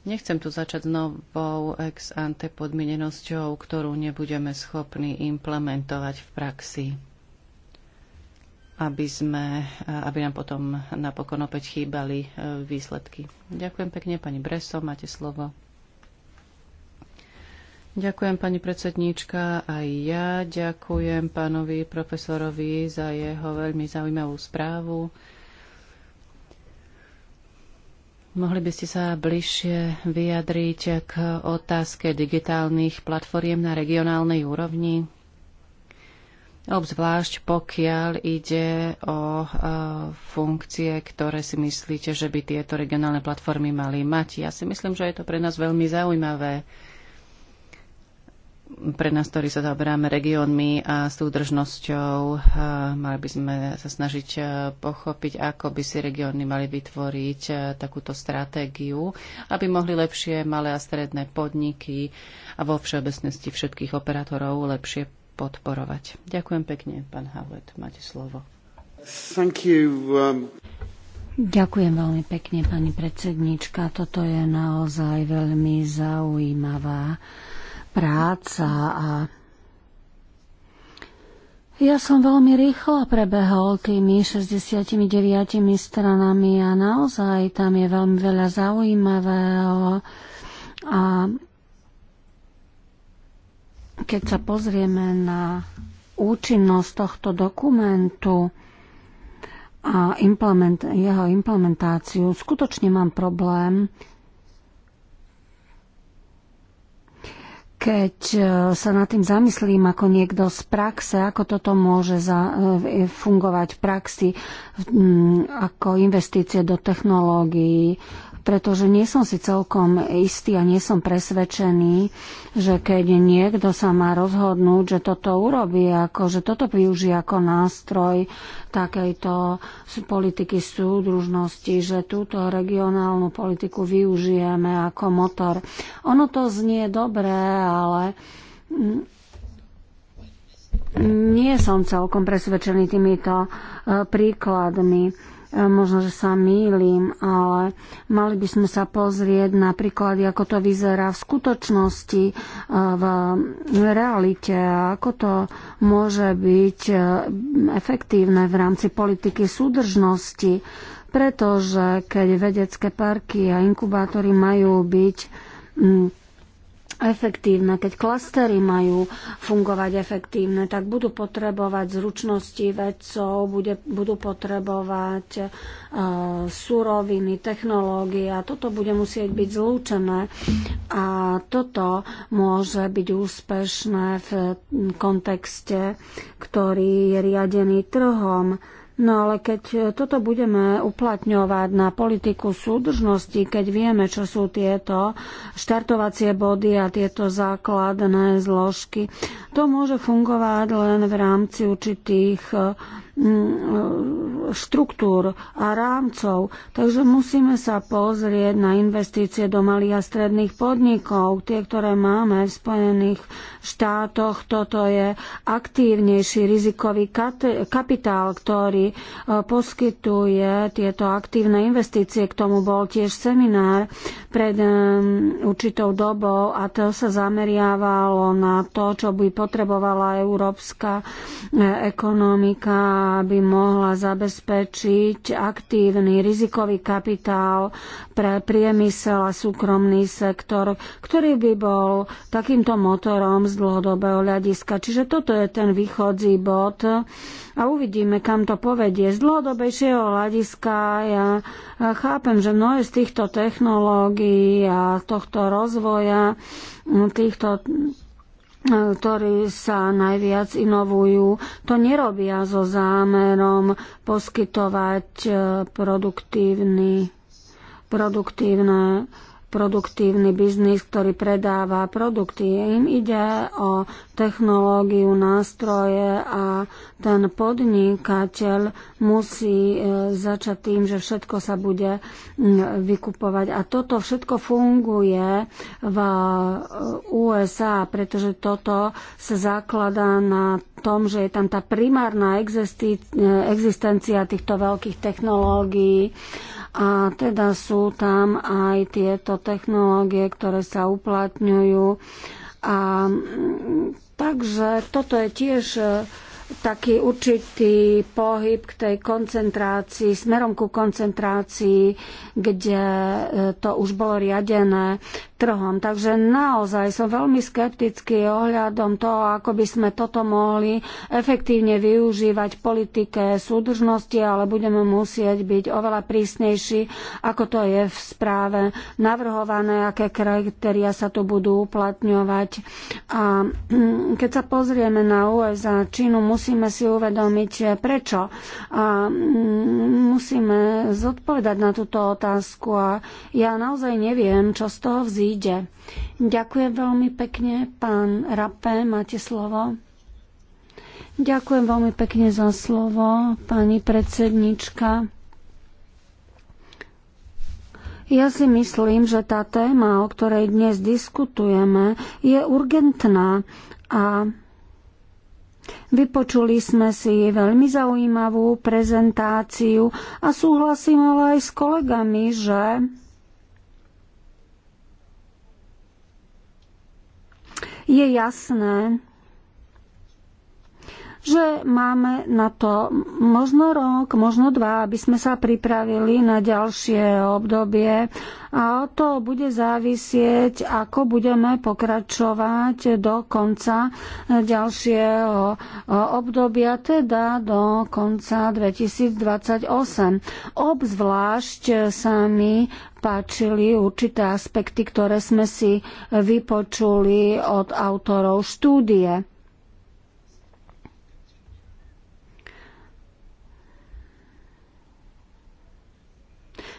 Speaker 3: Nechcem tu začať s novou ex ante podmienenosťou, ktorú nebudeme schopní implementovať v praxi aby, sme, aby nám potom napokon opäť chýbali e, výsledky. Ďakujem pekne, pani Breso, máte slovo. Ďakujem, pani predsedníčka. Aj ja ďakujem pánovi profesorovi za jeho veľmi zaujímavú správu. Mohli by ste sa bližšie vyjadriť k otázke digitálnych platformiem na regionálnej úrovni? obzvlášť pokiaľ ide o e, funkcie, ktoré si myslíte, že by tieto regionálne platformy mali mať. Ja si myslím, že je to pre nás veľmi zaujímavé pre nás, ktorí sa zaoberáme regiónmi a súdržnosťou, e, mali by sme sa snažiť e, pochopiť, ako by si regióny mali vytvoriť takúto stratégiu, aby mohli lepšie malé a stredné podniky a vo všeobecnosti všetkých operátorov lepšie podporovať. Ďakujem pekne, pán Havlet, máte slovo.
Speaker 1: Thank you, um... Ďakujem veľmi pekne, pani predsednička. Toto je naozaj veľmi zaujímavá práca a ja som veľmi rýchlo prebehol tými 69 stranami a naozaj tam je veľmi veľa zaujímavého a keď sa pozrieme na účinnosť tohto dokumentu a implement, jeho implementáciu, skutočne mám problém, keď e, sa nad tým zamyslím ako niekto z praxe, ako toto môže za, e, fungovať v praxi, ako investície do technológií, pretože nie som si celkom istý a nie som presvedčený, že keď niekto sa má rozhodnúť, že toto urobí, ako, že toto využije ako nástroj takejto politiky súdružnosti, že túto regionálnu politiku využijeme ako motor. Ono to znie dobré, ale mm, nie som celkom presvedčený týmito e, príkladmi E, možno, že sa mýlim, ale mali by sme sa pozrieť napríklad, ako to vyzerá v skutočnosti, e, v realite ako to môže byť e, efektívne v rámci politiky súdržnosti, pretože keď vedecké parky a inkubátory majú byť efektívne. Keď klastery majú fungovať efektívne, tak budú potrebovať zručnosti vedcov, bude, budú potrebovať e, suroviny, technológie a toto bude musieť byť zlúčené. A toto môže byť úspešné v kontexte, ktorý je riadený trhom. E, No ale keď e, toto budeme uplatňovať na politiku súdržnosti, keď vieme, čo sú tieto štartovacie body a tieto základné zložky, to môže fungovať len v rámci určitých e, Mm, štruktúr a rámcov. Takže musíme sa pozrieť na investície do malých a stredných podnikov. Tie, ktoré máme v Spojených štátoch, toto je aktívnejší rizikový kapitál, ktorý e, poskytuje tieto aktívne investície. K tomu bol tiež seminár pred e, určitou dobou a to sa zameriavalo na to, čo by potrebovala európska e, ekonomika aby mohla zabezpečiť aktívny rizikový kapitál pre priemysel a súkromný sektor, ktorý by bol takýmto motorom z dlhodobého hľadiska. Čiže toto je ten východzí bod a uvidíme, kam to povedie. Z dlhodobejšieho hľadiska ja chápem, že mnohé z týchto technológií a tohto rozvoja týchto ktorí sa najviac inovujú, to nerobia so zámerom poskytovať eh, produktívny, produktívne produktívny biznis, ktorý predáva produkty. Im ide o technológiu, nástroje a ten podnikateľ musí e, začať tým, že všetko sa bude vykupovať. A toto všetko funguje v e, USA, pretože toto sa zakladá na tom, že je tam tá primárna e, existencia týchto veľkých technológií a teda sú tam aj tieto technológie, ktoré sa uplatňujú. A mm, takže toto je tiež e, taký určitý pohyb k tej koncentrácii, smerom ku koncentrácii, kde e, to už bolo riadené trhom. Takže naozaj som veľmi skeptický ohľadom toho, ako by sme toto mohli efektívne využívať v politike súdržnosti, ale budeme musieť byť oveľa prísnejší, ako to je v správe navrhované, aké kritéria sa tu budú uplatňovať. A keď sa pozrieme na USA, Čínu, musíme si uvedomiť, prečo. A mm, musíme zodpovedať na túto otázku. A ja naozaj neviem, čo z toho vzíde príde. Ďakujem veľmi pekne, pán Rapé, máte slovo. Ďakujem veľmi pekne za slovo, pani predsednička. Ja si myslím, že tá téma, o ktorej dnes diskutujeme, je urgentná a Vypočuli sme si veľmi zaujímavú prezentáciu a súhlasím ale aj s kolegami, že je jasné, že máme na to možno rok, možno dva, aby sme sa pripravili na ďalšie obdobie a to bude závisieť, ako budeme pokračovať do konca ďalšieho obdobia, teda do konca 2028. Obzvlášť sa mi páčili určité aspekty, ktoré sme si vypočuli od autorov štúdie.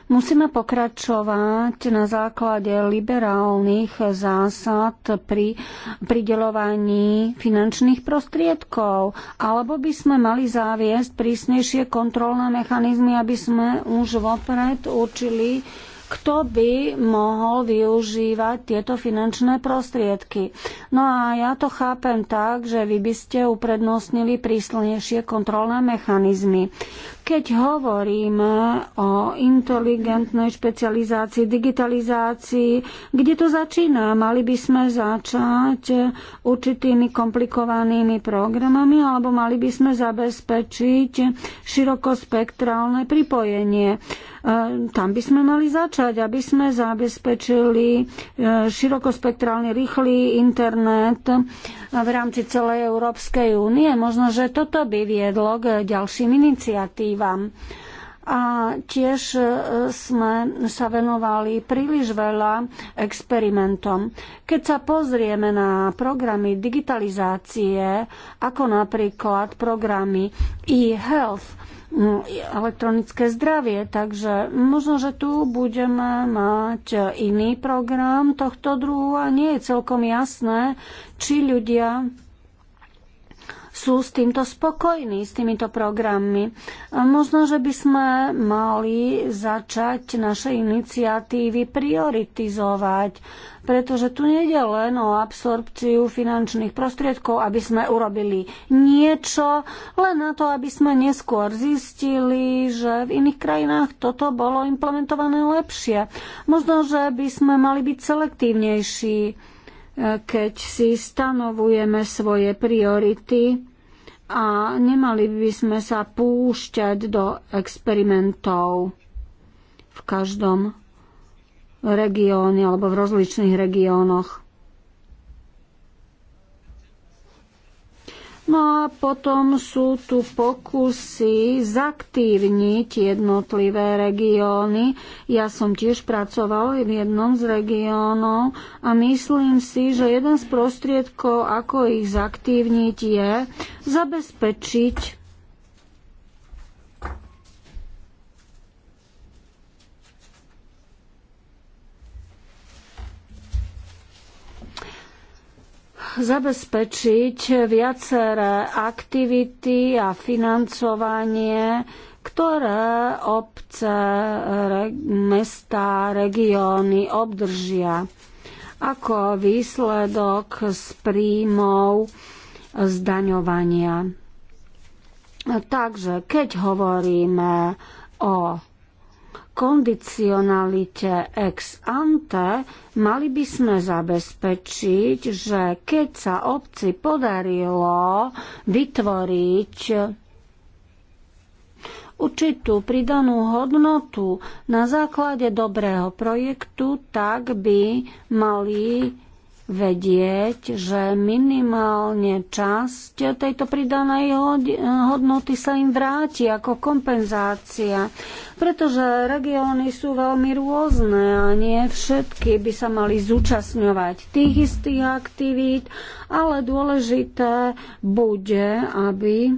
Speaker 1: Musíme pokračovať na základe liberálnych zásad pri pridelovaní finančných prostriedkov, alebo by sme mali zaviesť prísnejšie kontrolné mechanizmy, aby sme už vopred určili kto by mohol využívať tieto finančné prostriedky. No a ja to chápem tak, že vy by ste uprednostnili príslnejšie kontrolné mechanizmy. Keď hovoríme o inteligentnej špecializácii, digitalizácii, kde to začína? Mali by sme začať určitými komplikovanými programami alebo mali by sme zabezpečiť širokospektrálne pripojenie. E, tam by sme mali začať, aby sme zabezpečili e, širokospektrálny rýchly internet v rámci celej Európskej únie. Možno, že toto by viedlo k ďalším iniciatívam prežívam. A tiež e, sme sa venovali príliš veľa experimentom. Keď sa pozrieme na programy digitalizácie, ako napríklad programy e-health, elektronické zdravie. Takže možno, že tu budeme mať iný program tohto druhu a nie je celkom jasné, či ľudia sú s týmto spokojní, s týmito programmi. Možno, že by sme mali začať naše iniciatívy prioritizovať, pretože tu nejde len o absorpciu finančných prostriedkov, aby sme urobili niečo, len na to, aby sme neskôr zistili, že v iných krajinách toto bolo implementované lepšie. Možno, že by sme mali byť selektívnejší keď si stanovujeme svoje priority a nemali by sme sa púšťať do experimentov v každom regióne alebo v rozličných regiónoch. No a potom sú tu pokusy zaktívniť jednotlivé regióny. Ja som tiež pracoval v jednom z regiónov a myslím si, že jeden z prostriedkov, ako ich zaktívniť, je zabezpečiť zabezpečiť viaceré aktivity a financovanie, ktoré obce, re, mesta, regióny obdržia ako výsledok z príjmov zdaňovania. Takže keď hovoríme o kondicionalite ex ante mali by sme zabezpečiť, že keď sa obci podarilo vytvoriť určitú pridanú hodnotu na základe dobrého projektu, tak by mali vedieť, že minimálne časť tejto pridanej hodnoty sa im vráti ako kompenzácia, pretože regióny sú veľmi rôzne a nie všetky by sa mali zúčastňovať tých istých aktivít, ale dôležité bude, aby v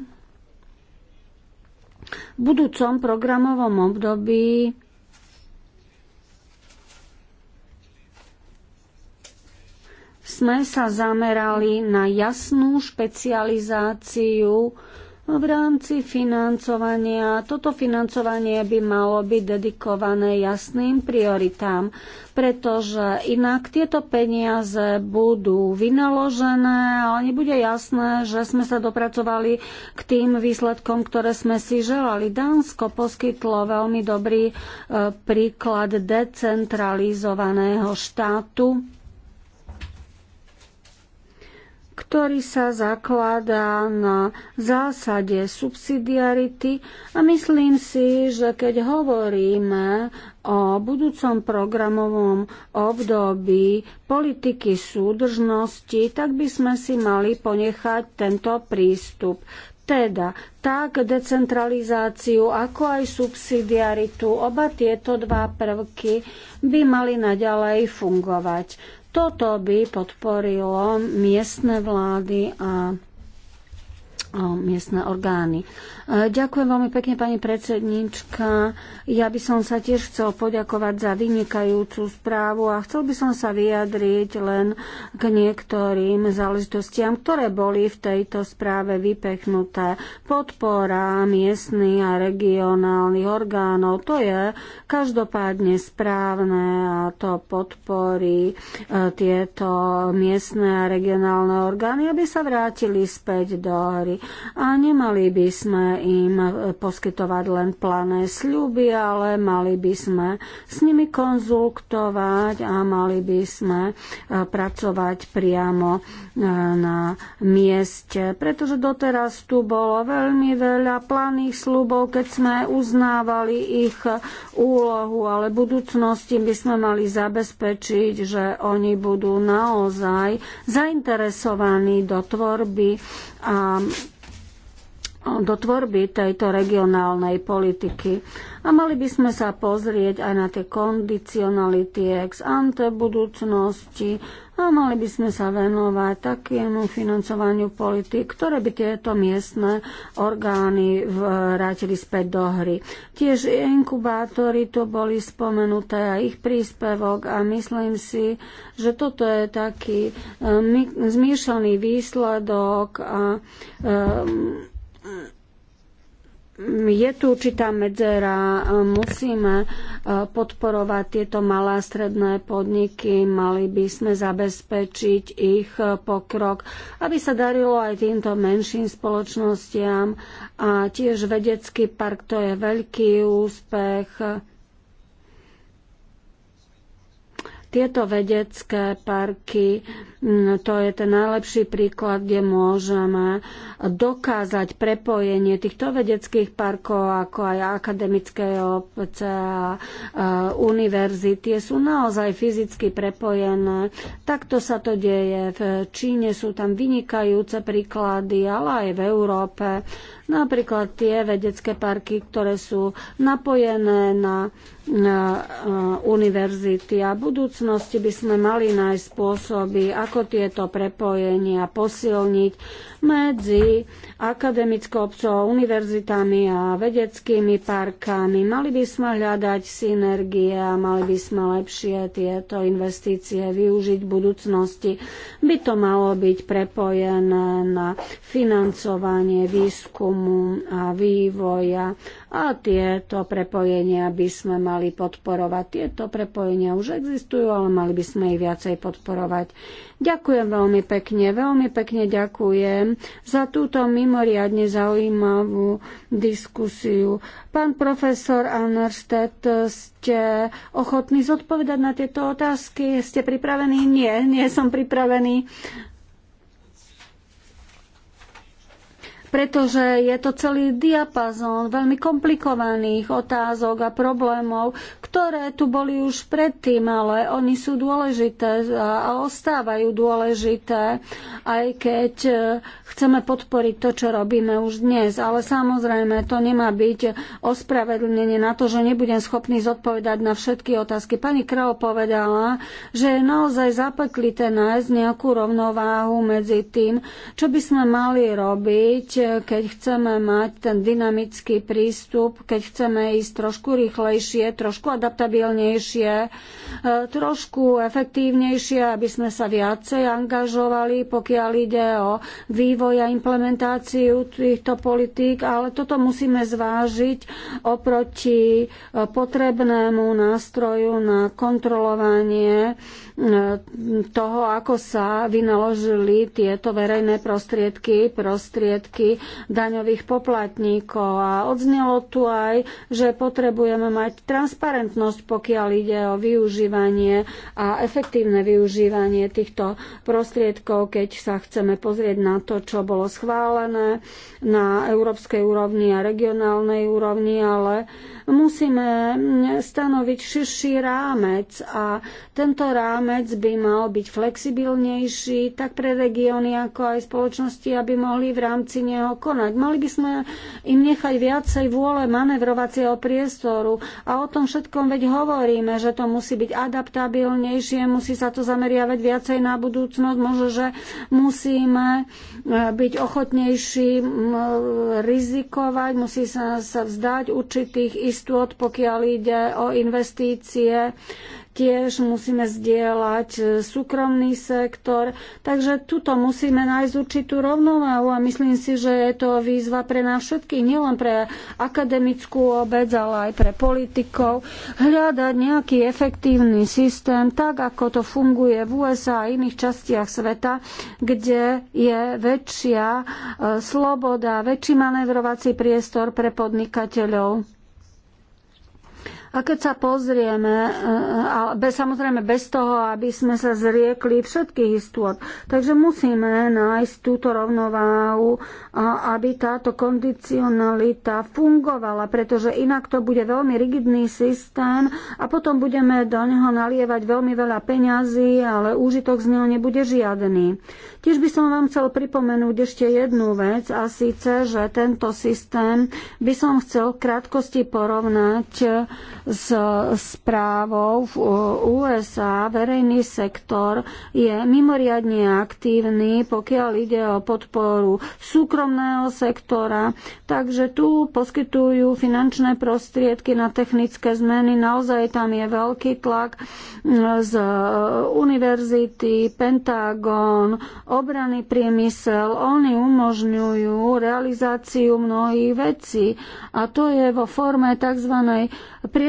Speaker 1: budúcom programovom období sme sa zamerali na jasnú špecializáciu v rámci financovania. Toto financovanie by malo byť dedikované jasným prioritám, pretože inak tieto peniaze budú vynaložené, ale nebude jasné, že sme sa dopracovali k tým výsledkom, ktoré sme si želali. Dánsko poskytlo veľmi dobrý e, príklad decentralizovaného štátu ktorý sa zakladá na zásade subsidiarity a myslím si, že keď hovoríme o budúcom programovom období politiky súdržnosti, tak by sme si mali ponechať tento prístup teda tak decentralizáciu, ako aj subsidiaritu, oba tieto dva prvky by mali naďalej fungovať. Toto by podporilo miestne vlády a miestne orgány. E, ďakujem veľmi pekne, pani predsednička. Ja by som sa tiež chcel poďakovať za vynikajúcu správu a chcel by som sa vyjadriť len k niektorým záležitostiam, ktoré boli v tejto správe vypechnuté. Podpora miestnych a regionálnych orgánov, to je každopádne správne a to podporí e, tieto miestne a regionálne orgány, aby sa vrátili späť do hry. A nemali by sme im e, poskytovať len plané sľuby, ale mali by sme s nimi konzultovať a mali by sme e, pracovať priamo e, na mieste. Pretože doteraz tu bolo veľmi veľa planých sľubov, keď sme uznávali ich úlohu, ale v budúcnosti by sme mali zabezpečiť, že oni budú naozaj zainteresovaní do tvorby a do tvorby tejto regionálnej politiky. A mali by sme sa pozrieť aj na tie kondicionality ex ante budúcnosti a mali by sme sa venovať takému financovaniu politik, ktoré by tieto miestne orgány vrátili späť do hry. Tiež inkubátory to boli spomenuté a ich príspevok a myslím si, že toto je taký eh, zmiešaný výsledok a um, je tu určitá medzera, musíme e, podporovať tieto malé a stredné podniky, mali by sme zabezpečiť ich e, pokrok, aby sa darilo aj týmto menším spoločnostiam a tiež vedecký park to je veľký úspech Tieto vedecké parky, mm, to je ten najlepší príklad, kde môžeme dokázať prepojenie týchto vedeckých parkov, ako aj akademické obce a univerzity, sú naozaj fyzicky prepojené. Takto sa to deje. V Číne sú tam vynikajúce príklady, ale aj v Európe Napríklad tie vedecké parky, ktoré sú napojené na, na eh, univerzity a budúcnosti by sme mali nájsť spôsoby, ako tieto prepojenia posilniť medzi akademickou obcov, univerzitami a vedeckými parkami. Mali by sme hľadať synergie a mali by sme lepšie tieto investície využiť v budúcnosti. By to malo byť prepojené na financovanie výskumu a vývoja a tieto prepojenia by sme mali podporovať. Tieto prepojenia už existujú, ale mali by sme ich viacej podporovať. Ďakujem veľmi pekne, veľmi pekne ďakujem za túto mimoriadne zaujímavú diskusiu. Pán profesor Anerstedt, ste ochotní zodpovedať na tieto otázky? Ste pripravení? Nie, nie som pripravený. pretože je to celý diapazón veľmi komplikovaných otázok a problémov, ktoré tu boli už predtým, ale oni sú dôležité a ostávajú dôležité, aj keď e, chceme podporiť to, čo robíme už dnes. Ale samozrejme, to nemá byť ospravedlnenie na to, že nebudem schopný zodpovedať na všetky otázky. Pani Kreo povedala, že je naozaj zapeklité nájsť nejakú rovnováhu medzi tým, čo by sme mali robiť keď chceme mať ten dynamický prístup, keď chceme ísť trošku rýchlejšie, trošku adaptabilnejšie, e, trošku efektívnejšie, aby sme sa viacej angažovali, pokiaľ ide o vývoj a implementáciu týchto politík, ale toto musíme zvážiť oproti e, potrebnému nástroju na kontrolovanie toho, ako sa vynaložili tieto verejné prostriedky, prostriedky daňových poplatníkov. A odznelo tu aj, že potrebujeme mať transparentnosť, pokiaľ ide o využívanie a efektívne využívanie týchto prostriedkov, keď sa chceme pozrieť na to, čo bolo schválené na európskej úrovni a regionálnej úrovni, ale musíme stanoviť širší rámec a tento rámec rámec by mal byť flexibilnejší tak pre regióny, ako aj spoločnosti, aby mohli v rámci neho konať. Mali by sme im nechať viacej vôle manevrovacieho priestoru a o tom všetkom veď hovoríme, že to musí byť adaptabilnejšie, musí sa to zameriavať viacej na budúcnosť, možno, že musíme e, byť ochotnejší rizikovať, musí sa, sa vzdať určitých istôt, pokiaľ ide o investície tiež musíme zdieľať e, súkromný sektor. Takže tuto musíme nájsť určitú rovnováhu a myslím si, že je to výzva pre nás všetkých, nielen pre akademickú obec, ale aj pre politikov, hľadať nejaký efektívny systém, tak ako to funguje v USA a iných častiach sveta, kde je väčšia e, sloboda, väčší manevrovací priestor pre podnikateľov. A keď sa pozrieme, e, e, bez, samozrejme bez toho, aby sme sa zriekli všetkých istôt. Takže musíme nájsť túto rovnováhu, aby táto kondicionalita fungovala, pretože inak to bude veľmi rigidný systém a potom budeme do neho nalievať veľmi veľa peňazí, ale úžitok z neho nebude žiadny. Tiež by som vám chcel pripomenúť ešte jednu vec a síce, že tento systém by som chcel v krátkosti porovnať s správou v USA. Verejný sektor je mimoriadne aktívny, pokiaľ ide o podporu súkromného sektora, takže tu poskytujú finančné prostriedky na technické zmeny. Naozaj tam je veľký tlak mm, z univerzity, Pentagon, obranný priemysel. Oni umožňujú realizáciu mnohých vecí a to je vo forme tzv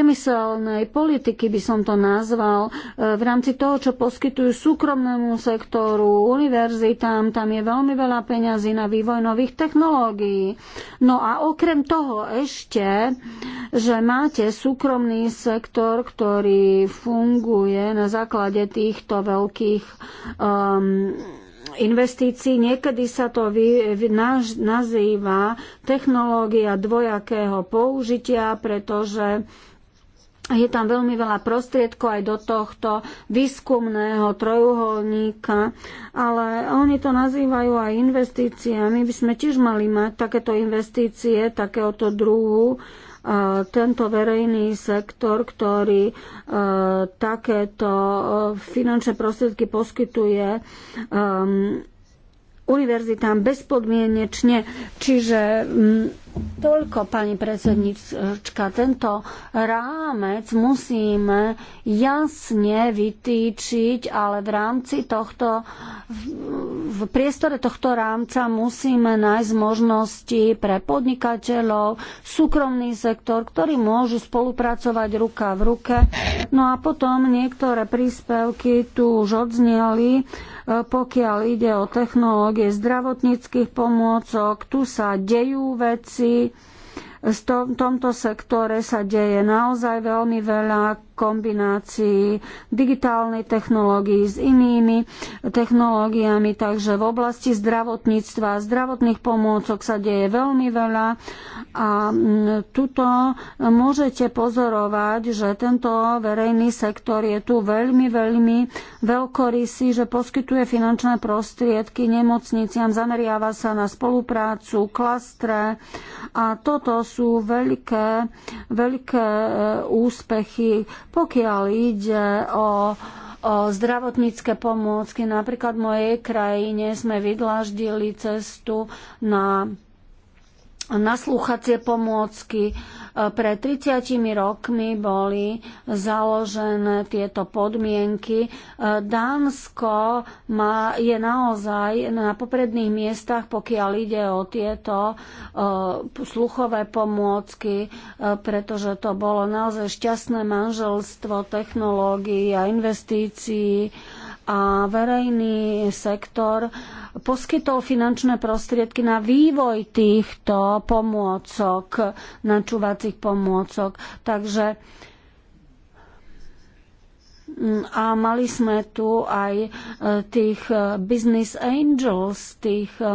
Speaker 1: priemyselnej politiky by som to nazval, e, v rámci toho, čo poskytujú súkromnému sektoru, univerzitám, tam je veľmi veľa peňazí na vývoj nových technológií. No a okrem toho ešte, že máte súkromný sektor, ktorý funguje na základe týchto veľkých um, investícií. Niekedy sa to vy, vy, naž, nazýva technológia dvojakého použitia, pretože uh, je tam veľmi veľa prostriedkov aj do tohto výskumného trojuholníka, ale oni to nazývajú aj investície. My by sme tiež mali mať takéto investície, takéhoto druhu, e, tento verejný sektor, ktorý e, takéto e, finančné prostriedky poskytuje, univerzitám bezpodmienečne. Čiže mm, toľko, pani predsednička, tento rámec musíme jasne vytýčiť, ale v rámci tohto, v priestore tohto rámca musíme nájsť možnosti pre podnikateľov, súkromný sektor, ktorí môžu spolupracovať ruka v ruke. No a potom niektoré príspevky tu už odzneli pokiaľ ide o technológie zdravotníckých pomôcok, tu sa dejú veci, v tomto sektore sa deje naozaj veľmi veľa kombinácii digitálnej technológii s inými technológiami, takže v oblasti zdravotníctva a zdravotných pomôcok sa deje veľmi veľa a tuto môžete pozorovať, že tento verejný sektor je tu veľmi, veľmi veľkorysý, že poskytuje finančné prostriedky nemocniciam, zameriava sa na spoluprácu, klastre a toto sú veľké, veľké e, úspechy pokiaľ ide o o zdravotnícke pomôcky. Napríklad v mojej krajine sme vydláždili cestu na nasluchacie pomôcky, E, pred 30 rokmi boli založené tieto podmienky. E, Dánsko má, je naozaj na popredných miestach, pokiaľ ide o tieto e, sluchové pomôcky, pretože to bolo naozaj šťastné manželstvo technológií a investícií a verejný sektor poskytol finančné prostriedky na vývoj týchto pomôcok, načúvacích pomôcok. Takže mm, a mali sme tu aj e, tých e, business angels, tých e,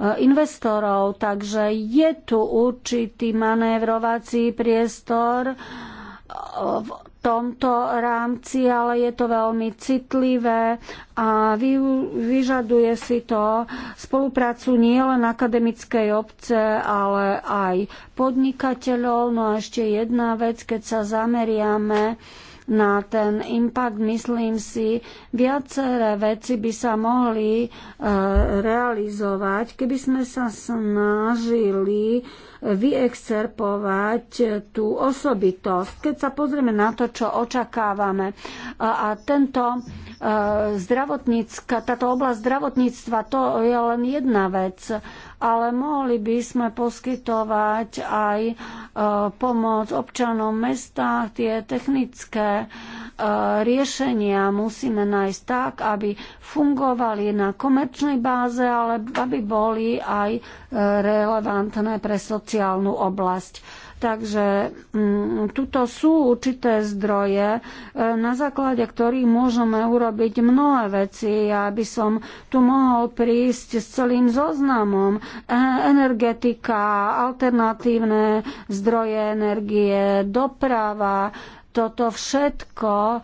Speaker 1: investorov, takže je tu určitý manévrovací priestor v tomto rámci, ale je to veľmi citlivé a vyžaduje si to spoluprácu nielen akademickej obce, ale aj podnikateľov. No a ešte jedna vec, keď sa zameriame na ten impact, myslím si, viaceré veci by sa mohli e, realizovať, keby sme sa snažili vyexcerpovať tú osobitosť. Keď sa pozrieme na to, čo očakávame a tento e, zdravotnícka, táto oblasť zdravotníctva, to je len jedna vec ale mohli by sme poskytovať aj e, pomoc občanom mesta, tie technické e, riešenia musíme nájsť tak, aby fungovali na komerčnej báze, ale aby boli aj e, relevantné pre sociálnu oblasť. Takže mm, tuto sú určité zdroje, e, na základe ktorých môžeme urobiť mnohé veci. Ja by som tu mohol prísť s celým zoznamom. E, energetika, alternatívne zdroje energie, doprava, toto všetko e,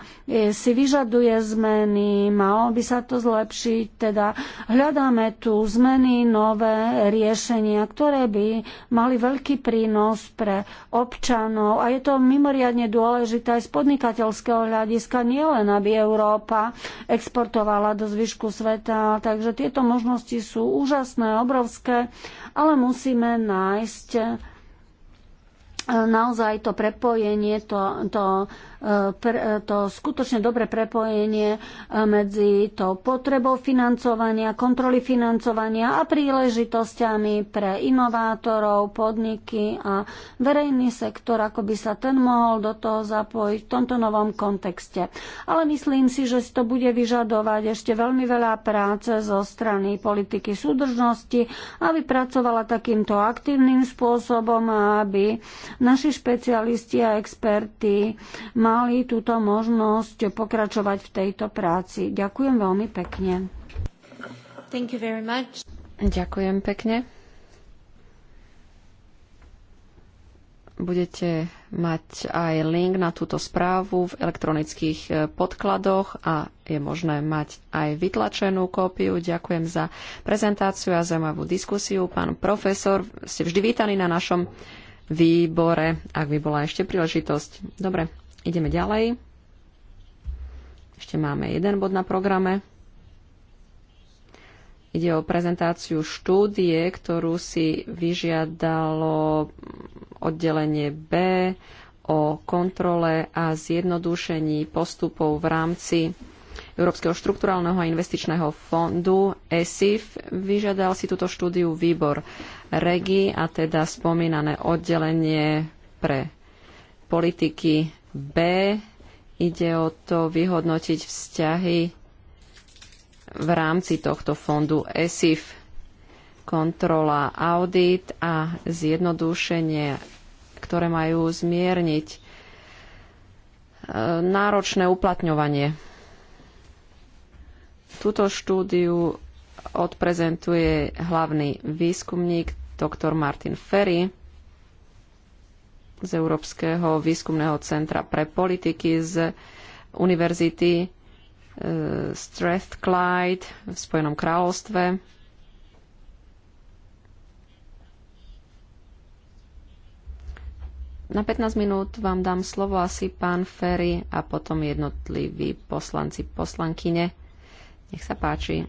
Speaker 1: si vyžaduje zmeny, malo by sa to zlepšiť, teda hľadáme tu zmeny, nové riešenia, ktoré by mali veľký prínos pre občanov a je to mimoriadne dôležité aj z podnikateľského hľadiska, nielen aby Európa exportovala do zvyšku sveta, takže tieto možnosti sú úžasné, obrovské, ale musíme nájsť naozaj to prepojenie, to, to E, e, to skutočne dobré prepojenie e, medzi to potrebou financovania, kontroly financovania a príležitosťami pre inovátorov, podniky a verejný sektor, ako by sa ten mohol do toho zapojiť v tomto novom kontexte. Ale myslím si, že si to bude vyžadovať ešte veľmi veľa práce zo strany politiky súdržnosti, aby pracovala takýmto aktívnym spôsobom a aby naši špecialisti a experti mali túto možnosť pokračovať v tejto práci. Ďakujem veľmi pekne.
Speaker 2: Thank you very much.
Speaker 1: Ďakujem pekne.
Speaker 2: Budete mať aj link na túto správu v elektronických e, podkladoch a je možné mať aj vytlačenú kópiu. Ďakujem za prezentáciu a zaujímavú diskusiu. Pán profesor, ste vždy vítaní na našom výbore, ak by bola ešte príležitosť. Dobre, Ideme ďalej. Ešte máme jeden bod na programe. Ide o prezentáciu štúdie, ktorú si vyžiadalo oddelenie B o kontrole a zjednodušení postupov v rámci Európskeho štrukturálneho a investičného fondu ESIF. Vyžiadal si túto štúdiu výbor REGI a teda spomínané oddelenie pre politiky B. Ide o to vyhodnotiť vzťahy v rámci tohto fondu ESIF. Kontrola, audit a zjednodušenie, ktoré majú zmierniť e, náročné uplatňovanie. Túto štúdiu odprezentuje hlavný výskumník doktor Martin Ferry z Európskeho výskumného centra pre politiky z Univerzity e, Strathclyde v Spojenom kráľovstve. Na 15 minút vám dám slovo asi pán Ferry a potom jednotliví poslanci, poslankyne. Nech sa páči.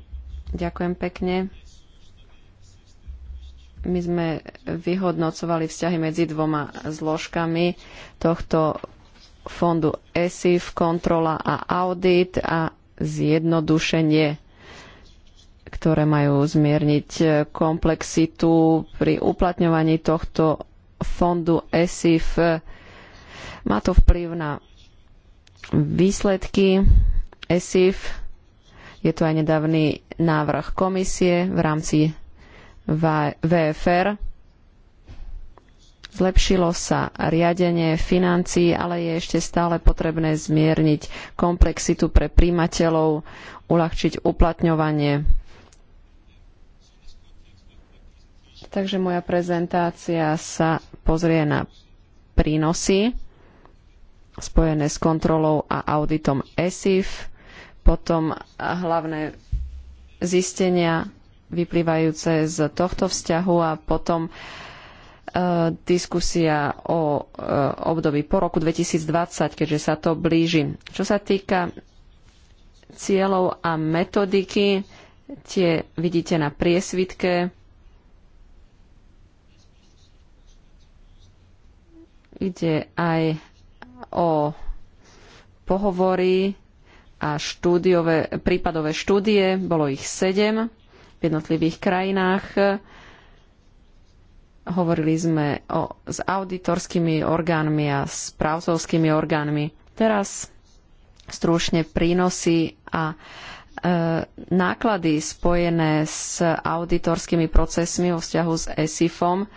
Speaker 2: Ďakujem pekne. My sme vyhodnocovali vzťahy medzi dvoma zložkami tohto fondu ESIF, kontrola a audit a zjednodušenie ktoré majú zmierniť komplexitu pri uplatňovaní tohto fondu ESIF. Má to vplyv na výsledky ESIF. Je to aj nedávny návrh komisie v rámci VFR. Zlepšilo sa riadenie financií, ale je ešte stále potrebné zmierniť komplexitu pre príjmateľov, uľahčiť uplatňovanie. Takže moja prezentácia sa pozrie na prínosy spojené s kontrolou a auditom ESIF, potom hlavné zistenia vyplývajúce z tohto vzťahu a potom e, diskusia o e, období po roku 2020, keďže sa to blíži. Čo sa týka cieľov a metodiky, tie vidíte na priesvitke. Ide aj o pohovory a štúdiové, prípadové štúdie, bolo ich sedem v jednotlivých krajinách. Hovorili sme o, s auditorskými orgánmi a správcovskými orgánmi. Teraz stručne prínosy a e, náklady spojené s auditorskými procesmi vo vzťahu s ESIFom.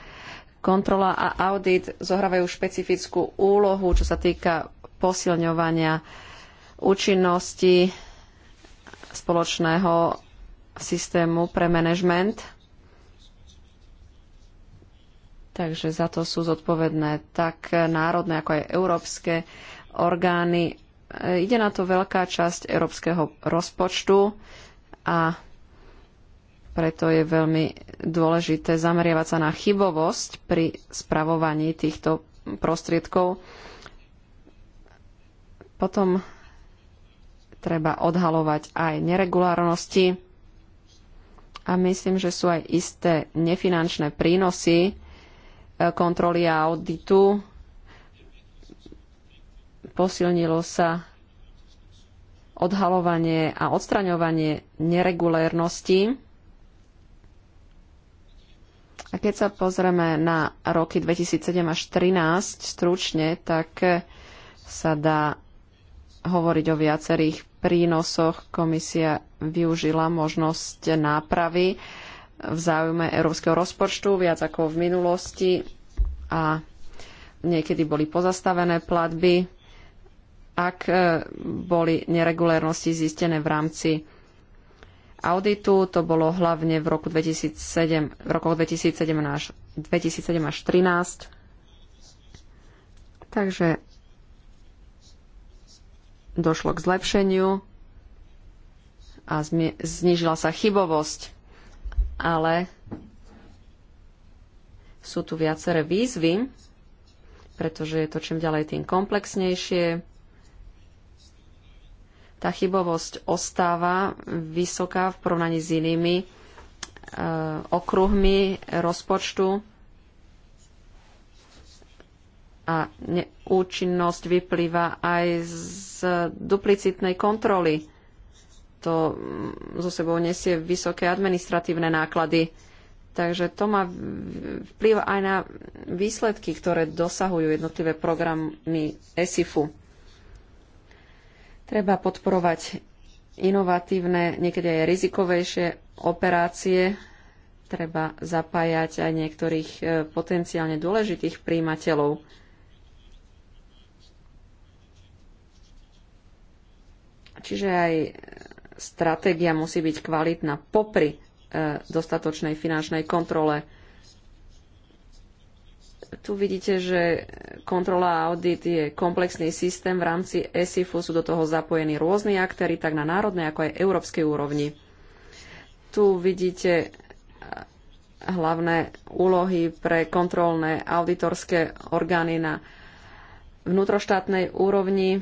Speaker 2: Kontrola a audit zohrávajú špecifickú úlohu, čo sa týka posilňovania účinnosti spoločného systému pre management. Takže za to sú zodpovedné tak národné, ako aj európske orgány. Ide na to veľká časť európskeho rozpočtu a preto je veľmi dôležité zameriavať sa na chybovosť pri spravovaní týchto prostriedkov. Potom treba odhalovať aj neregulárnosti a myslím, že sú aj isté nefinančné prínosy e, kontroly a auditu. Posilnilo sa odhalovanie a odstraňovanie neregulérnosti. A keď sa pozrieme na roky 2007 až 2013 stručne, tak sa dá hovoriť o viacerých prínosoch. Komisia využila možnosť nápravy v záujme európskeho rozpočtu viac ako v minulosti a niekedy boli pozastavené platby, ak e, boli neregulérnosti zistené v rámci auditu. To bolo hlavne v roku 2007, v rokoch 2007 až, 2013. Takže došlo k zlepšeniu a znížila sa chybovosť, ale sú tu viaceré výzvy, pretože je to čím ďalej tým komplexnejšie. Tá chybovosť ostáva vysoká v porovnaní s inými e, okruhmi rozpočtu a účinnosť vyplýva aj z duplicitnej kontroly. To zo sebou nesie vysoké administratívne náklady. Takže to má vplyv aj na výsledky, ktoré dosahujú jednotlivé programy ESIFu. Treba podporovať inovatívne, niekedy aj rizikovejšie operácie. Treba zapájať aj niektorých e, potenciálne dôležitých príjimateľov. Čiže aj stratégia musí byť kvalitná popri e, dostatočnej finančnej kontrole. Tu vidíte, že kontrola a audit je komplexný systém. V rámci ESIFu sú do toho zapojení rôzni aktéry, tak na národnej, ako aj európskej úrovni. Tu vidíte e, hlavné úlohy pre kontrolné auditorské orgány na vnútroštátnej úrovni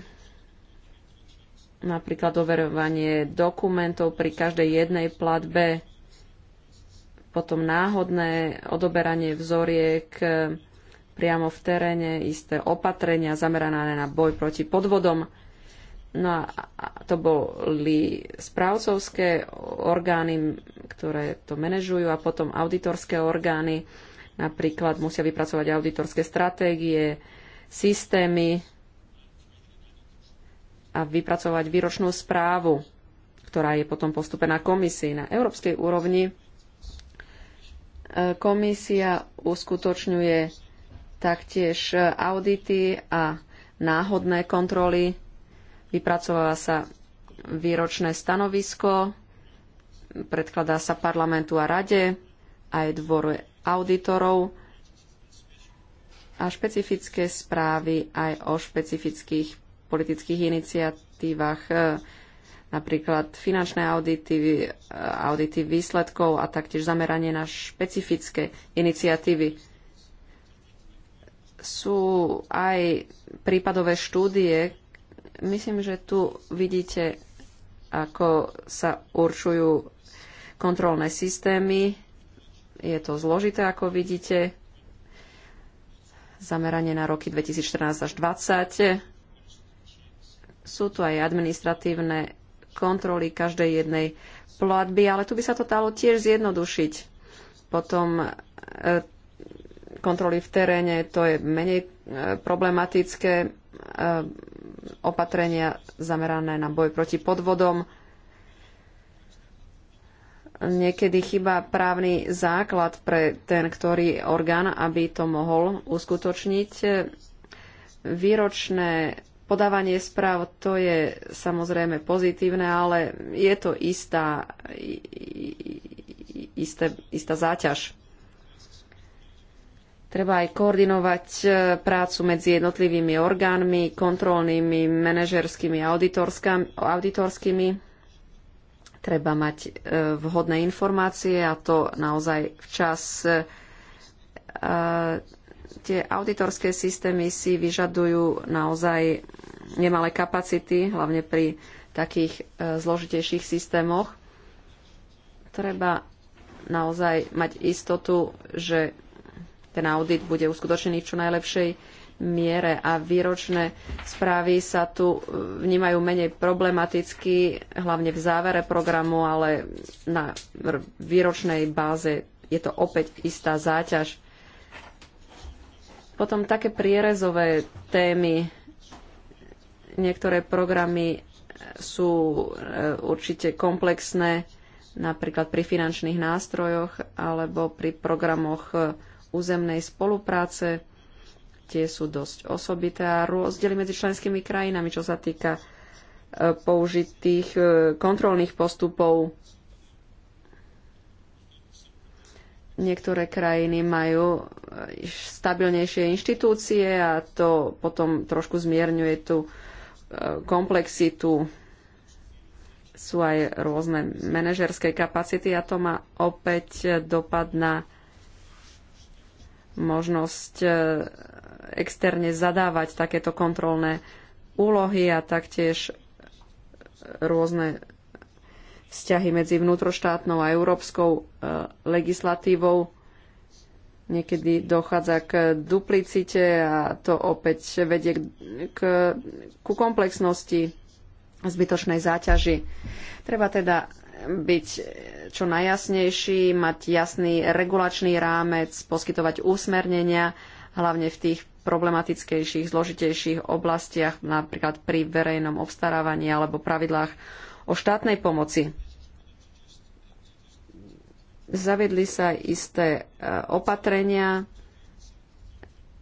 Speaker 2: napríklad overovanie dokumentov pri každej jednej platbe, potom náhodné odoberanie vzoriek e, priamo v teréne, isté opatrenia zamerané na boj proti podvodom. No a to boli správcovské orgány, ktoré to manažujú a potom auditorské orgány, napríklad musia vypracovať auditorské stratégie, systémy a vypracovať výročnú správu, ktorá je potom postupená komisii. Na európskej úrovni e, komisia uskutočňuje taktiež audity a náhodné kontroly. Vypracováva sa výročné stanovisko, predkladá sa parlamentu a rade, aj dvoru auditorov a špecifické správy aj o špecifických politických iniciatívach, e, napríklad finančné audity, e, audity výsledkov a taktiež zameranie na špecifické iniciatívy. Sú aj prípadové štúdie. Myslím, že tu vidíte, ako sa určujú kontrolné systémy. Je to zložité, ako vidíte. Zameranie na roky 2014 až 2020 sú tu aj administratívne kontroly každej jednej platby, ale tu by sa to dalo tiež zjednodušiť. Potom e, kontroly v teréne, to je menej e, problematické e, opatrenia zamerané na boj proti podvodom. Niekedy chýba právny základ pre ten, ktorý orgán, aby to mohol uskutočniť. Výročné Podávanie správ to je samozrejme pozitívne, ale je to istá, isté, istá záťaž. Treba aj koordinovať e, prácu medzi jednotlivými orgánmi, kontrolnými, manažerskými a auditorskými. Treba mať e, vhodné informácie a to naozaj včas e, tie auditorské systémy si vyžadujú naozaj nemalé kapacity, hlavne pri takých e, zložitejších systémoch. Treba naozaj mať istotu, že ten audit bude uskutočnený v čo najlepšej miere a výročné správy sa tu e, vnímajú menej problematicky, hlavne v závere programu, ale na výročnej báze je to opäť istá záťaž. Potom také prierezové témy. Niektoré programy sú e, určite komplexné, napríklad pri finančných nástrojoch alebo pri programoch e, územnej spolupráce. Tie sú dosť osobité a rozdiely medzi členskými krajinami, čo sa týka e, použitých kontrolných postupov Niektoré krajiny majú e, stabilnejšie inštitúcie a to potom trošku zmierňuje tú e, komplexitu. Sú aj rôzne manažerské kapacity a to má opäť dopad na možnosť e, externe zadávať takéto kontrolné úlohy a taktiež rôzne vzťahy medzi vnútroštátnou a európskou e, legislatívou. Niekedy dochádza k duplicite a to opäť vedie k, k, ku komplexnosti zbytočnej záťaži. Treba teda byť čo najjasnejší, mať jasný regulačný rámec, poskytovať úsmernenia, hlavne v tých problematickejších, zložitejších oblastiach, napríklad pri verejnom obstarávaní alebo pravidlách o štátnej pomoci. Zaviedli sa isté e, opatrenia,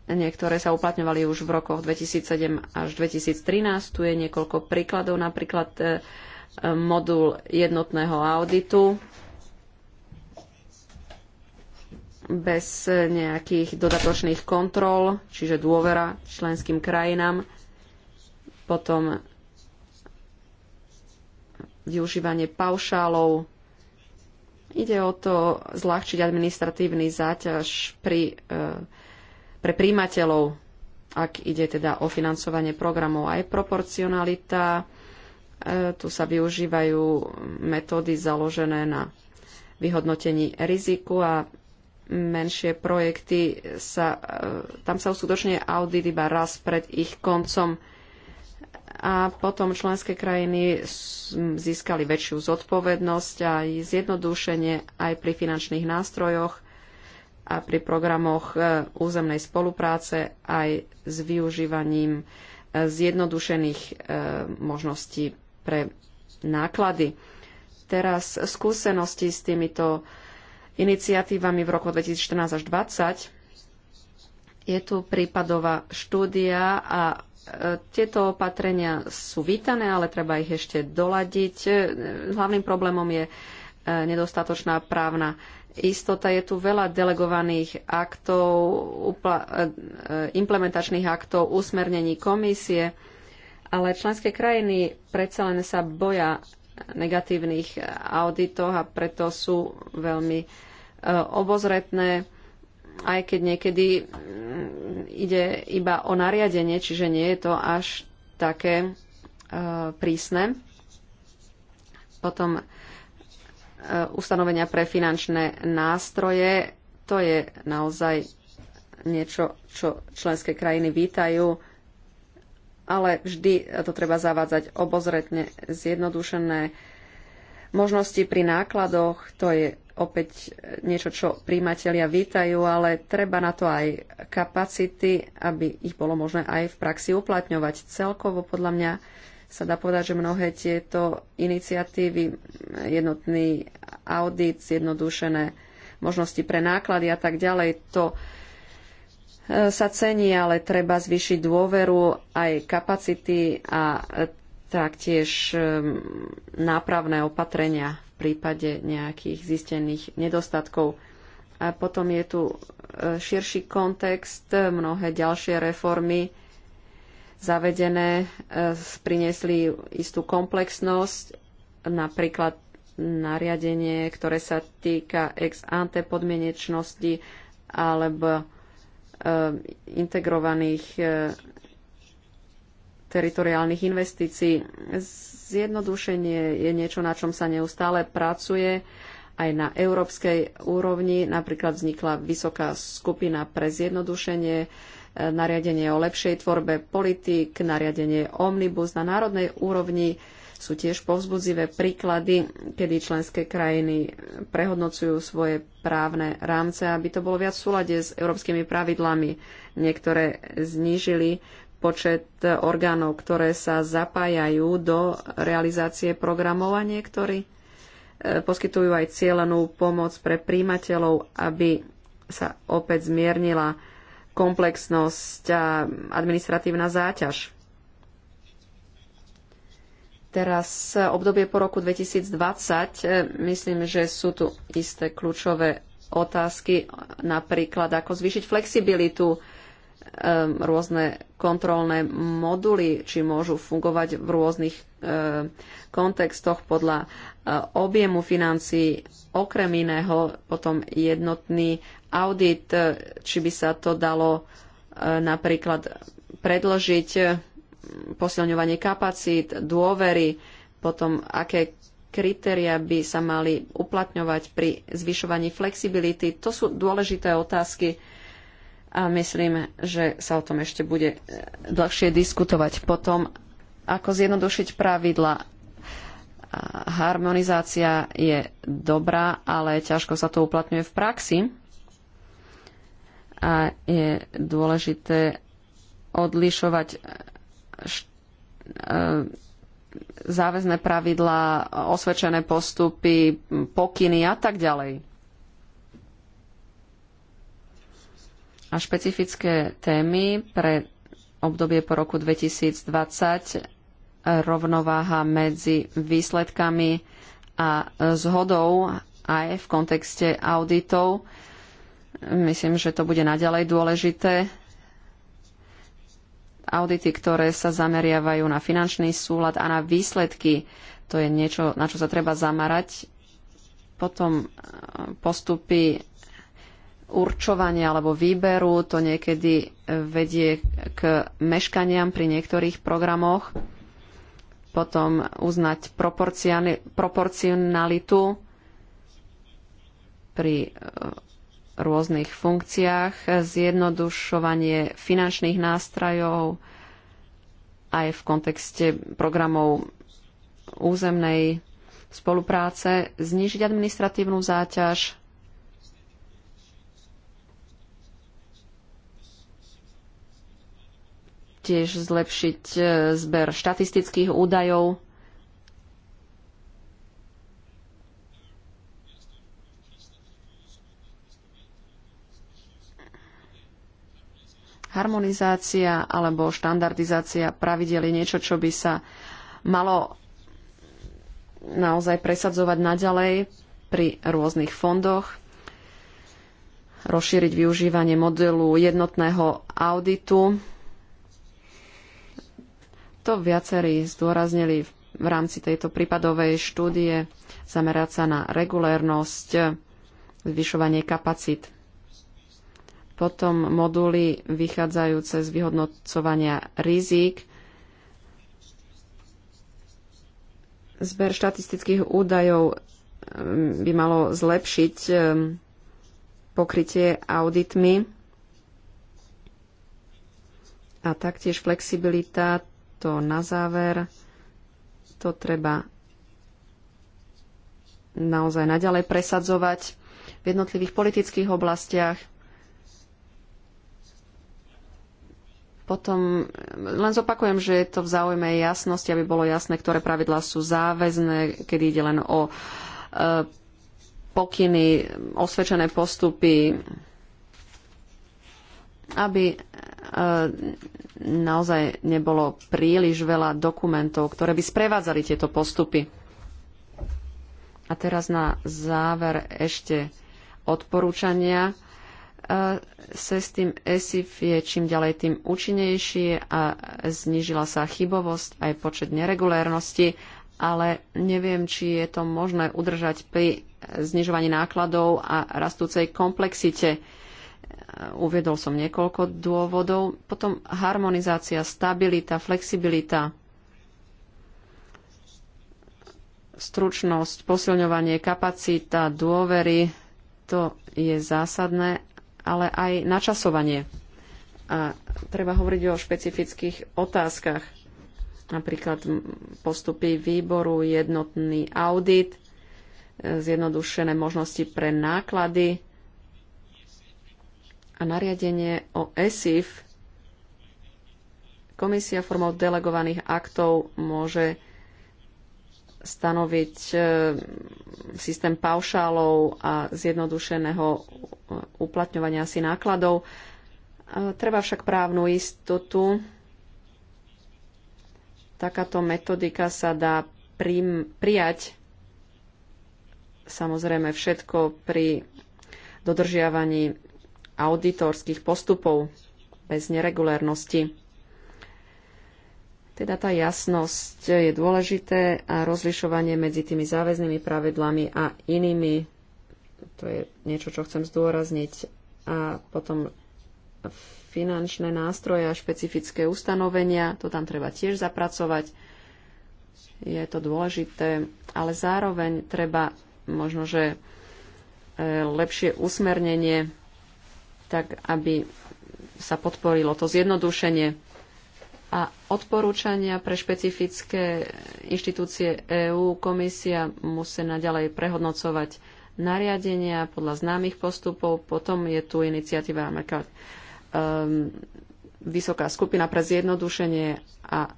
Speaker 2: Niektoré sa uplatňovali už v rokoch 2007 až 2013. Tu je niekoľko príkladov, napríklad e, e, modul jednotného auditu bez nejakých dodatočných kontrol, čiže dôvera členským krajinám. Potom využívanie paušálov. Ide o to zľahčiť administratívny záťaž pri, e, pre príjimateľov, ak ide teda o financovanie programov aj proporcionalita. E, tu sa využívajú metódy založené na vyhodnotení riziku a menšie projekty, sa, e, tam sa uskutočne audit iba raz pred ich koncom a potom členské krajiny získali väčšiu zodpovednosť aj zjednodušenie aj pri finančných nástrojoch a pri programoch e, územnej spolupráce aj s využívaním e, zjednodušených e, možností pre náklady. Teraz skúsenosti s týmito iniciatívami v roku 2014 až 2020 je tu prípadová štúdia a tieto opatrenia sú vítané, ale treba ich ešte doladiť. Hlavným problémom je e, nedostatočná právna istota. Je tu veľa delegovaných aktov, e, e, implementačných aktov, usmernení komisie, ale členské krajiny predsa len sa boja negatívnych auditov a preto sú veľmi obozretné aj keď niekedy mm, ide iba o nariadenie, čiže nie je to až také e, prísne. Potom e, ustanovenia pre finančné nástroje, to je naozaj niečo, čo členské krajiny vítajú, ale vždy to treba zavádzať obozretne zjednodušené možnosti pri nákladoch, to je opäť niečo, čo príjmatelia vítajú, ale treba na to aj kapacity, aby ich bolo možné aj v praxi uplatňovať. Celkovo podľa mňa sa dá povedať, že mnohé tieto iniciatívy, jednotný audit, zjednodušené možnosti pre náklady a tak ďalej, to e, sa cení, ale treba zvýšiť dôveru aj kapacity a e, taktiež e, nápravné opatrenia prípade nejakých zistených nedostatkov. A potom je tu e, širší kontext, mnohé ďalšie reformy zavedené e, priniesli istú komplexnosť, napríklad nariadenie, ktoré sa týka ex ante podmienečnosti alebo e, integrovaných teritoriálnych investícií. Zjednodušenie je niečo, na čom sa neustále pracuje. Aj na európskej úrovni napríklad vznikla vysoká skupina pre zjednodušenie, e, nariadenie o lepšej tvorbe politik, nariadenie Omnibus na národnej úrovni sú tiež povzbudzivé príklady, kedy členské krajiny prehodnocujú svoje právne rámce, aby to bolo viac v súlade s európskymi pravidlami. Niektoré znížili počet orgánov, ktoré sa zapájajú do realizácie programov a niektorí e, poskytujú aj cieľenú pomoc pre príjimateľov, aby sa opäť zmiernila komplexnosť a administratívna záťaž. Teraz obdobie po roku 2020, e, myslím, že sú tu isté kľúčové otázky, napríklad ako zvýšiť flexibilitu Um, rôzne kontrolné moduly, či môžu fungovať v rôznych um, kontextoch podľa uh, objemu financií. Okrem iného potom jednotný audit, uh, či by sa to dalo uh, napríklad predložiť posilňovanie kapacít, dôvery, potom aké kritéria by sa mali uplatňovať pri zvyšovaní flexibility. To sú dôležité otázky, a myslím, že sa o tom ešte bude e, dlhšie diskutovať. Potom, ako zjednodušiť pravidla. Harmonizácia je dobrá, ale ťažko sa to uplatňuje v praxi a je dôležité odlišovať e, e, záväzné pravidlá, osvedčené postupy, pokyny a tak ďalej. a špecifické témy pre obdobie po roku 2020 rovnováha medzi výsledkami a zhodou aj v kontexte auditov. Myslím, že to bude naďalej dôležité. Audity, ktoré sa zameriavajú na finančný súlad a na výsledky, to je niečo, na čo sa treba zamarať, Potom postupy určovania alebo výberu. To niekedy e, vedie k meškaniam pri niektorých programoch. Potom uznať proporcionalitu pri e, rôznych funkciách, zjednodušovanie finančných nástrojov aj v kontexte programov územnej spolupráce, znižiť administratívnu záťaž, tiež zlepšiť e, zber štatistických údajov. Harmonizácia alebo štandardizácia pravidel je niečo, čo by sa malo naozaj presadzovať naďalej pri rôznych fondoch, rozšíriť využívanie modelu jednotného auditu to viacerí zdôraznili v rámci tejto prípadovej štúdie zamerať sa na regulérnosť, zvyšovanie kapacít. Potom moduly vychádzajúce z vyhodnocovania rizík, zber štatistických údajov um, by malo zlepšiť um, pokrytie auditmi a taktiež flexibilita to na záver. To treba naozaj naďalej presadzovať v jednotlivých politických oblastiach. Potom len zopakujem, že je to v záujme jasnosti, aby bolo jasné, ktoré pravidlá sú záväzné, kedy ide len o e, pokyny, osvedčené postupy, aby e, naozaj nebolo príliš veľa dokumentov, ktoré by sprevádzali tieto postupy. A teraz na záver ešte odporúčania. E, tým ESIF je čím ďalej tým účinnejší a znížila sa chybovosť aj počet neregulérnosti, ale neviem, či je to možné udržať pri znižovaní nákladov a rastúcej komplexite Uviedol som niekoľko dôvodov. Potom harmonizácia, stabilita, flexibilita, stručnosť, posilňovanie kapacita, dôvery, to je zásadné, ale aj načasovanie. A treba hovoriť o špecifických otázkach, napríklad postupy výboru, jednotný audit, zjednodušené možnosti pre náklady, a nariadenie o ESIF komisia formou delegovaných aktov môže stanoviť e, systém paušálov a zjednodušeného e, uplatňovania si nákladov. E, treba však právnu istotu. Takáto metodika sa dá prijať samozrejme všetko pri dodržiavaní auditorských postupov bez neregulérnosti. Teda tá jasnosť je dôležité a rozlišovanie medzi tými záväznými pravidlami a inými, to je niečo, čo chcem zdôrazniť, a potom finančné nástroje a špecifické ustanovenia, to tam treba tiež zapracovať. Je to dôležité, ale zároveň treba možno, že e, lepšie usmernenie tak aby sa podporilo to zjednodušenie a odporúčania pre špecifické inštitúcie EÚ komisia musí naďalej prehodnocovať nariadenia podľa známych postupov. Potom je tu iniciatíva um, Vysoká skupina pre zjednodušenie a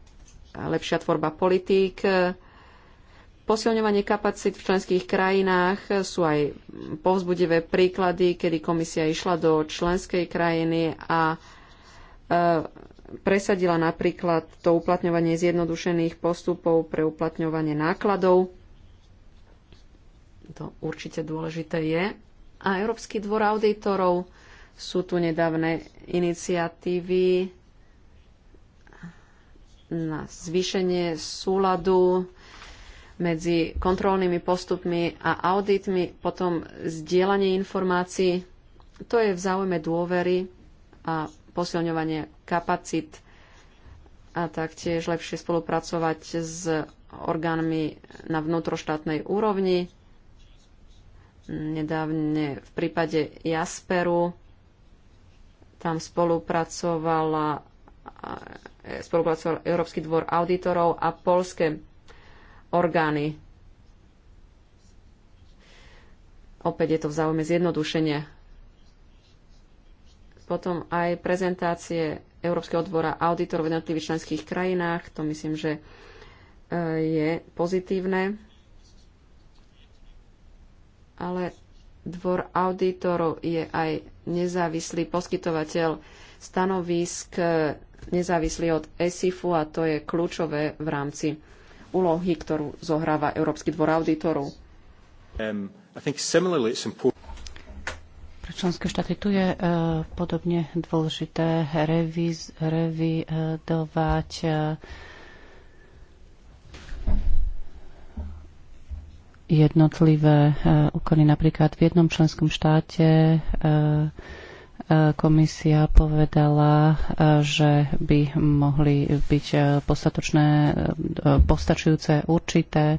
Speaker 2: lepšia tvorba politík posilňovanie kapacít v členských krajinách sú aj povzbudivé príklady, kedy komisia išla do členskej krajiny a e, presadila napríklad to uplatňovanie zjednodušených postupov pre uplatňovanie nákladov. To určite dôležité je. A Európsky dvor auditorov sú tu nedávne iniciatívy na zvýšenie súladu medzi kontrolnými postupmi a auditmi, potom zdieľanie informácií. To je v záujme dôvery a posilňovanie kapacit a taktiež lepšie spolupracovať s orgánmi na vnútroštátnej úrovni. Nedávne v prípade Jasperu tam spolupracovala spolupracoval Európsky dvor auditorov a polské orgány. Opäť je to v záujme zjednodušenia. Potom aj prezentácie Európskeho dvora auditorov v jednotlivých členských krajinách. To myslím, že e, je pozitívne. Ale dvor auditorov je aj nezávislý poskytovateľ stanovisk, e, nezávislý od ESIFu a to je kľúčové v rámci úlohy, ktorú zohráva Európsky dvor auditorov.
Speaker 3: Um, Pre členské štáty tu je e, podobne dôležité reviz, revidovať e, jednotlivé e, úkony. Napríklad v jednom členskom štáte E, komisia povedala, e, že by mohli byť e, postatočné, postačujúce určité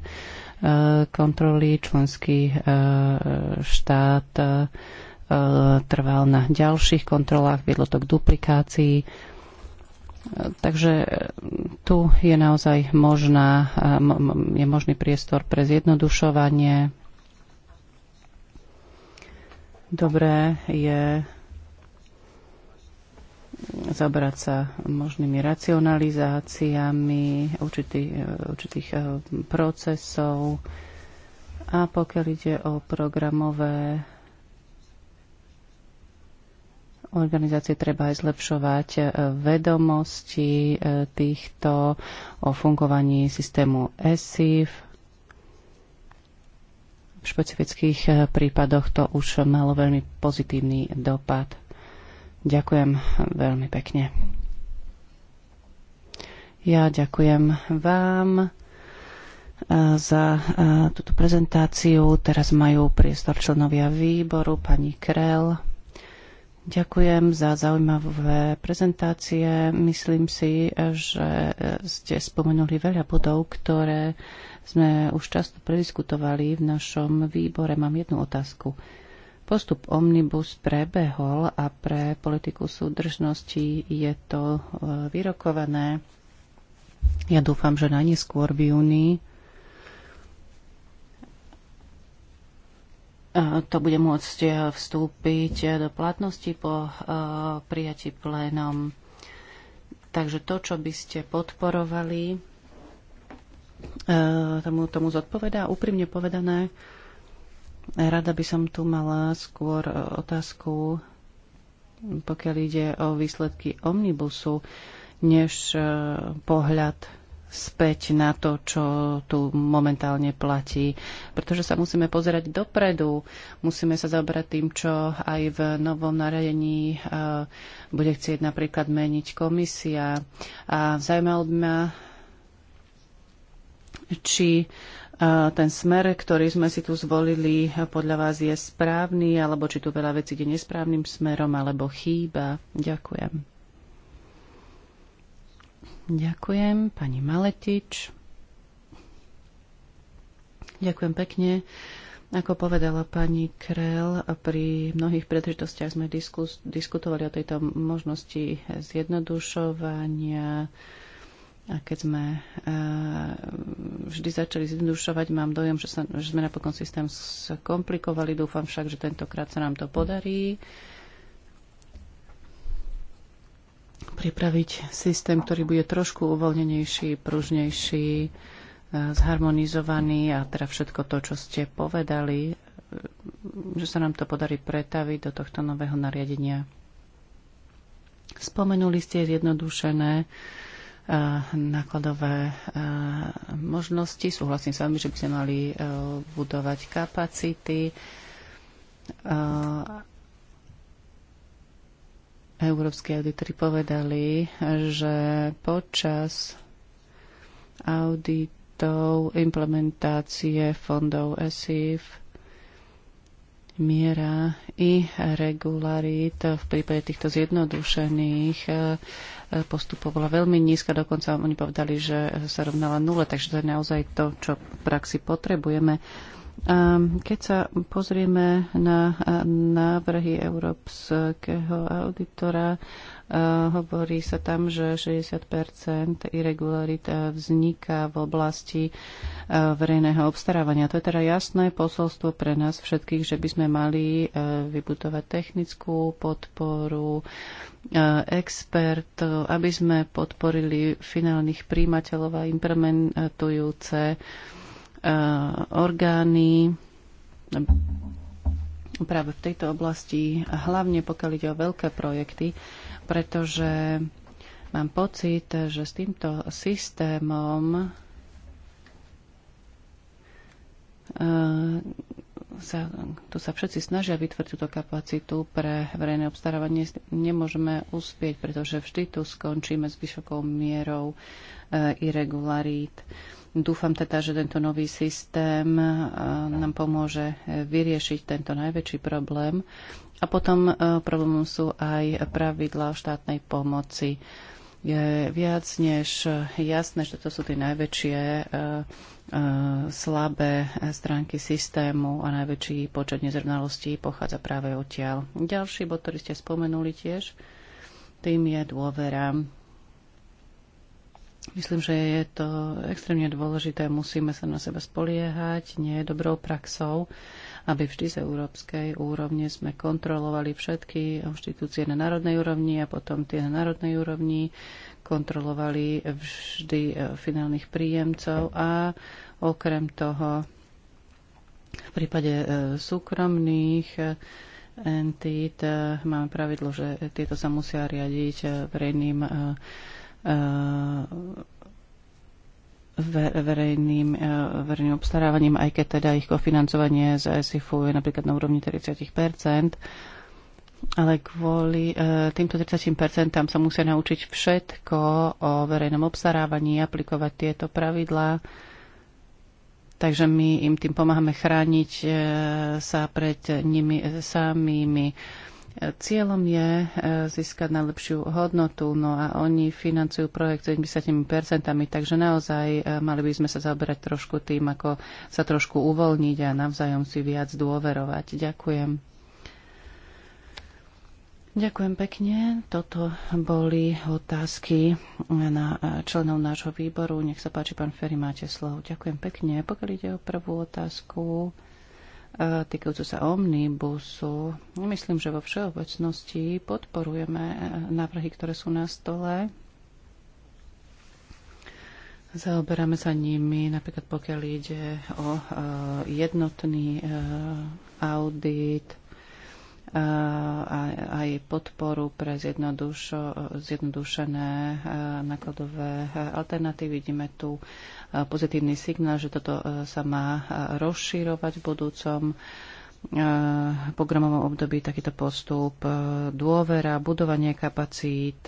Speaker 3: kontroly. Členský štát trval na ďalších kontrolách, viedlo to k duplikácii. Takže tu je naozaj možná, je možný priestor pre zjednodušovanie. Dobré je zabrať sa možnými racionalizáciami určitý, e, určitých e, procesov. A pokiaľ ide o programové organizácie treba aj zlepšovať e, vedomosti týchto o fungovaní systému ESIF. V špecifických prípadoch to už malo veľmi pozitívny dopad. Ďakujem veľmi pekne. Ja ďakujem vám eh, za eh, túto prezentáciu. Teraz majú priestor členovia výboru, pani Krel. Ďakujem za zaujímavé prezentácie. Myslím si, že eh, ste spomenuli veľa bodov, ktoré sme už často prediskutovali v našom výbore. Mám jednu otázku. Postup Omnibus prebehol a pre politiku súdržnosti je to e, vyrokované. Ja dúfam, že najnieskôr v júni e, to bude môcť e, vstúpiť do platnosti po prijati plénom. Takže to, čo by ste podporovali, tomu, tomu zodpovedá. Úprimne povedané, Rada by som tu mala skôr e, otázku, pokiaľ ide o výsledky omnibusu, než e, pohľad späť na to, čo tu momentálne platí. Pretože sa musíme pozerať dopredu, musíme sa zaoberať tým, čo aj v novom naradení e, bude chcieť napríklad meniť komisia. A zaujímalo by ma, či ten smer, ktorý sme si tu zvolili, podľa vás je správny, alebo či tu veľa vecí ide nesprávnym smerom, alebo chýba. Ďakujem. Ďakujem, pani Maletič. Ďakujem pekne. Ako povedala pani Krell, pri mnohých príležitostiach sme diskus, diskutovali o tejto možnosti zjednodušovania a keď sme uh, vždy začali zjednodušovať, mám dojem, že, sa, že sme napokon systém skomplikovali. Dúfam však, že tentokrát sa nám to podarí. Pripraviť systém, ktorý bude trošku uvoľnenejší, pružnejší, uh, zharmonizovaný a teda všetko to, čo ste povedali, eh, že sa nám to podarí pretaviť do tohto nového nariadenia. Spomenuli ste zjednodušené nákladové možnosti. Súhlasím s vami, že by sme mali e, budovať kapacity. E, Európsky auditori povedali, že počas auditov implementácie fondov ESIF miera i regularit v prípade týchto zjednodušených eh, postupov bola veľmi nízka. Dokonca oni povedali, že sa rovnala nule, takže to je naozaj to, čo v praxi potrebujeme. Keď sa pozrieme na návrhy európskeho auditora, E, hovorí sa tam, že 60 irregularit e, vzniká v oblasti e, verejného obstarávania. To je teda jasné posolstvo pre nás všetkých, že by sme mali vybudovať technickú podporu expertov, aby sme podporili finálnych príjimateľov a implementujúce orgány práve v tejto oblasti, hlavne pokiaľ ide o veľké projekty, pretože mám pocit, že s týmto systémom eh, sa, tu sa všetci snažia vytvoriť túto kapacitu pre verejné obstarávanie. Nemôžeme uspieť, pretože vždy tu skončíme s vysokou mierou eh, irregularít. Dúfam teda, že tento nový systém e, nám pomôže vyriešiť tento najväčší problém. A potom e, problémom sú aj pravidlá štátnej pomoci. Je viac než jasné, že to sú tie najväčšie e, slabé stránky systému a najväčší počet nezrovnalostí pochádza práve odtiaľ. Ďalší bod, ktorý ste spomenuli tiež, tým je dôvera Myslím, že je to extrémne dôležité. Musíme sa na seba spoliehať. Nie je dobrou praxou, aby vždy z európskej úrovne sme kontrolovali všetky inštitúcie na národnej úrovni a potom tie na národnej úrovni kontrolovali vždy e, finálnych príjemcov a okrem toho v prípade e, súkromných e, entít máme pravidlo, že tieto sa musia riadiť verejným E, verejným, e, verejným obstarávaním, aj keď teda ich kofinancovanie z ESIFu je napríklad na úrovni 30 ale kvôli e, týmto 30% sa musia naučiť všetko o verejnom obstarávaní, aplikovať tieto pravidlá. Takže my im tým pomáhame chrániť sa pred nimi samými Cieľom je e, získať najlepšiu hodnotu, no a oni financujú projekt 70%, takže naozaj e, mali by sme sa zaoberať trošku tým, ako sa trošku uvoľniť a navzájom si viac dôverovať. Ďakujem. Ďakujem pekne. Toto boli otázky na e, členov nášho výboru. Nech sa páči, pán Ferry, máte slovo. Ďakujem pekne. Pokiaľ ide o prvú otázku, týkajúcu sa omnibusu. Myslím, že vo všeobecnosti podporujeme e, návrhy, ktoré sú na stole. Zaoberáme sa nimi, napríklad pokiaľ ide o e, jednotný e, audit, aj podporu pre zjednodušené nákladové alternatívy. Vidíme tu pozitívny signál, že toto e, sa má e, rozširovať v budúcom e, programovom období takýto postup, dôvera, budovanie kapacít,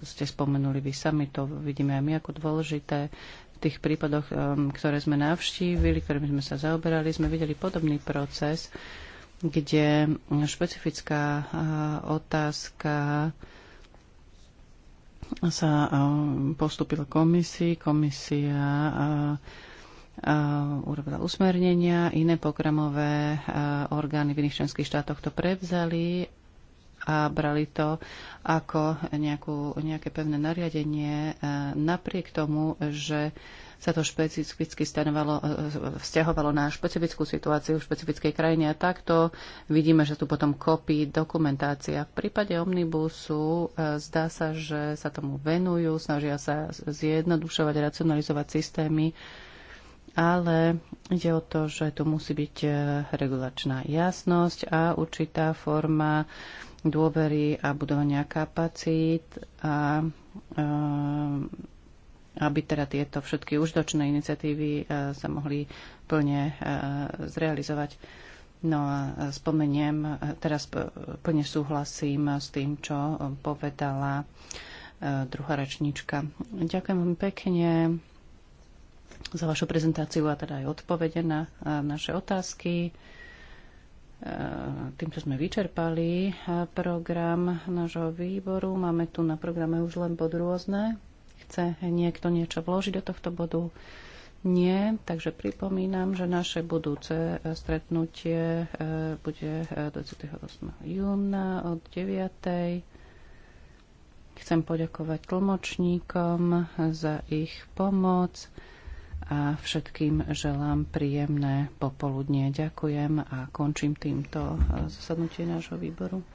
Speaker 3: ste spomenuli vy sami, to vidíme aj my ako dôležité. V tých prípadoch, ktoré sme navštívili, ktorými sme sa zaoberali, sme videli podobný proces, kde špecifická otázka sa eh, postupil komisii. Komisia eh, eh, urobila usmernenia, iné programové orgány v iných členských štátoch to prevzali a brali to ako nejakú, nejaké pevné nariadenie napriek tomu, že sa to špecificky stanovalo, e, e, vzťahovalo na špecifickú situáciu v špecifickej krajine a takto vidíme, že tu potom kopí dokumentácia. V prípade omnibusu e, zdá sa, že sa tomu venujú, snažia sa zjednodušovať, racionalizovať systémy, ale ide o to, že tu musí byť regulačná jasnosť a určitá forma dôvery a budovania kapacít a e, aby teda tieto všetky užitočné iniciatívy e, sa mohli plne e, zrealizovať. No a spomeniem, e, teraz plne súhlasím s tým, čo povedala druhá rečníčka. Ďakujem veľmi pekne za vašu prezentáciu a teda aj odpovede na naše otázky. Týmto sme vyčerpali program nášho výboru. Máme tu na programe už len pod rôzne. Chce niekto niečo vložiť do tohto bodu? Nie, takže pripomínam, že naše budúce e, stretnutie e, bude 28. E, júna od 9. Chcem poďakovať tlmočníkom za ich pomoc a všetkým želám príjemné popoludnie. Ďakujem a končím týmto zasadnutie nášho výboru.